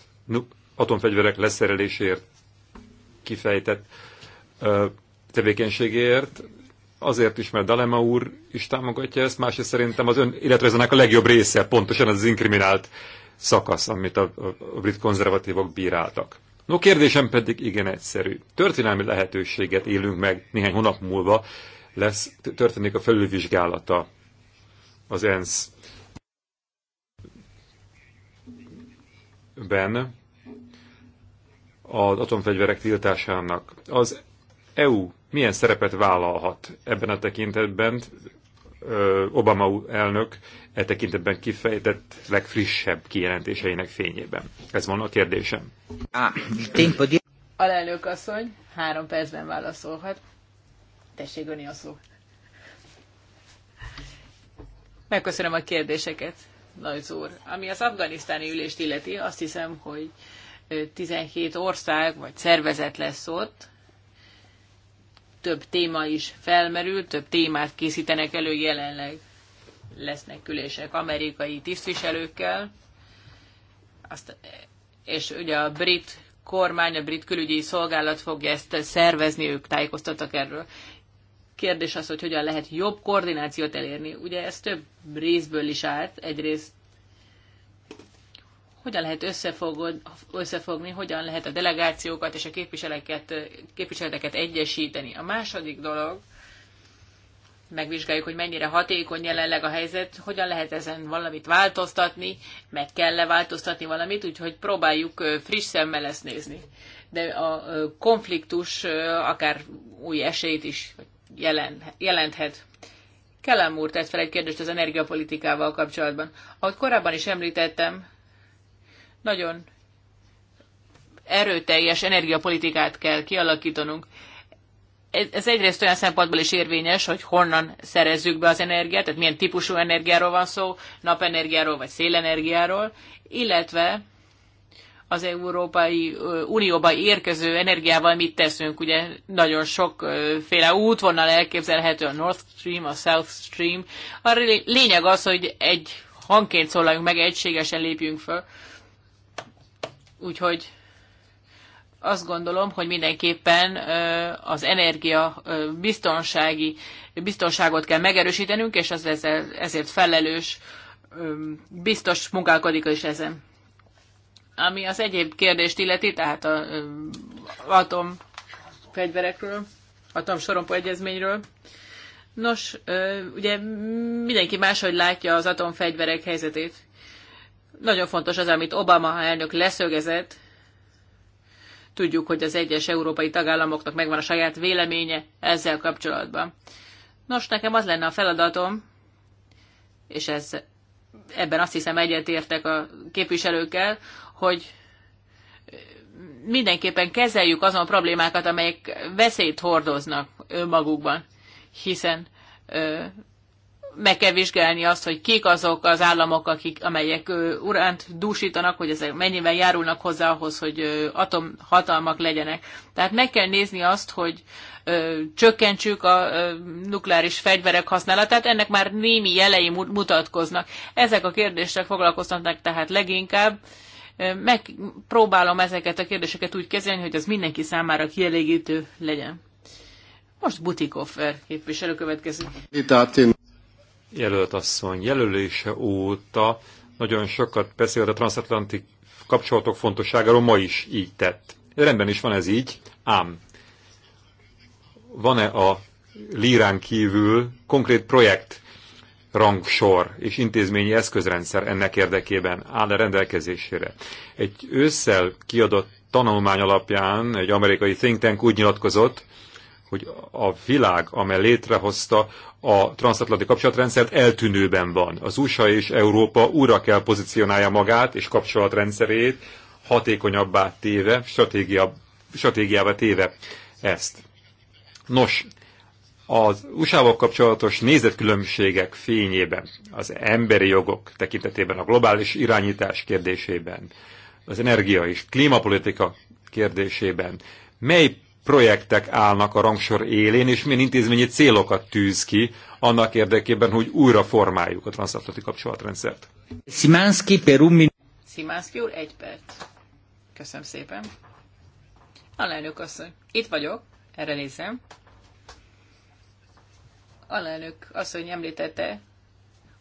[SPEAKER 3] atomfegyverek leszereléséért kifejtett ö, tevékenységért, azért is, mert Dalema úr is támogatja ezt, másrészt szerintem az ön életrajzának a legjobb része, pontosan az, az inkriminált szakasz, amit a, a brit konzervatívok bíráltak. No, kérdésem pedig igen egyszerű. Történelmi lehetőséget élünk meg néhány hónap múlva, lesz, történik a felülvizsgálata az ENSZ ben az atomfegyverek tiltásának. Az EU milyen szerepet vállalhat ebben a tekintetben? Obama elnök e tekintetben kifejtett legfrissebb kijelentéseinek fényében. Ez van a
[SPEAKER 1] kérdésem.
[SPEAKER 2] Alelnök asszony, három percben válaszolhat. Tessék öni a szó. Megköszönöm a kérdéseket, nagy úr. Ami az afganisztáni ülést illeti, azt hiszem, hogy 17 ország vagy szervezet lesz ott, több téma is felmerül, több témát készítenek elő jelenleg. Lesznek külések amerikai tisztviselőkkel, azt, és ugye a brit kormány, a brit külügyi szolgálat fogja ezt szervezni, ők tájékoztattak erről. Kérdés az, hogy hogyan lehet jobb koordinációt elérni. Ugye ez több részből is állt. Egyrészt hogyan lehet összefogod, összefogni, hogyan lehet a delegációkat és a képviseleket, képviseleteket egyesíteni. A második dolog, megvizsgáljuk, hogy mennyire hatékony jelenleg a helyzet, hogyan lehet ezen valamit változtatni, meg kell-e változtatni valamit, úgyhogy próbáljuk friss szemmel ezt nézni. De a konfliktus akár új esélyt is jelenthet. Kellem úr tett fel egy kérdést az energiapolitikával kapcsolatban. Ahogy korábban is említettem, nagyon erőteljes energiapolitikát kell kialakítanunk. Ez egyrészt olyan szempontból is érvényes, hogy honnan szerezzük be az energiát, tehát milyen típusú energiáról van szó, napenergiáról vagy szélenergiáról, illetve az Európai Unióba érkező energiával mit teszünk. Ugye nagyon sokféle útvonal elképzelhető a North Stream, a South Stream. A lényeg az, hogy egy hangként szólaljunk meg, egységesen lépjünk föl. Úgyhogy azt gondolom, hogy mindenképpen az energia biztonsági biztonságot kell megerősítenünk, és az ezért felelős biztos munkálkodik is ezen. Ami az egyéb kérdést illeti, tehát a atom fegyverekről, atom sorompó egyezményről. Nos, ugye mindenki máshogy látja az atomfegyverek helyzetét. Nagyon fontos az, amit Obama elnök leszögezett. Tudjuk, hogy az egyes európai tagállamoknak megvan a saját véleménye ezzel kapcsolatban. Nos, nekem az lenne a feladatom, és ez, ebben azt hiszem egyetértek a képviselőkkel, hogy mindenképpen kezeljük azon a problémákat, amelyek veszélyt hordoznak önmagukban, hiszen meg kell vizsgálni azt, hogy kik azok az államok, akik, amelyek uránt dúsítanak, hogy ezek mennyivel járulnak hozzá ahhoz, hogy atomhatalmak legyenek. Tehát meg kell nézni azt, hogy csökkentsük a nukleáris fegyverek használatát, ennek már némi jelei mutatkoznak. Ezek a kérdések foglalkoztatnak tehát leginkább. Megpróbálom ezeket a kérdéseket úgy kezelni, hogy az mindenki számára kielégítő legyen. Most Butikoffer képviselő következik
[SPEAKER 3] jelölt asszony jelölése óta nagyon sokat beszélt a transatlanti kapcsolatok fontosságáról, ma is így tett. Rendben is van ez így, ám van-e a lírán kívül konkrét projekt rangsor és intézményi eszközrendszer ennek érdekében áll a rendelkezésére. Egy ősszel kiadott tanulmány alapján egy amerikai think tank úgy nyilatkozott, hogy a világ, amely létrehozta a transatlanti kapcsolatrendszert eltűnőben van. Az USA és Európa újra kell pozícionálja magát és kapcsolatrendszerét hatékonyabbá téve, stratégia, téve ezt. Nos, az USA-val kapcsolatos nézetkülönbségek fényében, az emberi jogok tekintetében, a globális irányítás kérdésében, az energia és klímapolitika kérdésében, mely projektek állnak a rangsor élén, és milyen intézményi célokat tűz ki annak érdekében, hogy újra formáljuk a transzatlanti
[SPEAKER 1] kapcsolatrendszert. Szimánszki, Perumi.
[SPEAKER 2] Szimánszki úr, egy perc. Köszönöm szépen. Alelnök asszony, itt vagyok, erre nézem. Alelnök asszony említette,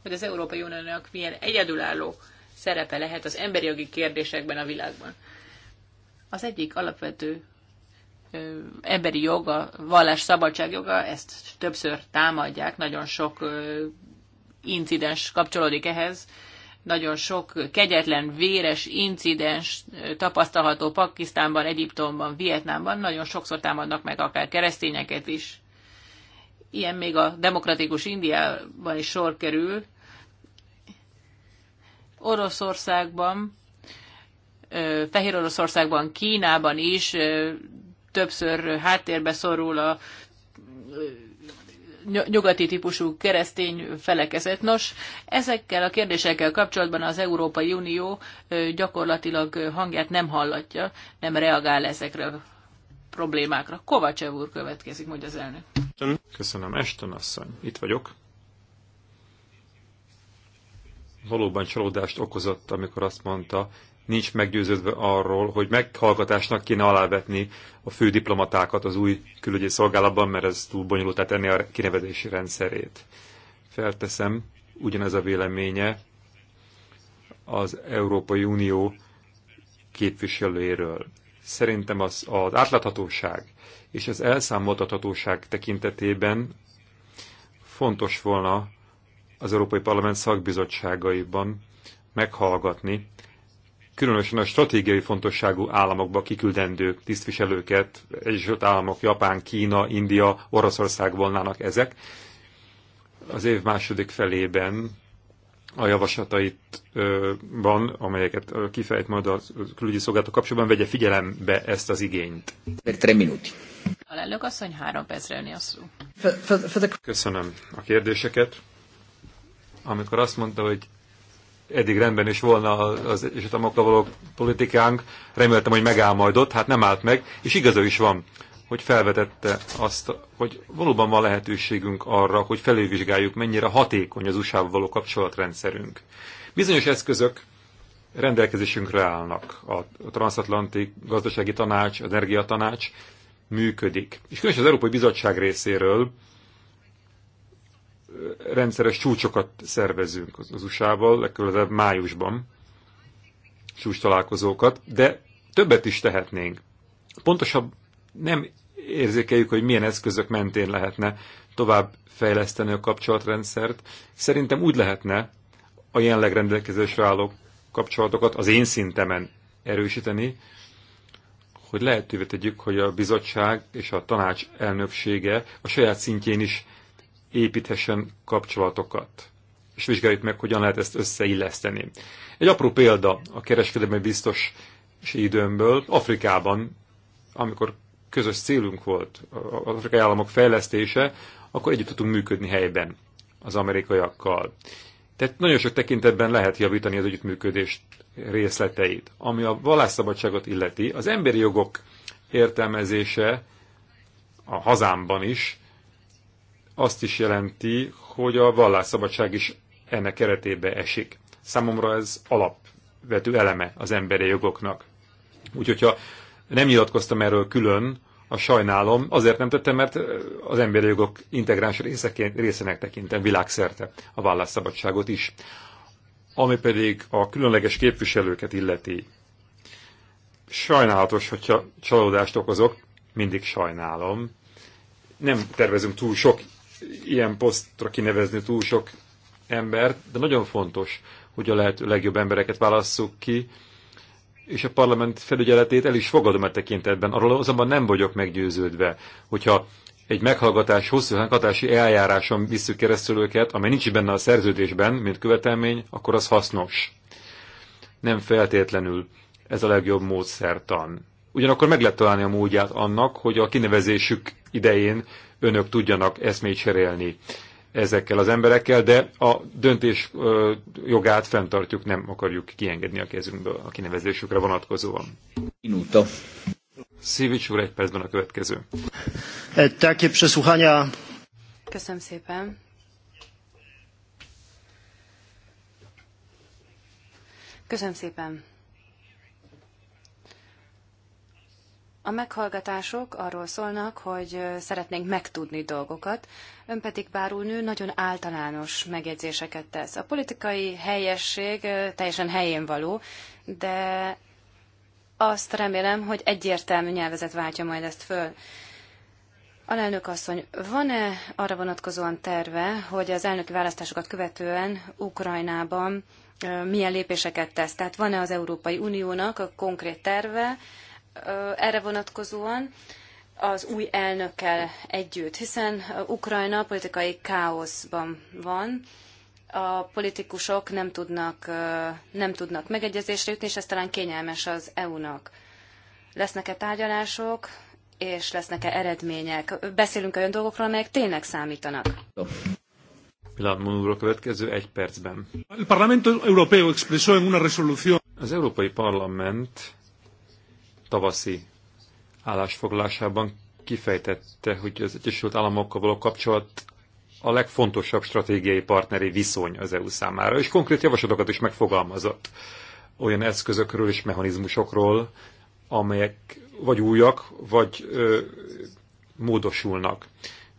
[SPEAKER 2] hogy az Európai Uniónak milyen egyedülálló szerepe lehet az emberi jogi kérdésekben a világban. Az egyik alapvető emberi joga, vallás szabadságjoga, ezt többször támadják, nagyon sok incidens kapcsolódik ehhez, nagyon sok kegyetlen, véres incidens tapasztalható Pakisztánban, Egyiptomban, Vietnámban, nagyon sokszor támadnak meg akár keresztényeket is. Ilyen még a demokratikus Indiában is sor kerül. Oroszországban Fehér Oroszországban, Kínában is többször háttérbe szorul a nyugati típusú keresztény felekezet. Nos, ezekkel a kérdésekkel kapcsolatban az Európai Unió gyakorlatilag hangját nem hallatja, nem reagál ezekre a problémákra. Kovács úr következik, mondja az
[SPEAKER 3] elnök. Köszönöm, Esten asszony. Itt vagyok valóban csalódást okozott, amikor azt mondta, nincs meggyőződve arról, hogy meghallgatásnak kéne alávetni a fő diplomatákat az új külügyi szolgálatban, mert ez túl bonyolult tenni a kinevezési rendszerét. Felteszem, ugyanez a véleménye az Európai Unió képviselőjéről. Szerintem az, az átláthatóság és az elszámoltathatóság tekintetében fontos volna, az Európai Parlament szakbizottságaiban meghallgatni, különösen a stratégiai fontosságú államokba kiküldendő tisztviselőket, Egyesült Államok, Japán, Kína, India, Oroszország volnának ezek. Az év második felében a javaslataitban, amelyeket kifejt majd a külügyi szolgálatok kapcsolatban, vegye figyelembe ezt az igényt.
[SPEAKER 2] Alelnök asszony, három percre jönni a szó.
[SPEAKER 3] Köszönöm a kérdéseket amikor azt mondta, hogy eddig rendben is volna az Egyesült Államokkal való politikánk, reméltem, hogy megálmodott, hát nem állt meg, és igaza is van, hogy felvetette azt, hogy valóban van lehetőségünk arra, hogy felülvizsgáljuk, mennyire hatékony az USA-val való kapcsolatrendszerünk. Bizonyos eszközök rendelkezésünkre állnak. A transatlanti gazdasági tanács, az energiatanács működik. És különösen az Európai Bizottság részéről rendszeres csúcsokat szervezünk az USA-val, legközelebb májusban csúcs találkozókat, de többet is tehetnénk. Pontosabb nem érzékeljük, hogy milyen eszközök mentén lehetne tovább fejleszteni a kapcsolatrendszert. Szerintem úgy lehetne a jelenleg rendelkezésre álló kapcsolatokat az én szintemen erősíteni, hogy lehetővé tegyük, hogy a bizottság és a tanács elnöksége a saját szintjén is építhessen kapcsolatokat. És vizsgáljuk meg, hogyan lehet ezt összeilleszteni. Egy apró példa a kereskedelmi biztos időmből, Afrikában, amikor közös célunk volt az afrikai államok fejlesztése, akkor együtt tudtunk működni helyben az amerikaiakkal. Tehát nagyon sok tekintetben lehet javítani az együttműködést részleteit. Ami a vallásszabadságot illeti, az emberi jogok értelmezése a hazámban is azt is jelenti, hogy a vallásszabadság is ennek keretébe esik. Számomra ez alapvető eleme az emberi jogoknak. Úgyhogy ha nem nyilatkoztam erről külön, a sajnálom, azért nem tettem, mert az emberi jogok integráns részeként, részenek tekintem világszerte a vallásszabadságot is. Ami pedig a különleges képviselőket illeti. Sajnálatos, hogyha csalódást okozok, mindig sajnálom. Nem tervezünk túl sok ilyen posztra kinevezni túl sok embert, de nagyon fontos, hogy a lehető legjobb embereket válasszuk ki, és a parlament felügyeletét el is fogadom e tekintetben. Arról azonban nem vagyok meggyőződve, hogyha egy meghallgatás hosszú hatási eljáráson visszük keresztül őket, amely nincs benne a szerződésben, mint követelmény, akkor az hasznos. Nem feltétlenül ez a legjobb módszertan. Ugyanakkor meg lehet találni a módját annak, hogy a kinevezésük idején önök tudjanak eszmét cserélni ezekkel az emberekkel, de a döntés jogát fenntartjuk, nem akarjuk kiengedni a kezünkből a kinevezésükre vonatkozóan. Minuta. Szívics úr, egy percben a következő.
[SPEAKER 4] E, takie Köszönöm szépen. Köszönöm szépen. A meghallgatások arról szólnak, hogy szeretnénk megtudni dolgokat, ön pedig bárulnő nagyon általános megjegyzéseket tesz. A politikai helyesség teljesen helyén való, de azt remélem, hogy egyértelmű nyelvezet váltja majd ezt föl. elnök asszony, van-e arra vonatkozóan terve, hogy az elnöki választásokat követően Ukrajnában milyen lépéseket tesz? Tehát van-e az Európai Uniónak a konkrét terve, erre vonatkozóan az új elnökkel együtt, hiszen Ukrajna politikai káoszban van, a politikusok nem tudnak, nem tudnak megegyezésre jutni, és ez talán kényelmes az EU-nak. Lesznek-e tárgyalások, és lesznek-e eredmények? Beszélünk olyan dolgokról, amelyek tényleg számítanak.
[SPEAKER 3] Pilar Munúra következő egy percben. Az Európai Parlament tavaszi állásfoglalásában kifejtette, hogy az Egyesült Államokkal való kapcsolat a legfontosabb stratégiai partneri viszony az EU számára, és konkrét javaslatokat is megfogalmazott olyan eszközökről és mechanizmusokról, amelyek vagy újak, vagy ö, módosulnak.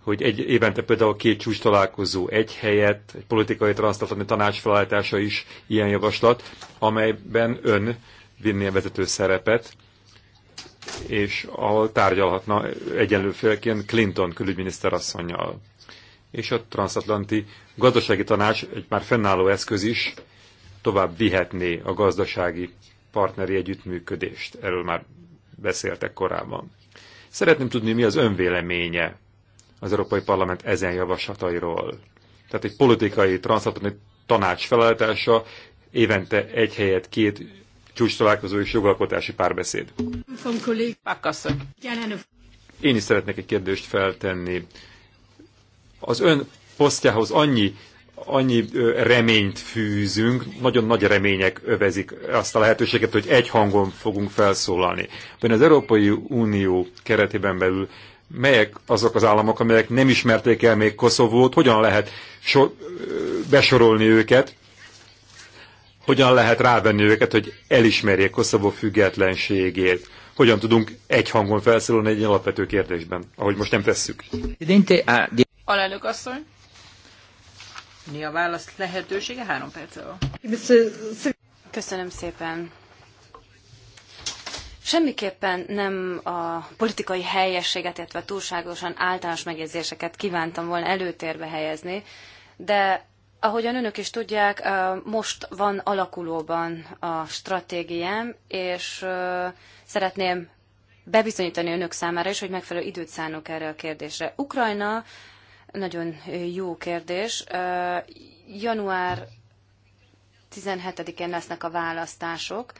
[SPEAKER 3] Hogy egy évente például két csúcs találkozó, egy helyet, egy politikai transzatlanti tanács felállítása is ilyen javaslat, amelyben ön vinné a vezető szerepet, és ahol tárgyalhatna egyenlő félként Clinton külügyminiszter asszonynal. És a transatlanti gazdasági tanács egy már fennálló eszköz is tovább vihetné a gazdasági partneri együttműködést. Erről már beszéltek korábban. Szeretném tudni, mi az önvéleménye az Európai Parlament ezen javaslatairól. Tehát egy politikai transatlanti tanács felállítása évente egy helyet két csúcs találkozó és jogalkotási párbeszéd. Én is szeretnék egy kérdést feltenni. Az ön posztjához annyi annyi reményt fűzünk, nagyon nagy remények övezik azt a lehetőséget, hogy egy hangon fogunk felszólalni. De az Európai Unió keretében belül melyek azok az államok, amelyek nem ismerték el még Koszovót, hogyan lehet so- besorolni őket, hogyan lehet rávenni őket, hogy elismerjék Koszovó függetlenségét. Hogyan tudunk egy hangon felszólalni egy alapvető kérdésben, ahogy most nem tesszük.
[SPEAKER 2] Alelnök asszony, mi a válasz lehetősége? Három perc
[SPEAKER 4] Köszönöm szépen. Semmiképpen nem a politikai helyességet, illetve túlságosan általános megjegyzéseket kívántam volna előtérbe helyezni, de Ahogyan önök is tudják, most van alakulóban a stratégiám, és szeretném bebizonyítani önök számára is, hogy megfelelő időt szánok erre a kérdésre. Ukrajna nagyon jó kérdés. Január 17-én lesznek a választások,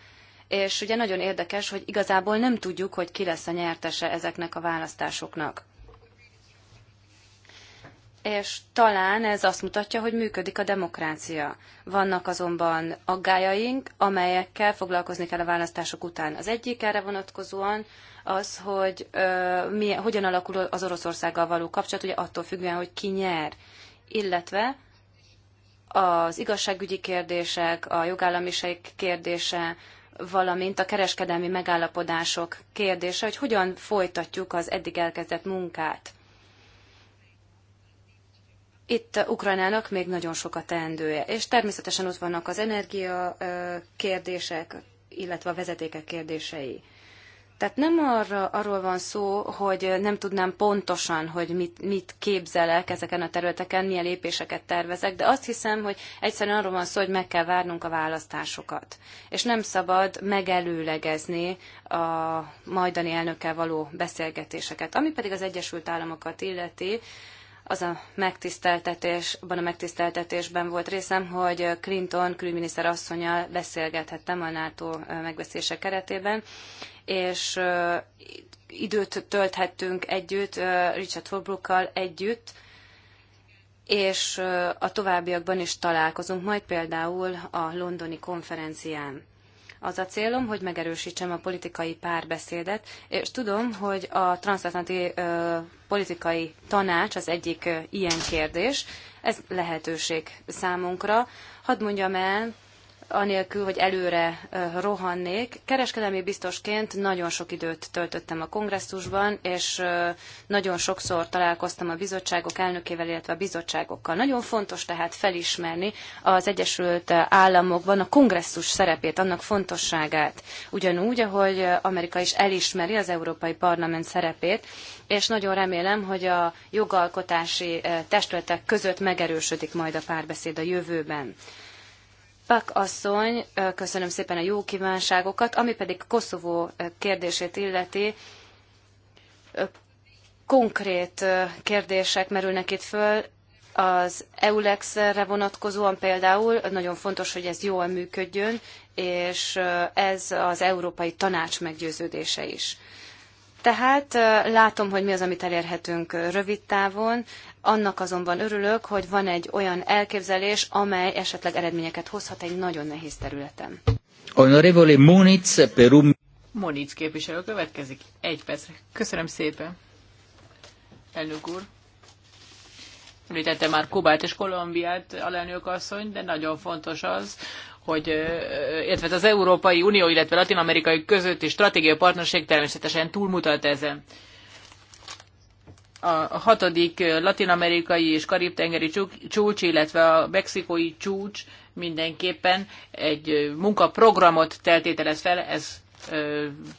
[SPEAKER 4] és ugye nagyon érdekes, hogy igazából nem tudjuk, hogy ki lesz a nyertese ezeknek a választásoknak és talán ez azt mutatja, hogy működik a demokrácia. Vannak azonban aggájaink, amelyekkel foglalkozni kell a választások után. Az egyik erre vonatkozóan az, hogy ö, milyen, hogyan alakul az Oroszországgal való kapcsolat, ugye attól függően, hogy ki nyer, illetve az igazságügyi kérdések, a jogállamiság kérdése, valamint a kereskedelmi megállapodások kérdése, hogy hogyan folytatjuk az eddig elkezdett munkát itt Ukrajnának még nagyon sok a teendője, és természetesen ott vannak az energia kérdések, illetve a vezetékek kérdései. Tehát nem arra, arról van szó, hogy nem tudnám pontosan, hogy mit, mit képzelek ezeken a területeken, milyen lépéseket tervezek, de azt hiszem, hogy egyszerűen arról van szó, hogy meg kell várnunk a választásokat. És nem szabad megelőlegezni a majdani elnökkel való beszélgetéseket. Ami pedig az Egyesült Államokat illeti, az a megtiszteltetés, abban a megtiszteltetésben volt részem, hogy Clinton külügyminiszter asszonyal beszélgethettem a NATO megbeszélése keretében, és időt tölthettünk együtt, Richard Holbrookkal együtt, és a továbbiakban is találkozunk, majd például a londoni konferencián. Az a célom, hogy megerősítsem a politikai párbeszédet, és tudom, hogy a transzatlanti ö, politikai tanács az egyik ö, ilyen kérdés. Ez lehetőség számunkra. Hadd mondjam el, anélkül, hogy előre rohannék. Kereskedelmi biztosként nagyon sok időt töltöttem a kongresszusban, és nagyon sokszor találkoztam a bizottságok elnökével, illetve a bizottságokkal. Nagyon fontos tehát felismerni az Egyesült Államokban a kongresszus szerepét, annak fontosságát. Ugyanúgy, ahogy Amerika is elismeri az Európai Parlament szerepét, és nagyon remélem, hogy a jogalkotási testületek között megerősödik majd a párbeszéd a jövőben. Pak asszony, köszönöm szépen a jó kívánságokat, ami pedig Koszovó kérdését illeti, konkrét kérdések merülnek itt föl, az EULEX-re vonatkozóan például nagyon fontos, hogy ez jól működjön, és ez az Európai Tanács meggyőződése is. Tehát látom, hogy mi az, amit elérhetünk rövid távon, annak azonban örülök, hogy van egy olyan elképzelés, amely esetleg eredményeket hozhat egy nagyon nehéz területen.
[SPEAKER 1] Honorevole Moniz, Peru.
[SPEAKER 4] Moniz
[SPEAKER 2] képviselő következik. Egy percre. Köszönöm szépen. Elnök úr. Említette már Kubát és Kolumbiát, alelnök asszony, de nagyon fontos az, hogy, illetve az Európai Unió, illetve Latin-Amerikai közötti stratégiai partnerség természetesen túlmutat ezen. A hatodik latin-amerikai és karib-tengeri csúcs, illetve a mexikói csúcs mindenképpen egy munkaprogramot teltételez fel, ez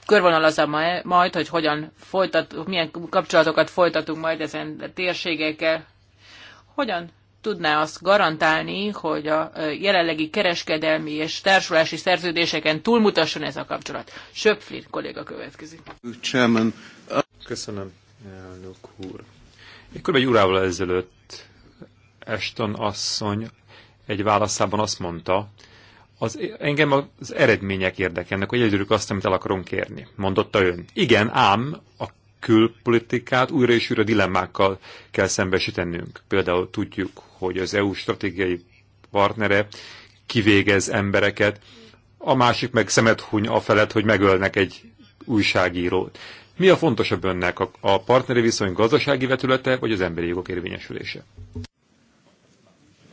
[SPEAKER 2] körvonalazza majd, hogy hogyan folytat, milyen kapcsolatokat folytatunk majd ezen térségekkel. Hogyan tudná azt garantálni, hogy a jelenlegi kereskedelmi és társulási szerződéseken túlmutasson ez a kapcsolat. Söpflin kolléga következik.
[SPEAKER 3] Uh, Köszönöm, elnök úr. Körülbelül egy órával ezelőtt Eston asszony egy válaszában azt mondta, az, engem az eredmények érdekelnek, hogy egyedülük azt, amit el akarunk kérni, mondotta ön. Igen, ám a külpolitikát újra és újra dilemmákkal kell szembesítenünk. Például tudjuk, hogy az EU stratégiai partnere kivégez embereket, a másik meg szemet huny a felett, hogy megölnek egy újságírót. Mi a fontosabb önnek, a partneri viszony gazdasági vetülete, vagy az emberi
[SPEAKER 1] jogok érvényesülése?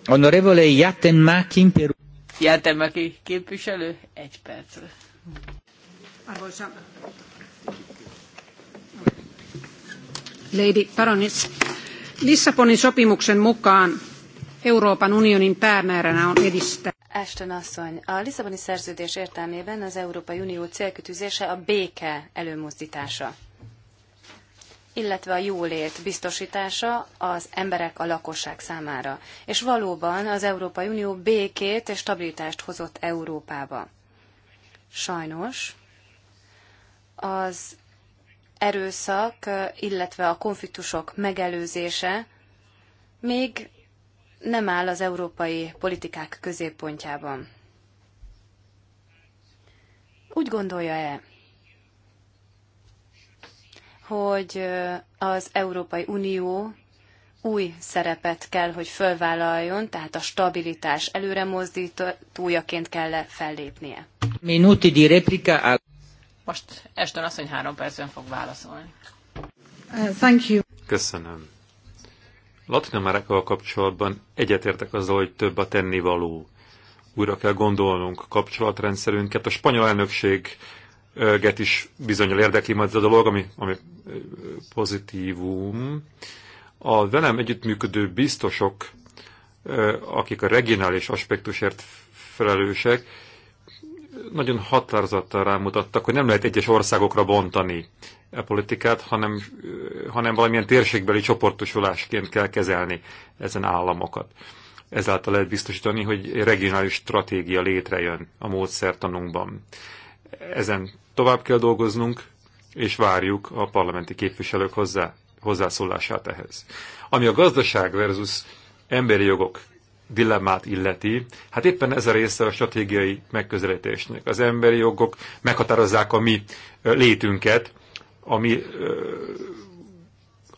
[SPEAKER 1] Honorevole Jatenmaki, Peru.
[SPEAKER 2] Jatenmaki képviselő, egy perc.
[SPEAKER 1] Arvoisa Lady Baroness.
[SPEAKER 2] Lissabonin sopimuksen mukaan Euroopan unionin päämääränä on edistää.
[SPEAKER 4] Ashton asszony, a Lisszaboni szerződés értelmében az Európai Unió célkütőzése a béke előmozdítása, illetve a jólét biztosítása az emberek a lakosság számára. És valóban az Európai Unió békét és stabilitást hozott Európába. Sajnos az erőszak, illetve a konfliktusok megelőzése még nem áll az európai politikák középpontjában. Úgy gondolja-e, hogy az Európai Unió új szerepet kell, hogy fölvállaljon, tehát a stabilitás előremozdítójaként kell fellépnie?
[SPEAKER 1] Minuti di replica.
[SPEAKER 4] Most Eston asszony három percben fog válaszolni.
[SPEAKER 1] Uh, thank you. Köszönöm.
[SPEAKER 3] Latin Amerikával kapcsolatban egyetértek azzal, hogy több a tennivaló. Újra kell gondolnunk kapcsolatrendszerünket. A spanyol elnökséget is bizonyal érdekli majd ez a dolog, ami, ami pozitívum. A velem együttműködő biztosok, akik a regionális aspektusért felelősek, nagyon határozottan rámutattak, hogy nem lehet egyes országokra bontani a e politikát, hanem, hanem valamilyen térségbeli csoportosulásként kell kezelni ezen államokat. Ezáltal lehet biztosítani, hogy regionális stratégia létrejön a módszertanunkban. Ezen tovább kell dolgoznunk, és várjuk a parlamenti képviselők hozzá, hozzászólását ehhez. Ami a gazdaság versus emberi jogok dilemmát illeti, hát éppen ez a része a stratégiai megközelítésnek. Az emberi jogok meghatározzák a mi létünket, a mi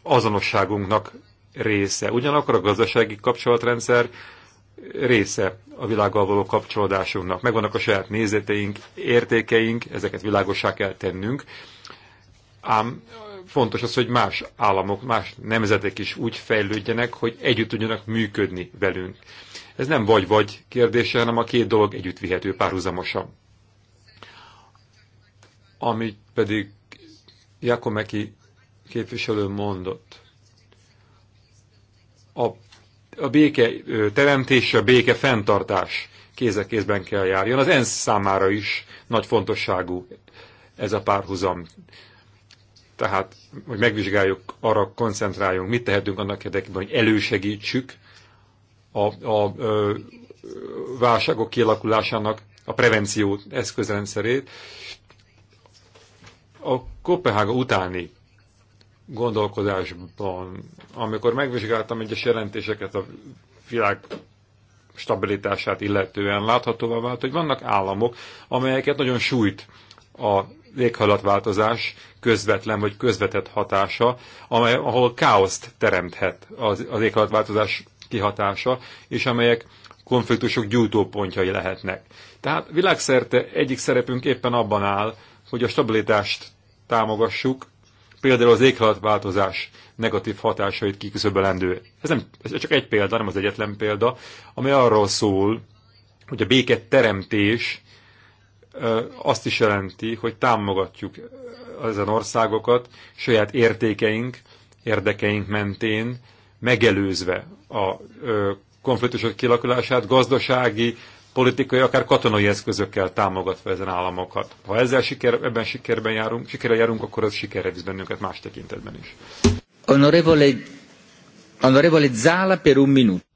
[SPEAKER 3] azonosságunknak része. Ugyanakkor a gazdasági kapcsolatrendszer része a világgal való kapcsolódásunknak. Megvannak a saját nézeteink, értékeink, ezeket világosá kell tennünk. Ám fontos az, hogy más államok, más nemzetek is úgy fejlődjenek, hogy együtt tudjanak működni velünk. Ez nem vagy-vagy kérdése, hanem a két dolog együtt vihető párhuzamosan. Amit pedig Jakomeki képviselő mondott. A, a béke teremtése, a béke fenntartás kézek kézben kell járjon. Az ENSZ számára is nagy fontosságú ez a párhuzam tehát hogy megvizsgáljuk, arra koncentráljunk, mit tehetünk annak érdekében, hogy elősegítsük a, a ö, válságok kialakulásának a prevenció eszközrendszerét. A Kopenhága utáni gondolkodásban, amikor megvizsgáltam egyes jelentéseket a világ stabilitását illetően, láthatóvá vált, hogy vannak államok, amelyeket nagyon sújt a éghajlatváltozás közvetlen vagy közvetett hatása, amely, ahol káoszt teremthet az, az éghajlatváltozás kihatása, és amelyek konfliktusok gyújtópontjai lehetnek. Tehát világszerte egyik szerepünk éppen abban áll, hogy a stabilitást támogassuk, például az éghajlatváltozás negatív hatásait kiküszöbölendő. Ez, nem, ez csak egy példa, nem az egyetlen példa, amely arról szól, hogy a béket teremtés azt is jelenti, hogy támogatjuk ezen országokat saját értékeink, érdekeink mentén, megelőzve a konfliktusok kilakulását gazdasági, politikai, akár katonai eszközökkel támogatva ezen államokat. Ha ezzel siker, ebben sikerben járunk, sikerrel járunk, akkor az sikerre visz bennünket más tekintetben is.
[SPEAKER 1] Honorevole, honorevole Zala per un minut.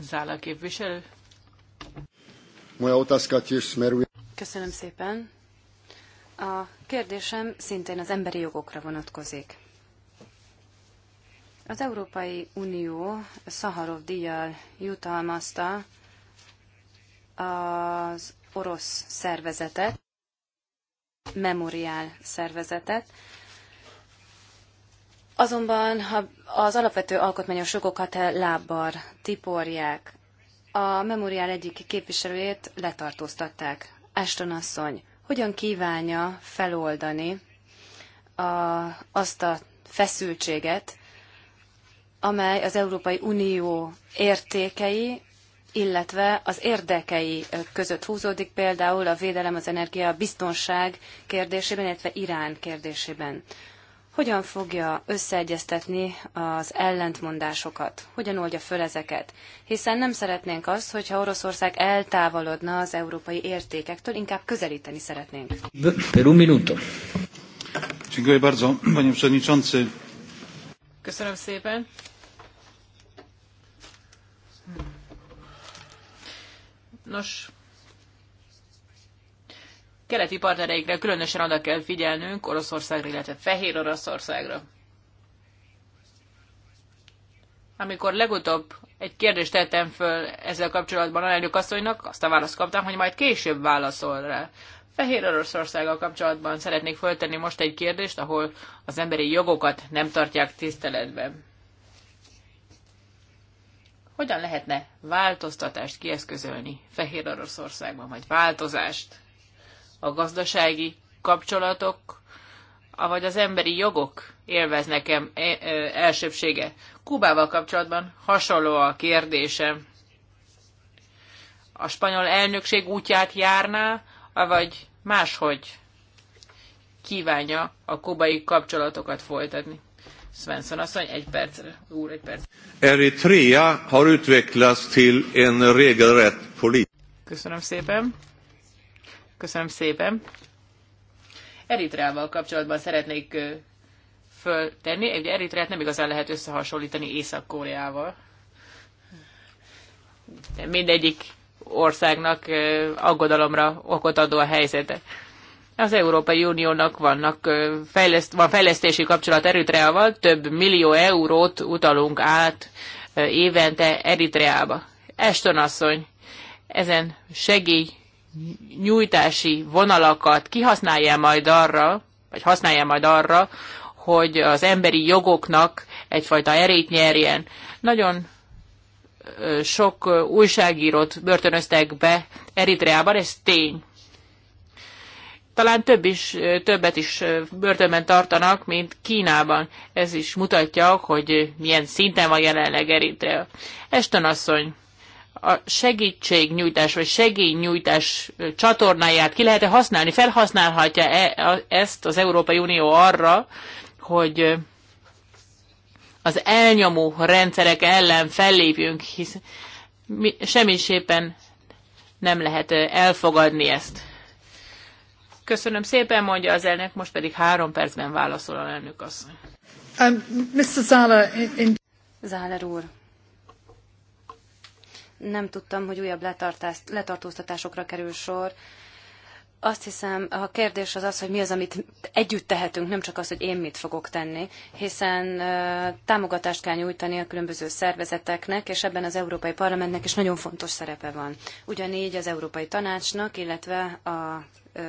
[SPEAKER 4] Zala képviselő.
[SPEAKER 1] Moja otázka tiež smeruje
[SPEAKER 4] Köszönöm szépen. A kérdésem szintén az emberi jogokra vonatkozik. Az Európai Unió Szaharov díjjal jutalmazta az orosz szervezetet, memoriál szervezetet, Azonban az alapvető alkotmányos jogokat lábbal tiporják. A memoriál egyik képviselőjét letartóztatták. Ashton asszony hogyan kívánja feloldani a, azt a feszültséget, amely az Európai Unió értékei, illetve az érdekei között húzódik, például a védelem, az energia, a biztonság kérdésében, illetve Irán kérdésében hogyan fogja összeegyeztetni az ellentmondásokat, hogyan oldja föl ezeket. Hiszen nem szeretnénk azt, hogyha Oroszország eltávolodna az európai értékektől, inkább közelíteni szeretnénk.
[SPEAKER 1] Per un minuto. Dziękuję bardzo, panie przewodniczący.
[SPEAKER 4] Köszönöm szépen.
[SPEAKER 2] Nos, keleti partnereikre különösen oda kell figyelnünk, Oroszországra, illetve Fehér Oroszországra. Amikor legutóbb egy kérdést tettem föl ezzel kapcsolatban a elnök asszonynak, azt a választ kaptam, hogy majd később válaszol rá. Fehér Oroszországgal kapcsolatban szeretnék föltenni most egy kérdést, ahol az emberi jogokat nem tartják tiszteletben. Hogyan lehetne változtatást kieszközölni Fehér Oroszországban, vagy változást? a gazdasági kapcsolatok, vagy az emberi jogok élveznek e, -e elsőbsége. Kubával kapcsolatban hasonló a kérdésem. A spanyol elnökség útját járná, vagy máshogy kívánja a kubai kapcsolatokat folytatni. Svensson asszony, egy percre. Úr, egy perc.
[SPEAKER 3] Eritrea har utvecklats till en regelrätt polis.
[SPEAKER 2] Köszönöm szépen. Köszönöm szépen. Eritreával kapcsolatban szeretnék föltenni. Ugye Eritreát nem igazán lehet összehasonlítani Észak-Koreával. De mindegyik országnak aggodalomra okot adó a helyzete. Az Európai Uniónak vannak fejleszt, van fejlesztési kapcsolat Eritreával, több millió eurót utalunk át évente Eritreába. Eston asszony, ezen segíts nyújtási vonalakat kihasználja majd arra, vagy használja majd arra, hogy az emberi jogoknak egyfajta erét nyerjen. Nagyon sok újságírót börtönöztek be Eritreában, ez tény. Talán több is, többet is börtönben tartanak, mint Kínában. Ez is mutatja, hogy milyen szinten van jelenleg Eritrea. Eston asszony, a segítségnyújtás vagy segélynyújtás csatornáját ki lehet-e használni? Felhasználhatja -e ezt az Európai Unió arra, hogy az elnyomó rendszerek ellen fellépjünk, hisz mi, semmiképpen nem lehet elfogadni ezt. Köszönöm szépen, mondja az elnök, most pedig három percben válaszol a elnök asszony.
[SPEAKER 4] Um, Mr. Zala, in... Zahler úr, nem tudtam, hogy újabb letartóztatásokra kerül sor. Azt hiszem, a kérdés az az, hogy mi az, amit együtt tehetünk, nem csak az, hogy én mit fogok tenni, hiszen támogatást kell nyújtani a különböző szervezeteknek, és ebben az Európai Parlamentnek is nagyon fontos szerepe van. Ugyanígy az Európai Tanácsnak, illetve a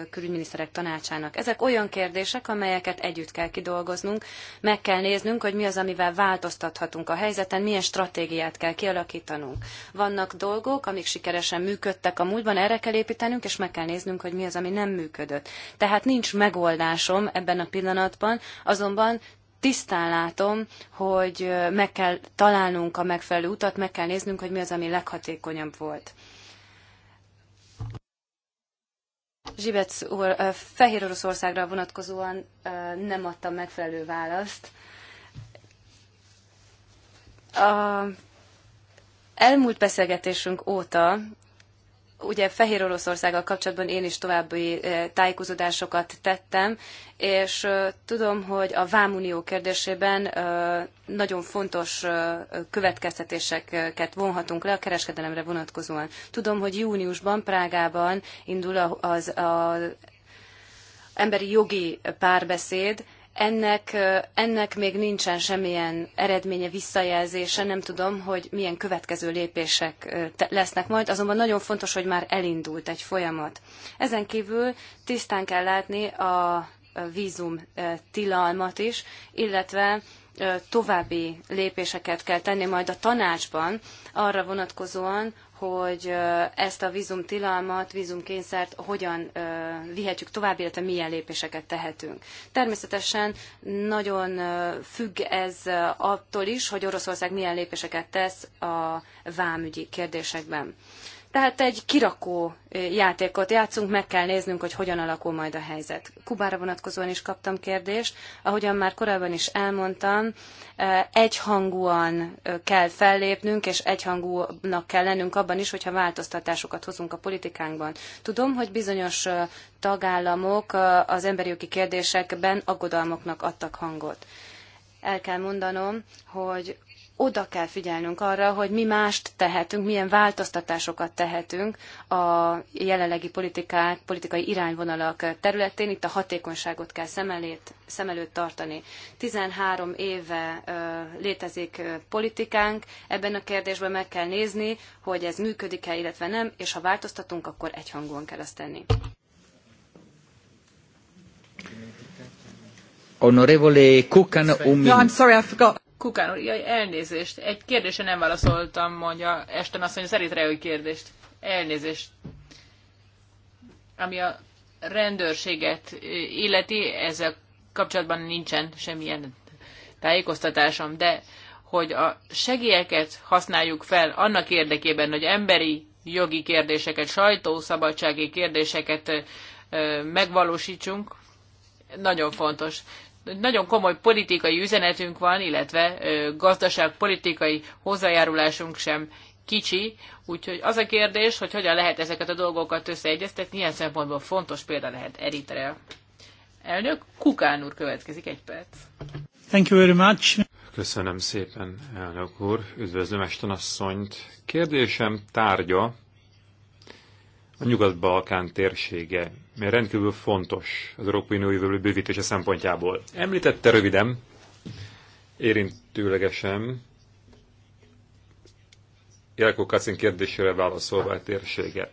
[SPEAKER 4] külügyminiszterek tanácsának. Ezek olyan kérdések, amelyeket együtt kell kidolgoznunk, meg kell néznünk, hogy mi az, amivel változtathatunk a helyzeten, milyen stratégiát kell kialakítanunk. Vannak dolgok, amik sikeresen működtek a múltban, erre kell építenünk, és meg kell néznünk, hogy mi az, ami nem működött. Tehát nincs megoldásom ebben a pillanatban, azonban tisztán látom, hogy meg kell találnunk a megfelelő utat, meg kell néznünk, hogy mi az, ami leghatékonyabb volt. Zsibec úr Fehér Oroszországra vonatkozóan nem adtam megfelelő választ. A elmúlt beszélgetésünk óta ugye Fehér Oroszországgal kapcsolatban én is további eh, tájékozódásokat tettem, és eh, tudom, hogy a Vámunió kérdésében eh, nagyon fontos következtetéseket vonhatunk le a kereskedelemre vonatkozóan. Tudom, hogy júniusban Prágában indul az, az emberi jogi párbeszéd, ennek, ennek még nincsen semmilyen eredménye, visszajelzése, nem tudom, hogy milyen következő lépések lesznek majd, azonban nagyon fontos, hogy már elindult egy folyamat. Ezen kívül tisztán kell látni a vízum tilalmat is, illetve további lépéseket kell tenni majd a tanácsban arra vonatkozóan, hogy ezt a vízumtilalmat, vízumkényszert hogyan vihetjük tovább, illetve milyen lépéseket tehetünk. Természetesen nagyon függ ez attól is, hogy Oroszország milyen lépéseket tesz a vámügyi kérdésekben. Tehát egy kirakó játékot játszunk, meg kell néznünk, hogy hogyan alakul majd a helyzet. Kubára vonatkozóan is kaptam kérdést. Ahogyan már korábban is elmondtam, egyhangúan kell fellépnünk, és egyhangúnak kell lennünk abban is, hogyha változtatásokat hozunk a politikánkban. Tudom, hogy bizonyos tagállamok az emberi jogi kérdésekben aggodalmaknak adtak hangot. El kell mondanom, hogy oda kell figyelnünk arra, hogy mi mást tehetünk, milyen változtatásokat tehetünk a jelenlegi politikák, politikai irányvonalak területén. Itt a hatékonyságot kell szem, elét, szem előtt tartani. 13 éve létezik politikánk, ebben a kérdésben meg kell nézni, hogy ez működik-e, illetve nem, és ha változtatunk, akkor egyhangúan kell azt tenni.
[SPEAKER 1] Honorevole Kukan, un no, I'm sorry, I forgot.
[SPEAKER 2] Kukán úr, jaj, elnézést. Egy kérdésre nem válaszoltam, mondja Esten asszony, az eritreai kérdést. Elnézést. Ami a rendőrséget illeti, ezzel kapcsolatban nincsen semmilyen tájékoztatásom, de hogy a segélyeket használjuk fel annak érdekében, hogy emberi jogi kérdéseket, sajtószabadsági kérdéseket megvalósítsunk, nagyon fontos nagyon komoly politikai üzenetünk van, illetve gazdaságpolitikai hozzájárulásunk sem kicsi, úgyhogy az a kérdés, hogy hogyan lehet ezeket a dolgokat összeegyeztetni, ilyen szempontból fontos példa lehet Eritrea. Elnök, Kukán úr következik egy perc.
[SPEAKER 1] Thank you very much.
[SPEAKER 3] Köszönöm szépen, elnök úr. Üdvözlöm asszonyt. Kérdésem tárgya a Nyugat-Balkán térsége mert rendkívül fontos az Európai Unió jövőbeli bővítése szempontjából. Említette röviden, érintőlegesen, Jelko Kacin kérdésére válaszolva a térsége.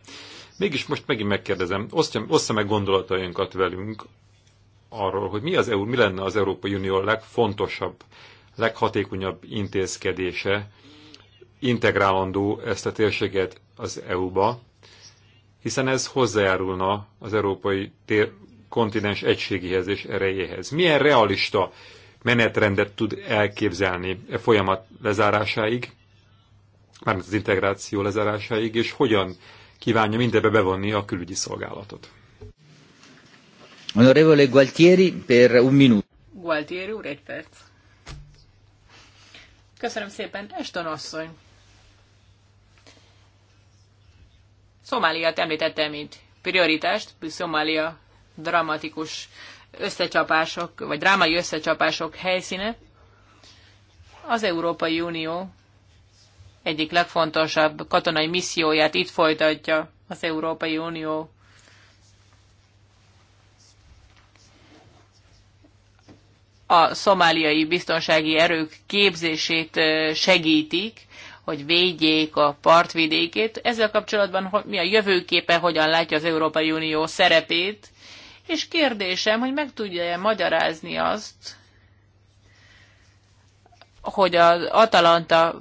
[SPEAKER 3] Mégis most megint megkérdezem, osztja, osztja meg gondolatainkat velünk arról, hogy mi, az EU, mi lenne az Európai Unió legfontosabb, leghatékonyabb intézkedése, integrálandó ezt a térséget az EU-ba, hiszen ez hozzájárulna az európai tér kontinens egységéhez és erejéhez. Milyen realista menetrendet tud elképzelni e folyamat lezárásáig, mármint az integráció lezárásáig, és hogyan kívánja mindebbe bevonni
[SPEAKER 1] a külügyi szolgálatot. Honorevole Gualtieri, per un minut.
[SPEAKER 2] Gualtieri úr, egy perc. Köszönöm szépen, Eston asszony. Szomáliát említette, mint prioritást, Szomália dramatikus összecsapások, vagy drámai összecsapások helyszíne. Az Európai Unió egyik legfontosabb katonai misszióját itt folytatja az Európai Unió. A szomáliai biztonsági erők képzését eh, segítik, hogy védjék a partvidékét. Ezzel kapcsolatban mi a jövőképe, hogyan látja az Európai Unió szerepét, és kérdésem, hogy meg tudja-e magyarázni azt, hogy az Atalanta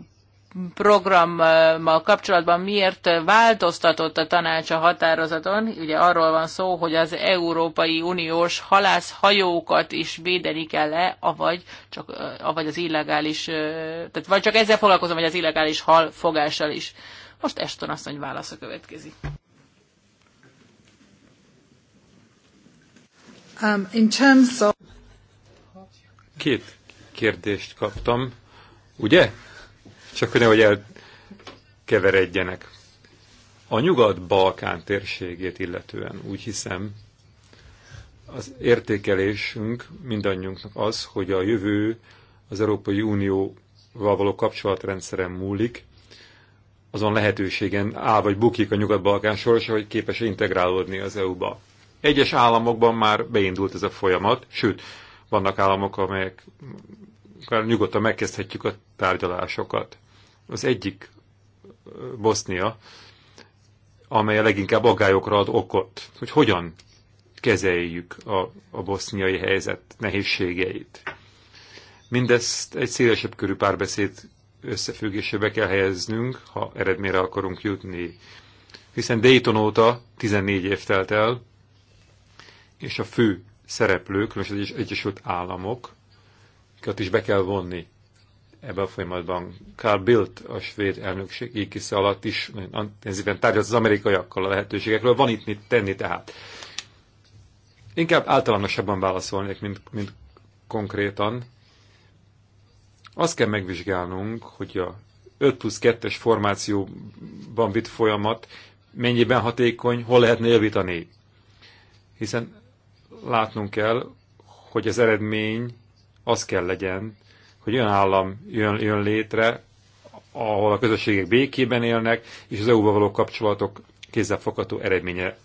[SPEAKER 2] programmal kapcsolatban miért változtatott a tanács a határozaton? Ugye arról van szó, hogy az Európai Uniós halászhajókat is védeni kell-e, avagy, csak, avagy az illegális, tehát vagy csak ezzel foglalkozom, vagy az illegális hal fogással is. Most Eston asszony válasza következik.
[SPEAKER 1] Um, in terms of...
[SPEAKER 3] Két kérdést kaptam, ugye? csak hogy nehogy elkeveredjenek. A Nyugat-Balkán térségét illetően úgy hiszem, az értékelésünk mindannyiunknak az, hogy a jövő az Európai Unióval való kapcsolatrendszeren múlik, azon lehetőségen áll vagy bukik a Nyugat-Balkán sorsa, hogy képes -e integrálódni az EU-ba. Egyes államokban már beindult ez a folyamat, sőt, vannak államok, amelyek nyugodtan megkezdhetjük a tárgyalásokat. Az egyik Bosznia, amely a leginkább aggályokra ad okot, hogy hogyan kezeljük a, a boszniai helyzet nehézségeit. Mindezt egy szélesebb körű párbeszéd összefüggésébe kell helyeznünk, ha eredményre akarunk jutni. Hiszen Dayton óta 14 év telt el, és a fő szereplők, különösen az Egyesült Államok, is be kell vonni ebben a folyamatban. Carl Bildt a svéd elnökség ékisze alatt is intenzíven tárgyalt az amerikaiakkal a lehetőségekről. Van itt mit tenni tehát. Inkább általánosabban válaszolnék, mint, mint konkrétan. Azt kell megvizsgálnunk, hogy a 5 plusz 2-es formációban vitt folyamat mennyiben hatékony, hol lehetne javítani. Hiszen látnunk kell, hogy az eredmény az kell legyen, hogy olyan állam jön, jön létre, ahol a közösségek békében élnek, és az EU-val való kapcsolatok kézzelfogható eredménye,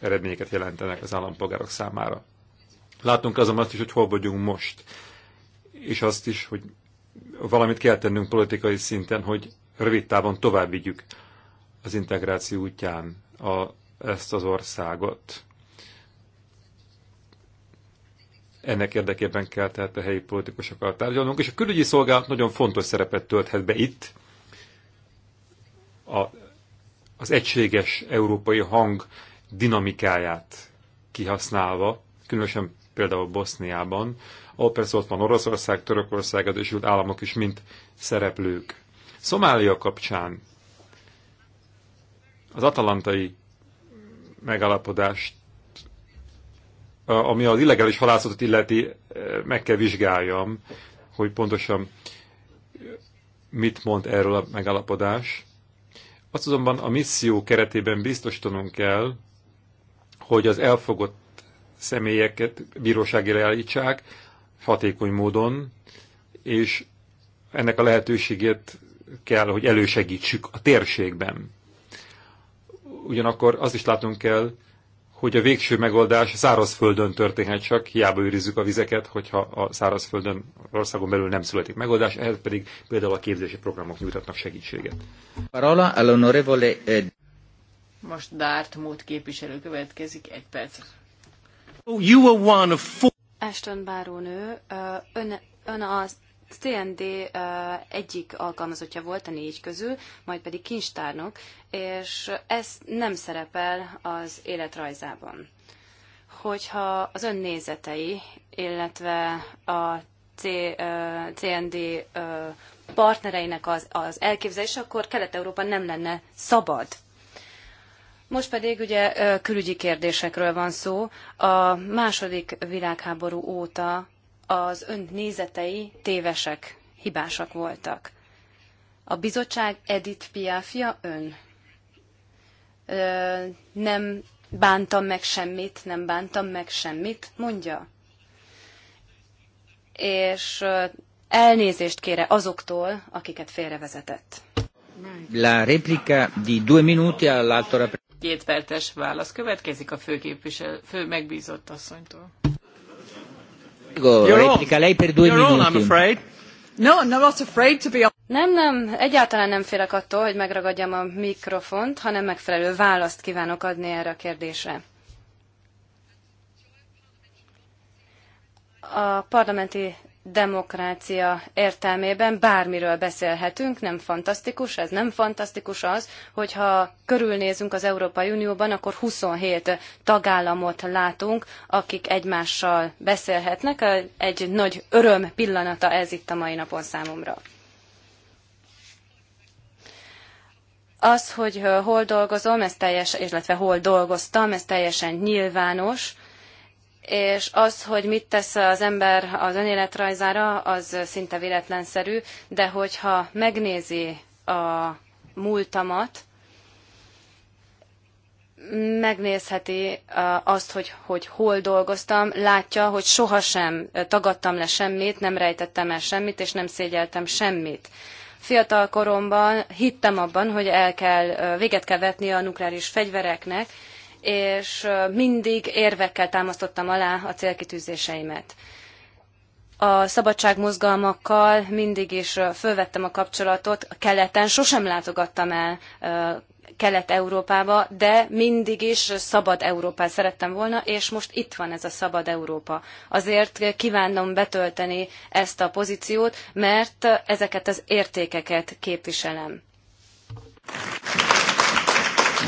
[SPEAKER 3] eredményeket jelentenek az állampolgárok számára. Látunk azonban azt is, hogy hol vagyunk most, és azt is, hogy valamit kell tennünk politikai szinten, hogy rövid távon tovább vigyük az integráció útján a, ezt az országot. Ennek érdekében kell tehát a helyi politikusokkal tárgyalnunk, és a külügyi szolgálat nagyon fontos szerepet tölthet be itt. A, az egységes európai hang dinamikáját kihasználva, különösen például Boszniában, ahol persze ott van Oroszország, Törökország, az Egyesült Államok is, mint szereplők. Szomália kapcsán az atalantai megállapodást ami az illegális halászatot illeti, e, meg kell vizsgáljam, hogy pontosan mit mond erről a megállapodás. Azt azonban a misszió keretében biztosítanunk kell, hogy az elfogott személyeket bíróságira állítsák hatékony módon, és ennek a lehetőségét kell, hogy elősegítsük a térségben. Ugyanakkor azt is látunk kell, hogy a végső megoldás szárazföldön történhet csak, hiába őrizzük a vizeket, hogyha a szárazföldön országon belül nem születik megoldás, ehhez pedig például a képzési programok
[SPEAKER 1] nyújtatnak segítséget. Parola all'onorevole eh,
[SPEAKER 2] most Dartmouth képviselő következik egy perc. Oh,
[SPEAKER 1] you were one of four...
[SPEAKER 4] Ashton Bárónő, ön, ön az TND egyik alkalmazottja volt a négy közül, majd pedig kincstárnok, és ez nem szerepel az életrajzában. Hogyha az ön nézetei, illetve a CND partnereinek az, az elképzelés, akkor Kelet-Európa nem lenne szabad. Most pedig ugye külügyi kérdésekről van szó. A második világháború óta az ön nézetei tévesek, hibásak voltak. A bizottság Edith Piafia ön. Ö, nem bántam meg semmit, nem bántam meg semmit, mondja. És elnézést kére azoktól, akiket félrevezetett.
[SPEAKER 1] La replica di due minuti all'altra...
[SPEAKER 2] Két perces válasz következik a főképvisel, fő megbízott asszonytól.
[SPEAKER 1] Go, replika lei per due minuti.
[SPEAKER 4] No, I'm not afraid to be... Nem, nem, egyáltalán nem félek attól, hogy megragadjam a mikrofont, hanem megfelelő választ kívánok adni erre a kérdésre. A parlamenti demokrácia értelmében bármiről beszélhetünk, nem fantasztikus, ez nem fantasztikus az, hogyha körülnézünk az Európai Unióban, akkor 27 tagállamot látunk, akik egymással beszélhetnek. Egy nagy öröm pillanata ez itt a mai napon számomra. Az, hogy hol dolgozom, ez teljes, illetve hol dolgoztam, ez teljesen nyilvános és az, hogy mit tesz az ember az önéletrajzára, az szinte véletlenszerű, de hogyha megnézi a múltamat, megnézheti azt, hogy, hogy hol dolgoztam, látja, hogy sohasem tagadtam le semmit, nem rejtettem el semmit, és nem szégyeltem semmit. Fiatal koromban hittem abban, hogy el kell, véget kell vetni a nukleáris fegyvereknek, és mindig érvekkel támasztottam alá a célkitűzéseimet. A szabadságmozgalmakkal mindig is fölvettem a kapcsolatot. A keleten sosem látogattam el Kelet-Európába, de mindig is szabad Európát szerettem volna, és most itt van ez a szabad Európa. Azért kívánom betölteni ezt a pozíciót, mert ezeket az értékeket képviselem.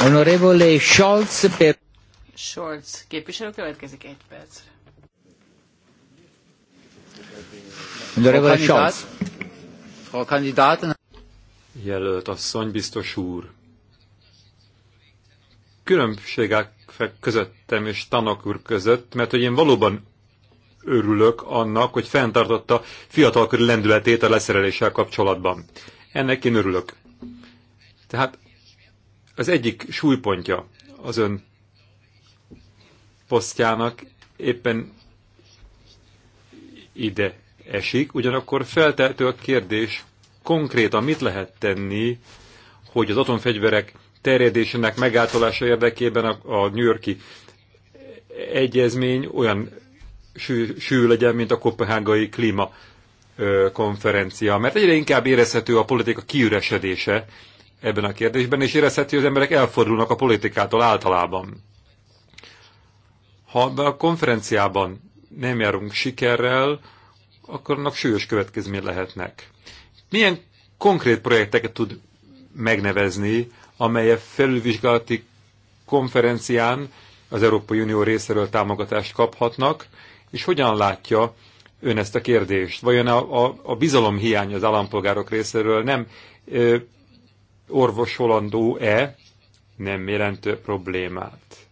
[SPEAKER 1] Onorevole Scholz per...
[SPEAKER 2] Scholz képviselő következik egy percre.
[SPEAKER 1] Onorevole Scholz. Frau Kandidatin.
[SPEAKER 3] Jelölt asszony, biztos úr. Különbségek közöttem és Tanok úr között, mert hogy én valóban örülök annak, hogy fenntartotta fiatalkori lendületét a leszereléssel kapcsolatban. Ennek én örülök. Tehát az egyik súlypontja az ön posztjának éppen ide esik, ugyanakkor feltehető a kérdés, konkrétan mit lehet tenni, hogy az atomfegyverek terjedésének megáltalása érdekében a, a New Yorki egyezmény olyan sű, sű legyen, mint a kopenhágai klíma konferencia, mert egyre inkább érezhető a politika kiüresedése ebben a kérdésben, és érezheti, hogy az emberek elfordulnak a politikától általában. Ha a konferenciában nem járunk sikerrel, akkor annak súlyos következmény lehetnek. Milyen konkrét projekteket tud megnevezni, amelyek felülvizsgálati konferencián az Európai Unió részéről támogatást kaphatnak, és hogyan látja ön ezt a kérdést? Vajon a, a, a bizalom hiány az állampolgárok részéről nem ö, orvosolandó-e, nem jelentő problémát.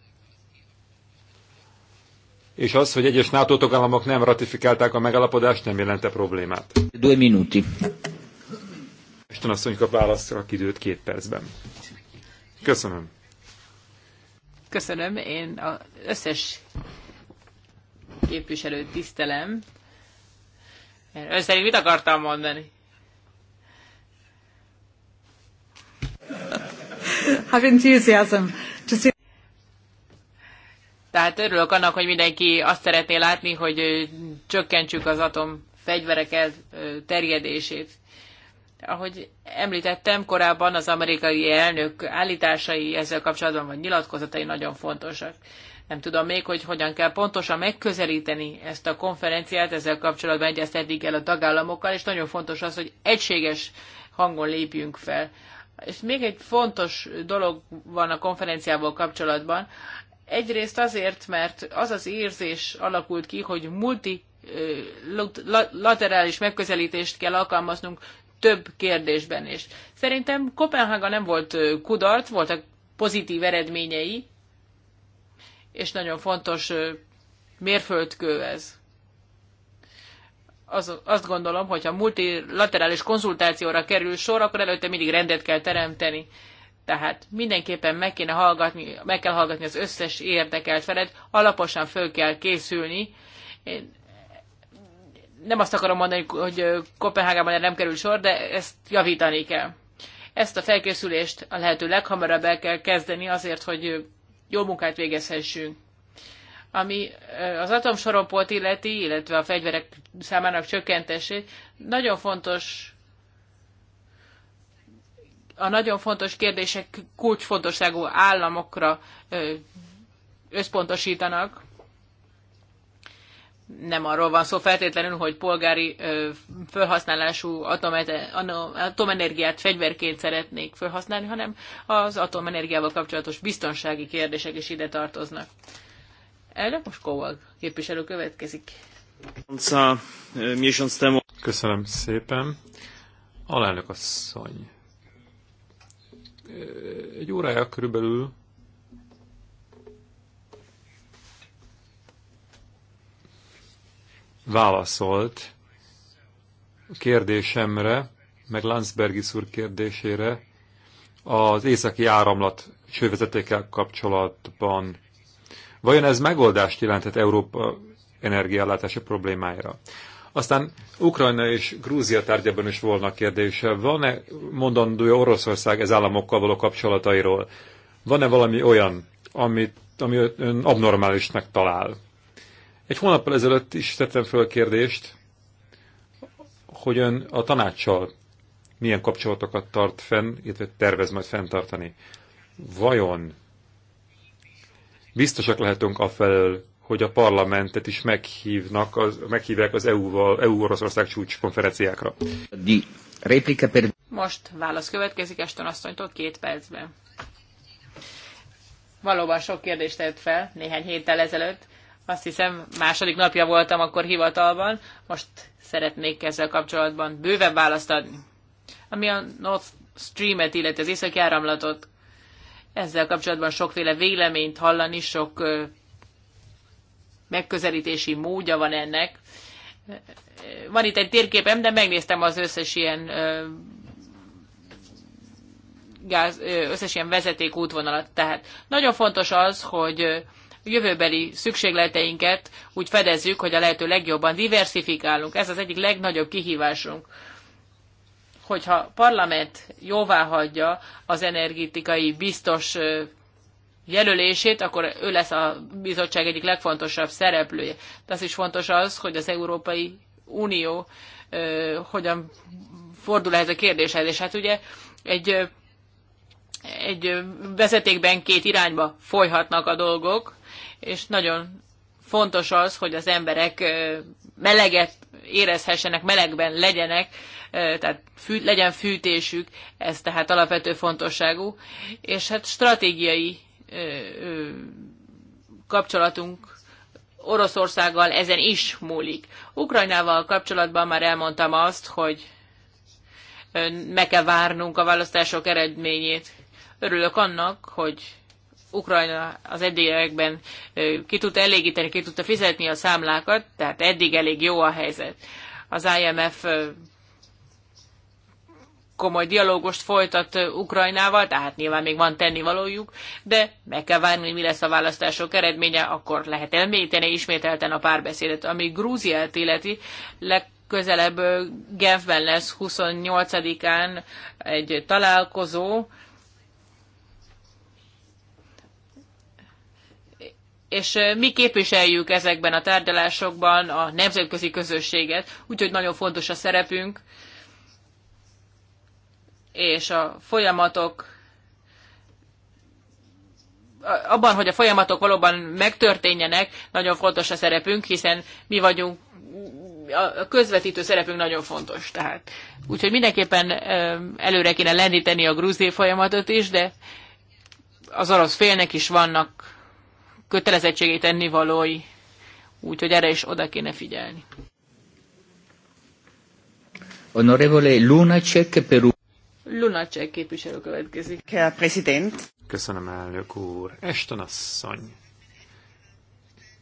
[SPEAKER 3] És az, hogy egyes NATO tagállamok nem ratifikálták a megállapodást, nem jelente problémát.
[SPEAKER 1] Due minuti.
[SPEAKER 3] Isten asszony választ a időt két percben. Köszönöm.
[SPEAKER 2] Köszönöm, én az összes képviselőt tisztelem. Ön szerint mit akartam mondani?
[SPEAKER 1] have enthusiasm to see
[SPEAKER 2] tehát örülök annak, hogy mindenki azt szeretné látni, hogy csökkentsük az atom fegyverek terjedését. Ahogy említettem, korábban az amerikai elnök állításai ezzel kapcsolatban, vagy nyilatkozatai nagyon fontosak. Nem tudom még, hogy hogyan kell pontosan megközelíteni ezt a konferenciát, ezzel kapcsolatban egyeztetni el a tagállamokkal, és nagyon fontos az, hogy egységes hangon lépjünk fel. És még egy fontos dolog van a konferenciával kapcsolatban. Egyrészt azért, mert az az érzés alakult ki, hogy multilaterális megközelítést kell alkalmaznunk több kérdésben is. Szerintem Kopenhága nem volt kudarc, voltak pozitív eredményei, és nagyon fontos mérföldkő ez az, azt gondolom, hogy ha multilaterális konzultációra kerül sor, akkor előtte mindig rendet kell teremteni. Tehát mindenképpen meg, kéne hallgatni, meg kell hallgatni az összes érdekelt felet, alaposan föl kell készülni. Én nem azt akarom mondani, hogy Kopenhágában nem kerül sor, de ezt javítani kell. Ezt a felkészülést a lehető leghamarabb el kell kezdeni azért, hogy jó munkát végezhessünk ami az atomsorompót illeti, illetve a fegyverek számának csökkentését, nagyon fontos a nagyon fontos kérdések kulcsfontosságú államokra összpontosítanak. Nem arról van szó feltétlenül, hogy polgári felhasználású atomenergiát fegyverként szeretnék felhasználni, hanem az atomenergiával kapcsolatos biztonsági kérdések is ide tartoznak. Elnök Moskóval képviselő következik.
[SPEAKER 3] E, Köszönöm szépen. Alelnök asszony. E, egy órája körülbelül válaszolt kérdésemre, meg Landsbergis úr kérdésére az északi áramlat csővezetékkel kapcsolatban Vajon ez megoldást jelenthet Európa energiállátása problémáira? Aztán Ukrajna és Grúzia tárgyában is volna kérdése. Van-e mondandója Oroszország ez államokkal való kapcsolatairól? Van-e valami olyan, amit, ami ön abnormálisnak talál? Egy hónappal ezelőtt is tettem föl a kérdést, hogy ön a tanácssal milyen kapcsolatokat tart fenn, illetve tervez majd fenntartani. Vajon biztosak lehetünk afelől, hogy a parlamentet is meghívnak, az, meghívják az EU-val, EU-Oroszország csúcs konferenciákra.
[SPEAKER 2] Most válasz következik Eston asszonytól két percben. Valóban sok kérdést tett fel néhány héttel ezelőtt. Azt hiszem, második napja voltam akkor hivatalban, most szeretnék ezzel kapcsolatban bővebb választ adni. Ami a North Stream-et, illetve az északi áramlatot ezzel kapcsolatban sokféle véleményt hallani, sok megközelítési módja van ennek. Van itt egy térképem, de megnéztem az összes ilyen gáz, összes ilyen vezeték útvonalat. Tehát nagyon fontos az, hogy jövőbeli szükségleteinket úgy fedezzük, hogy a lehető legjobban diversifikálunk. Ez az egyik legnagyobb kihívásunk hogyha a parlament jóvá hagyja az energetikai biztos jelölését, akkor ő lesz a bizottság egyik legfontosabb szereplője. De az is fontos az, hogy az Európai Unió hogyan fordul ehhez a kérdéshez. És hát ugye egy, egy vezetékben két irányba folyhatnak a dolgok, és nagyon fontos az, hogy az emberek meleget érezhessenek, melegben legyenek Eh, tehát fű, legyen fűtésük, ez tehát alapvető fontosságú, és hát stratégiai eh, kapcsolatunk Oroszországgal ezen is múlik. Ukrajnával kapcsolatban már elmondtam azt, hogy meg kell várnunk a választások eredményét. Örülök annak, hogy Ukrajna az eddigiekben ki tudta elégíteni, ki tudta fizetni a számlákat, tehát eddig elég jó a helyzet. Az IMF komoly dialógust folytat Ukrajnával, tehát nyilván még van tennivalójuk, de meg kell várni, hogy mi lesz a választások eredménye, akkor lehet elmélyíteni ismételten a párbeszédet. Ami Grúziát illeti, legközelebb Genfben lesz 28-án egy találkozó, és mi képviseljük ezekben a tárgyalásokban a nemzetközi közösséget, úgyhogy nagyon fontos a szerepünk, és a folyamatok abban, hogy a folyamatok valóban megtörténjenek, nagyon fontos a szerepünk, hiszen mi vagyunk, a közvetítő szerepünk nagyon fontos. Tehát. Úgyhogy mindenképpen előre kéne lendíteni a grúzi folyamatot is, de az orosz félnek is vannak kötelezettségei tennivalói, úgyhogy erre is oda kéne figyelni.
[SPEAKER 1] Honorevole Lunacek, Peru.
[SPEAKER 2] Lunacek képviselő következik. Herr prezident.
[SPEAKER 1] Köszönöm, elnök úr. Eston asszony.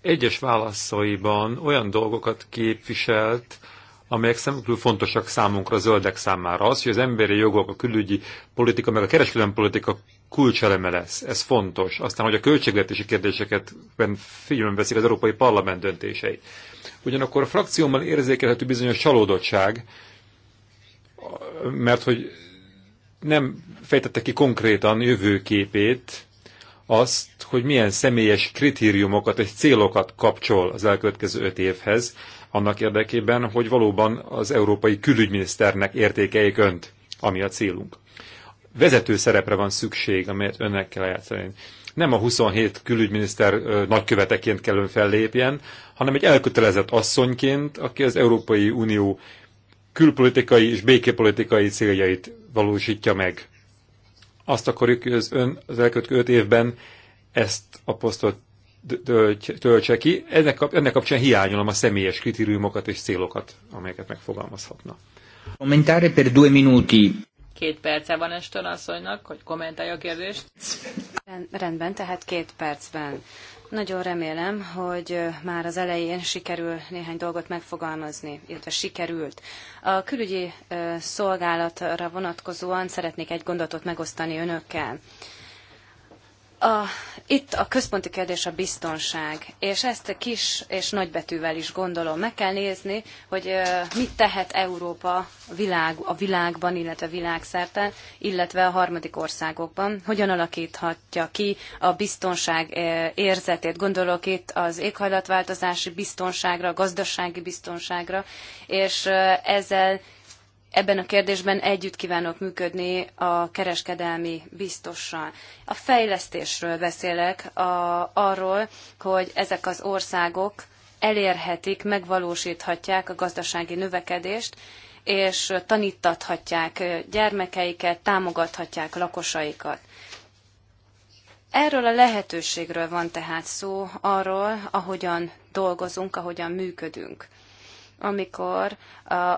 [SPEAKER 3] Egyes válaszaiban olyan dolgokat képviselt, amelyek szemükül fontosak számunkra, a zöldek számára. Az, hogy az emberi jogok, a külügyi politika, meg a kereskedelmi politika kulcseleme lesz. Ez fontos. Aztán, hogy a költségvetési kérdéseket figyelembe veszik az Európai Parlament döntései. Ugyanakkor a frakciómmal érzékelhető bizonyos csalódottság, mert hogy nem fejtette ki konkrétan jövőképét azt, hogy milyen személyes kritériumokat és célokat kapcsol az elkövetkező öt évhez, annak érdekében, hogy valóban az európai külügyminiszternek értékeljék önt, ami a célunk. Vezető szerepre van szükség, amelyet önnek kell játszani. Nem a 27 külügyminiszter nagyköveteként kell ön fellépjen, hanem egy elkötelezett asszonyként, aki az Európai Unió külpolitikai és békepolitikai céljait valósítja meg. Azt akarjuk, hogy az ön az elkövetkező öt évben ezt a posztot töltse ki. Ennek, ennek kapcsán hiányolom a személyes kritériumokat és célokat,
[SPEAKER 1] amelyeket megfogalmazhatna. Kommentáre per due minuti.
[SPEAKER 2] Két perce van Eston asszonynak, hogy kommentálja a kérdést.
[SPEAKER 4] Rendben, tehát két percben. Nagyon remélem, hogy már az elején sikerül néhány dolgot megfogalmazni, illetve sikerült. A külügyi szolgálatra vonatkozóan szeretnék egy gondotot megosztani önökkel. A, itt a központi kérdés a biztonság, és ezt kis és nagybetűvel is gondolom. Meg kell nézni, hogy mit tehet Európa világ, a világban, illetve világszerte, illetve a harmadik országokban. Hogyan alakíthatja ki a biztonság érzetét. Gondolok itt az éghajlatváltozási biztonságra, a gazdasági biztonságra, és ezzel ebben a kérdésben együtt kívánok működni a kereskedelmi biztossal. A fejlesztésről beszélek, a, arról, hogy ezek az országok elérhetik, megvalósíthatják a gazdasági növekedést, és tanítathatják gyermekeiket, támogathatják lakosaikat. Erről a lehetőségről van tehát szó, arról, ahogyan dolgozunk, ahogyan működünk amikor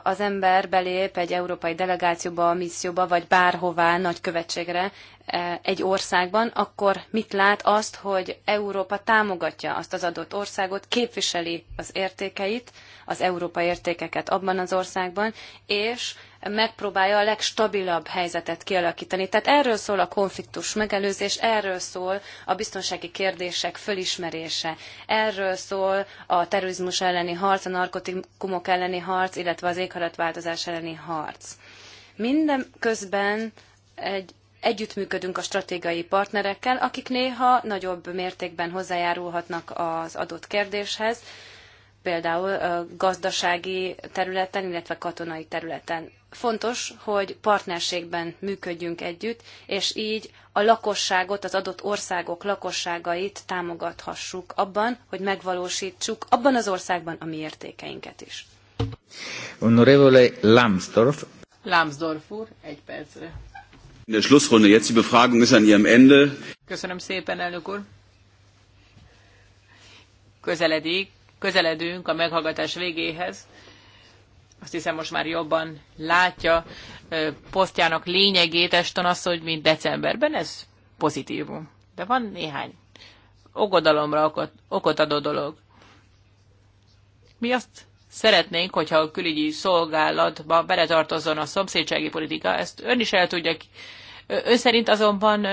[SPEAKER 4] az ember belép egy európai delegációba, a misszióba, vagy bárhová, nagykövetségre, Eh, egy országban, akkor mit lát azt, hogy Európa támogatja azt az adott országot, képviseli az értékeit, az európai értékeket abban az országban, és megpróbálja a legstabilabb helyzetet kialakítani. Tehát erről szól a konfliktus megelőzés, erről szól a biztonsági kérdések fölismerése, erről szól a terrorizmus elleni harc, a narkotikumok elleni harc, illetve az éghajlatváltozás elleni harc. Minden közben egy együttműködünk a stratégiai partnerekkel, akik néha nagyobb mértékben hozzájárulhatnak az adott kérdéshez, például gazdasági területen, illetve katonai területen. Fontos, hogy partnerségben működjünk együtt, és így a lakosságot, az adott országok lakosságait támogathassuk abban, hogy megvalósítsuk abban az országban a mi értékeinket is.
[SPEAKER 1] Honorevole Lambsdorff.
[SPEAKER 4] Lambsdorff úr, egy percre.
[SPEAKER 1] In der Schlussrunde, jetzt die Befragung ist an ihrem Ende.
[SPEAKER 2] Köszönöm szépen, elnök úr. Közeledik, közeledünk a meghallgatás végéhez. Azt hiszem, most már jobban látja posztjának lényegét Eston az, hogy mint decemberben. Ez pozitívum. De van néhány okodalomra okot adó dolog. Mi azt szeretnénk, hogyha a külügyi szolgálatba beletartozzon a szomszédsági politika. Ezt ön is el tudja. Ön szerint azonban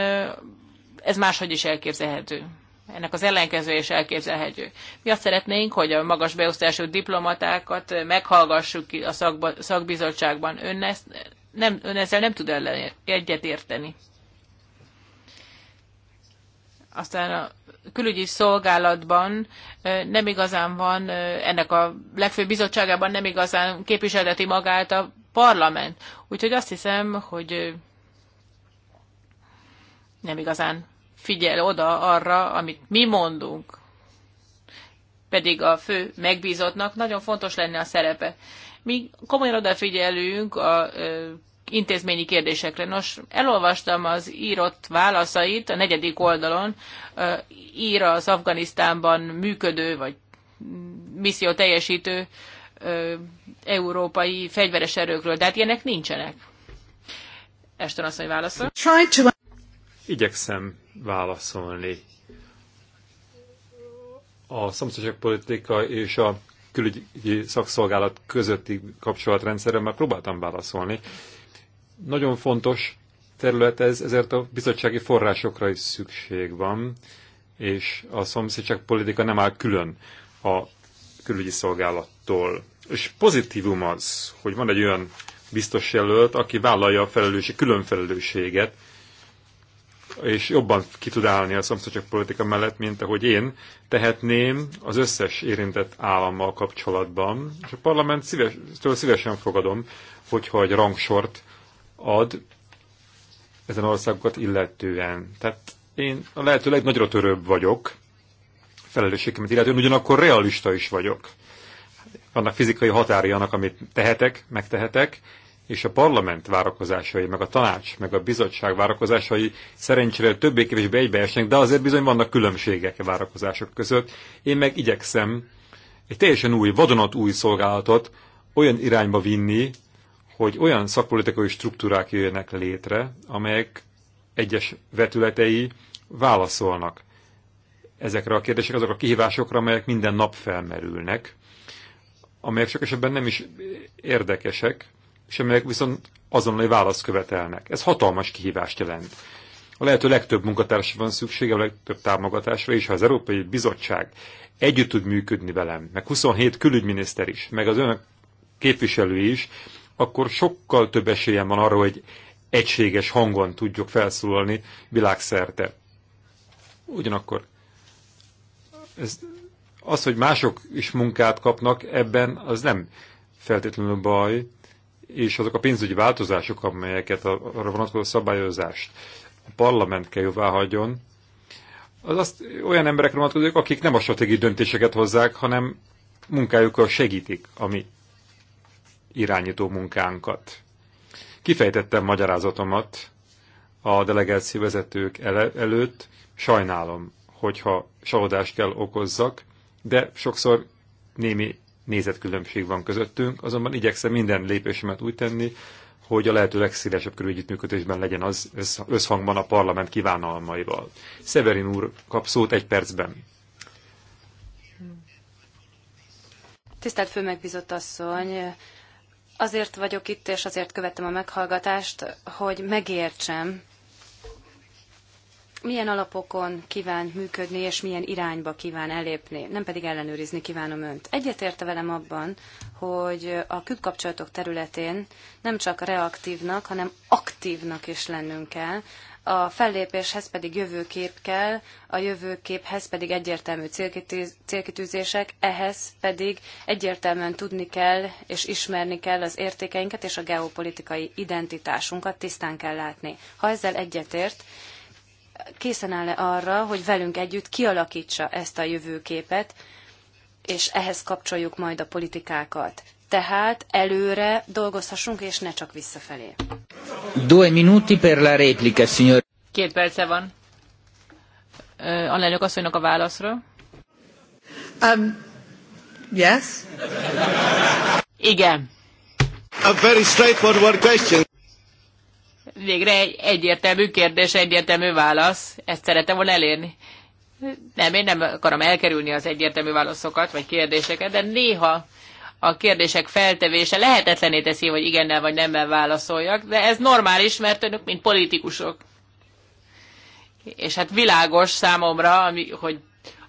[SPEAKER 2] ez máshogy is elképzelhető. Ennek az ellenkezője is elképzelhető. Mi azt szeretnénk, hogy a magas beosztású diplomatákat meghallgassuk ki a szakba, szakbizottságban. Ön, ezt, nem, ön ezzel nem tud ellen, egyet érteni. Aztán a külügyi szolgálatban nem igazán van, ennek a legfőbb bizottságában nem igazán képviseleti magát a parlament. Úgyhogy azt hiszem, hogy nem igazán figyel oda arra, amit mi mondunk. Pedig a fő megbízottnak nagyon fontos lenne a szerepe. Mi komolyan odafigyelünk a intézményi kérdésekre. Nos, elolvastam az írott válaszait a negyedik oldalon. Ír az Afganisztánban működő, vagy misszió teljesítő európai fegyveres erőkről, de hát ilyenek nincsenek. Eston mondja, válaszol.
[SPEAKER 3] Igyekszem válaszolni. A szomszédság politika és a külügyi szakszolgálat közötti kapcsolatrendszerre már próbáltam válaszolni nagyon fontos terület ez, ezért a bizottsági forrásokra is szükség van, és a szomszédság politika nem áll külön a külügyi szolgálattól. És pozitívum az, hogy van egy olyan biztos jelölt, aki vállalja a felelősség, külön felelősséget, és jobban ki tud állni a szomszédság politika mellett, mint ahogy én tehetném az összes érintett állammal kapcsolatban. És a parlament szíves, szívesen fogadom, hogyha egy rangsort ad ezen országokat illetően. Tehát én a lehető legnagyra törőbb vagyok, felelősségemet illetően, ugyanakkor realista is vagyok. Vannak fizikai határi annak, amit tehetek, megtehetek, és a parlament várakozásai, meg a tanács, meg a bizottság várakozásai szerencsére többé-kevésbé egybeesnek, de azért bizony vannak különbségek a várakozások között. Én meg igyekszem egy teljesen új, vadonatúj szolgálatot olyan irányba vinni, hogy olyan szakpolitikai struktúrák jöjjenek létre, amelyek egyes vetületei válaszolnak ezekre a kérdésekre, azok a kihívásokra, amelyek minden nap felmerülnek, amelyek sok esetben nem is érdekesek, és amelyek viszont azonnali választ követelnek. Ez hatalmas kihívást jelent. A lehető legtöbb munkatársra van szüksége, a legtöbb támogatásra, és ha az Európai Bizottság együtt tud működni velem, meg 27 külügyminiszter is, meg az önök képviselői is, akkor sokkal több esélyem van arra, hogy egységes hangon tudjuk felszólalni világszerte. Ugyanakkor ez, az, hogy mások is munkát kapnak ebben, az nem feltétlenül baj, és azok a pénzügyi változások, amelyeket arra vonatkozó szabályozást a parlament kell jóvá hagyjon, az azt olyan emberekre vonatkozik, akik nem a stratégiai döntéseket hozzák, hanem munkájukkal segítik a mi irányító munkánkat. Kifejtettem magyarázatomat a delegáció vezetők ele előtt, sajnálom, hogyha csalódást kell okozzak, de sokszor némi nézetkülönbség van közöttünk, azonban igyekszem minden lépésemet úgy tenni, hogy a lehető legszélesebb körű együttműködésben legyen az összhangban a parlament kívánalmaival. Severin úr kap szót egy percben.
[SPEAKER 4] Tisztelt Főmegbizott asszony, Azért vagyok itt, és azért követtem a meghallgatást, hogy megértsem, milyen alapokon kíván működni, és milyen irányba kíván elépni, nem pedig ellenőrizni kívánom önt. Egyetérte velem abban, hogy a külkapcsolatok területén nem csak reaktívnak, hanem aktívnak is lennünk kell a fellépéshez pedig jövőkép kell, a jövőképhez pedig egyértelmű célkitűzések, ehhez pedig egyértelműen tudni kell és ismerni kell az értékeinket és a geopolitikai identitásunkat tisztán kell látni. Ha ezzel egyetért, készen áll-e arra, hogy velünk együtt kialakítsa ezt a jövőképet, és ehhez kapcsoljuk majd a politikákat tehát előre dolgozhassunk, és ne csak visszafelé.
[SPEAKER 1] Due minuti per la replica, signor.
[SPEAKER 4] Két perce van. Alelnök asszonynak a válaszra.
[SPEAKER 1] Um, yes. Igen. A very straightforward question.
[SPEAKER 2] Végre egy egyértelmű kérdés, egyértelmű válasz. Ezt szeretem volna elérni. Nem, én nem akarom elkerülni az egyértelmű válaszokat, vagy kérdéseket, de néha a kérdések feltevése lehetetlené teszi, hogy igennel vagy nemmel válaszoljak, de ez normális, mert önök mint politikusok. És hát világos számomra, ami, hogy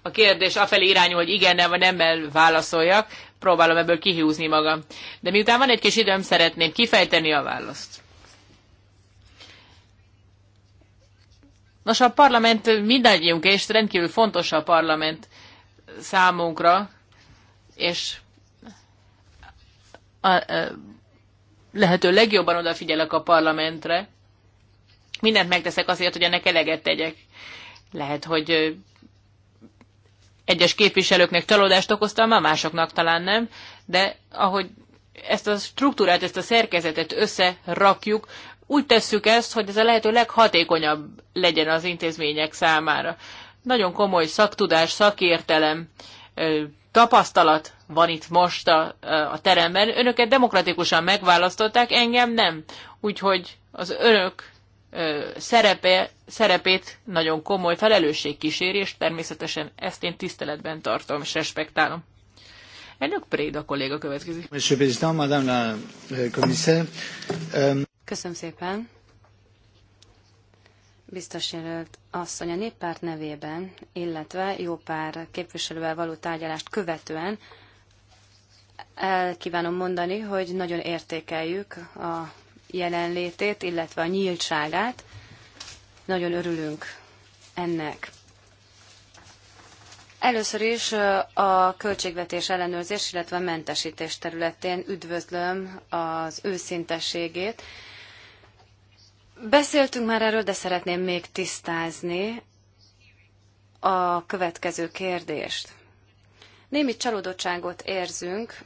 [SPEAKER 2] a kérdés afelé irányul, hogy igennel vagy nemmel válaszoljak, próbálom ebből kihúzni magam. De miután van egy kis időm, szeretném kifejteni a választ. Nos, a parlament mindannyiunk, és rendkívül fontos a parlament számunkra, és a, lehető legjobban odafigyelek a parlamentre. Mindent megteszek azért, hogy ennek eleget tegyek. Lehet, hogy egyes képviselőknek csalódást okoztam, a másoknak talán nem, de ahogy ezt a struktúrát, ezt a szerkezetet összerakjuk, úgy tesszük ezt, hogy ez a lehető leghatékonyabb legyen az intézmények számára. Nagyon komoly szaktudás, szakértelem tapasztalat van itt most a, a teremben. Önöket demokratikusan megválasztották, engem nem. Úgyhogy az önök ö, szerepe, szerepét nagyon komoly felelősség kíséri, és természetesen ezt én tiszteletben tartom és respektálom. Elnök Préda kolléga következik.
[SPEAKER 1] Euh, euh,
[SPEAKER 4] Köszönöm szépen. Biztos jelölt asszony a néppárt nevében, illetve jó pár képviselővel való tárgyalást követően el kívánom mondani, hogy nagyon értékeljük a jelenlétét, illetve a nyíltságát. Nagyon örülünk ennek. Először is a költségvetés ellenőrzés, illetve a mentesítés területén üdvözlöm az őszintességét, Beszéltünk már erről, de szeretném még tisztázni a következő kérdést. Némi csalódottságot érzünk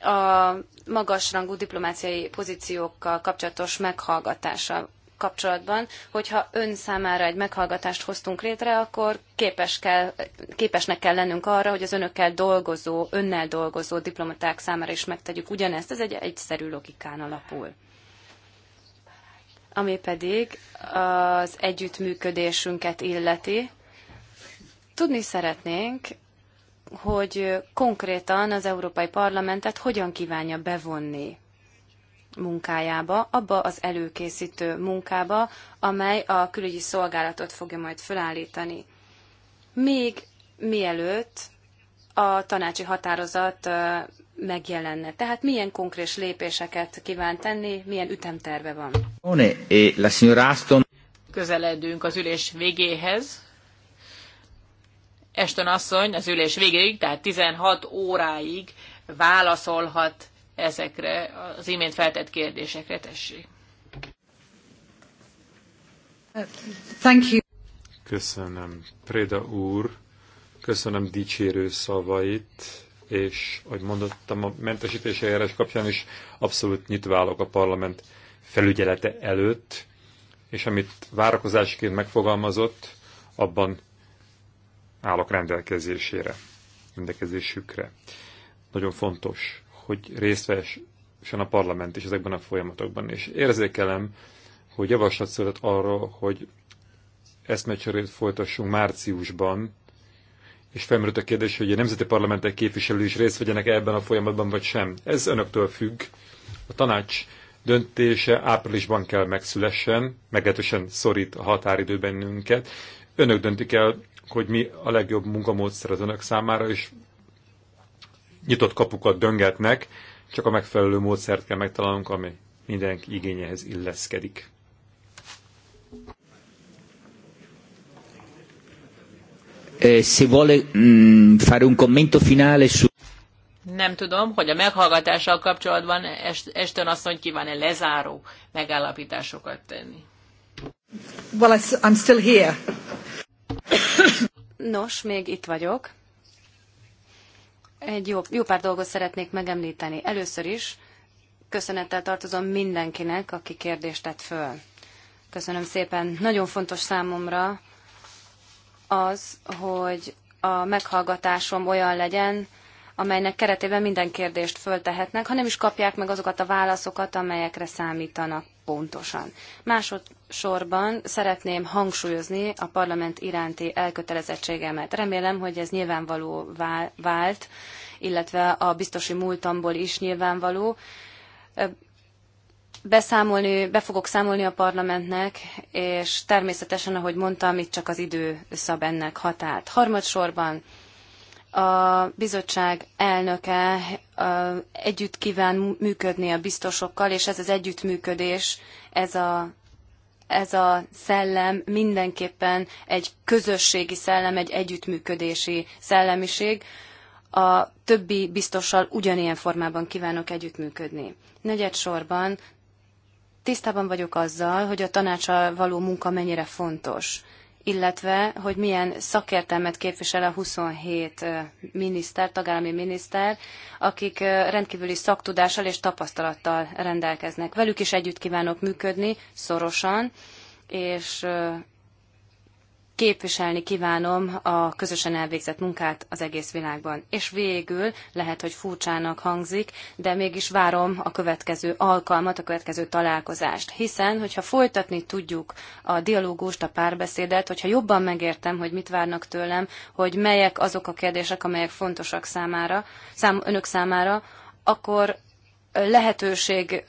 [SPEAKER 4] a magasrangú diplomáciai pozíciókkal kapcsolatos meghallgatással kapcsolatban, hogyha ön számára egy meghallgatást hoztunk létre, akkor képes kell, képesnek kell lennünk arra, hogy az önökkel dolgozó, önnel dolgozó diplomaták számára is megtegyük ugyanezt. Ez egy egyszerű logikán alapul ami pedig az együttműködésünket illeti. Tudni szeretnénk, hogy konkrétan az Európai Parlamentet hogyan kívánja bevonni munkájába, abba az előkészítő munkába, amely a külügyi szolgálatot fogja majd felállítani. Még mielőtt a tanácsi határozat megjelenne. Tehát milyen konkrét lépéseket kíván tenni, milyen ütemterve
[SPEAKER 1] van? E
[SPEAKER 4] Közeledünk az ülés végéhez.
[SPEAKER 2] Eston asszony az ülés végéig, tehát 16 óráig válaszolhat ezekre az imént feltett kérdésekre. Tessék.
[SPEAKER 1] Thank you.
[SPEAKER 3] Köszönöm, Preda úr. Köszönöm dicsérő szavait és, ahogy mondottam, a mentesítési eljárás kapcsán is abszolút nyitva állok a parlament felügyelete előtt, és amit várakozásként megfogalmazott, abban állok rendelkezésére, rendelkezésükre. Nagyon fontos, hogy részt vessen a parlament is ezekben a folyamatokban, és érzékelem, hogy javaslat született arra, hogy eszmecserét folytassunk márciusban és felmerült a kérdés, hogy a nemzeti parlamentek képviselői is részt vegyenek ebben a folyamatban, vagy sem. Ez önöktől függ. A tanács döntése áprilisban kell megszülessen, meglehetősen szorít a határidő bennünket. Önök döntik el, hogy mi a legjobb munkamódszer az önök számára, és nyitott kapukat döngetnek, csak a megfelelő módszert kell megtalálnunk, ami mindenki igényehez illeszkedik.
[SPEAKER 1] Eh, se vuole mm, fare un commento finale su...
[SPEAKER 2] Nem tudom, hogy a meghallgatással kapcsolatban Eston asszony kíván-e lezáró megállapításokat tenni.
[SPEAKER 4] Well, I'm still here. Nos, még itt vagyok. Egy jó, jó pár dolgot szeretnék megemlíteni. Először is köszönettel tartozom mindenkinek, aki kérdést tett föl. Köszönöm szépen. Nagyon fontos számomra, az, hogy a meghallgatásom olyan legyen, amelynek keretében minden kérdést föltehetnek, hanem is kapják meg azokat a válaszokat, amelyekre számítanak pontosan. Másodszorban szeretném hangsúlyozni a parlament iránti elkötelezettségemet. Remélem, hogy ez nyilvánvaló vált, illetve a biztosi múltamból is nyilvánvaló beszámolni, be fogok számolni a parlamentnek, és természetesen, ahogy mondtam, itt csak az idő szab ennek határt. Harmadsorban a bizottság elnöke együtt kíván működni a biztosokkal, és ez az együttműködés, ez a ez a szellem mindenképpen egy közösségi szellem, egy együttműködési szellemiség. A többi biztossal ugyanilyen formában kívánok együttműködni. Negyedsorban Tisztában vagyok azzal, hogy a tanácsal való munka mennyire fontos, illetve, hogy milyen szakértelmet képvisel a 27 miniszter, tagállami miniszter, akik rendkívüli szaktudással és tapasztalattal rendelkeznek. Velük is együtt kívánok működni szorosan, és képviselni kívánom a közösen elvégzett munkát az egész világban. És végül, lehet, hogy furcsának hangzik, de mégis várom a következő alkalmat, a következő találkozást. Hiszen, hogyha folytatni tudjuk a dialógust, a párbeszédet, hogyha jobban megértem, hogy mit várnak tőlem, hogy melyek azok a kérdések, amelyek fontosak számára, szám, önök számára, akkor lehetőség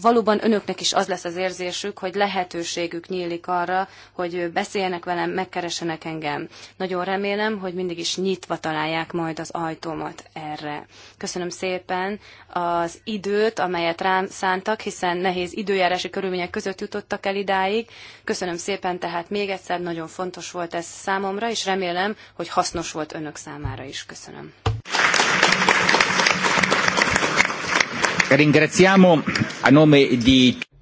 [SPEAKER 4] valóban önöknek is az lesz az érzésük, hogy lehetőségük nyílik arra, hogy beszéljenek velem, megkeresenek engem. Nagyon remélem, hogy mindig is nyitva találják majd az ajtómat erre. Köszönöm szépen az időt, amelyet rám szántak, hiszen nehéz időjárási körülmények között jutottak el idáig. Köszönöm szépen, tehát még egyszer nagyon fontos volt ez számomra, és remélem, hogy hasznos volt önök számára is. Köszönöm.
[SPEAKER 1] Ringraziamo a nome di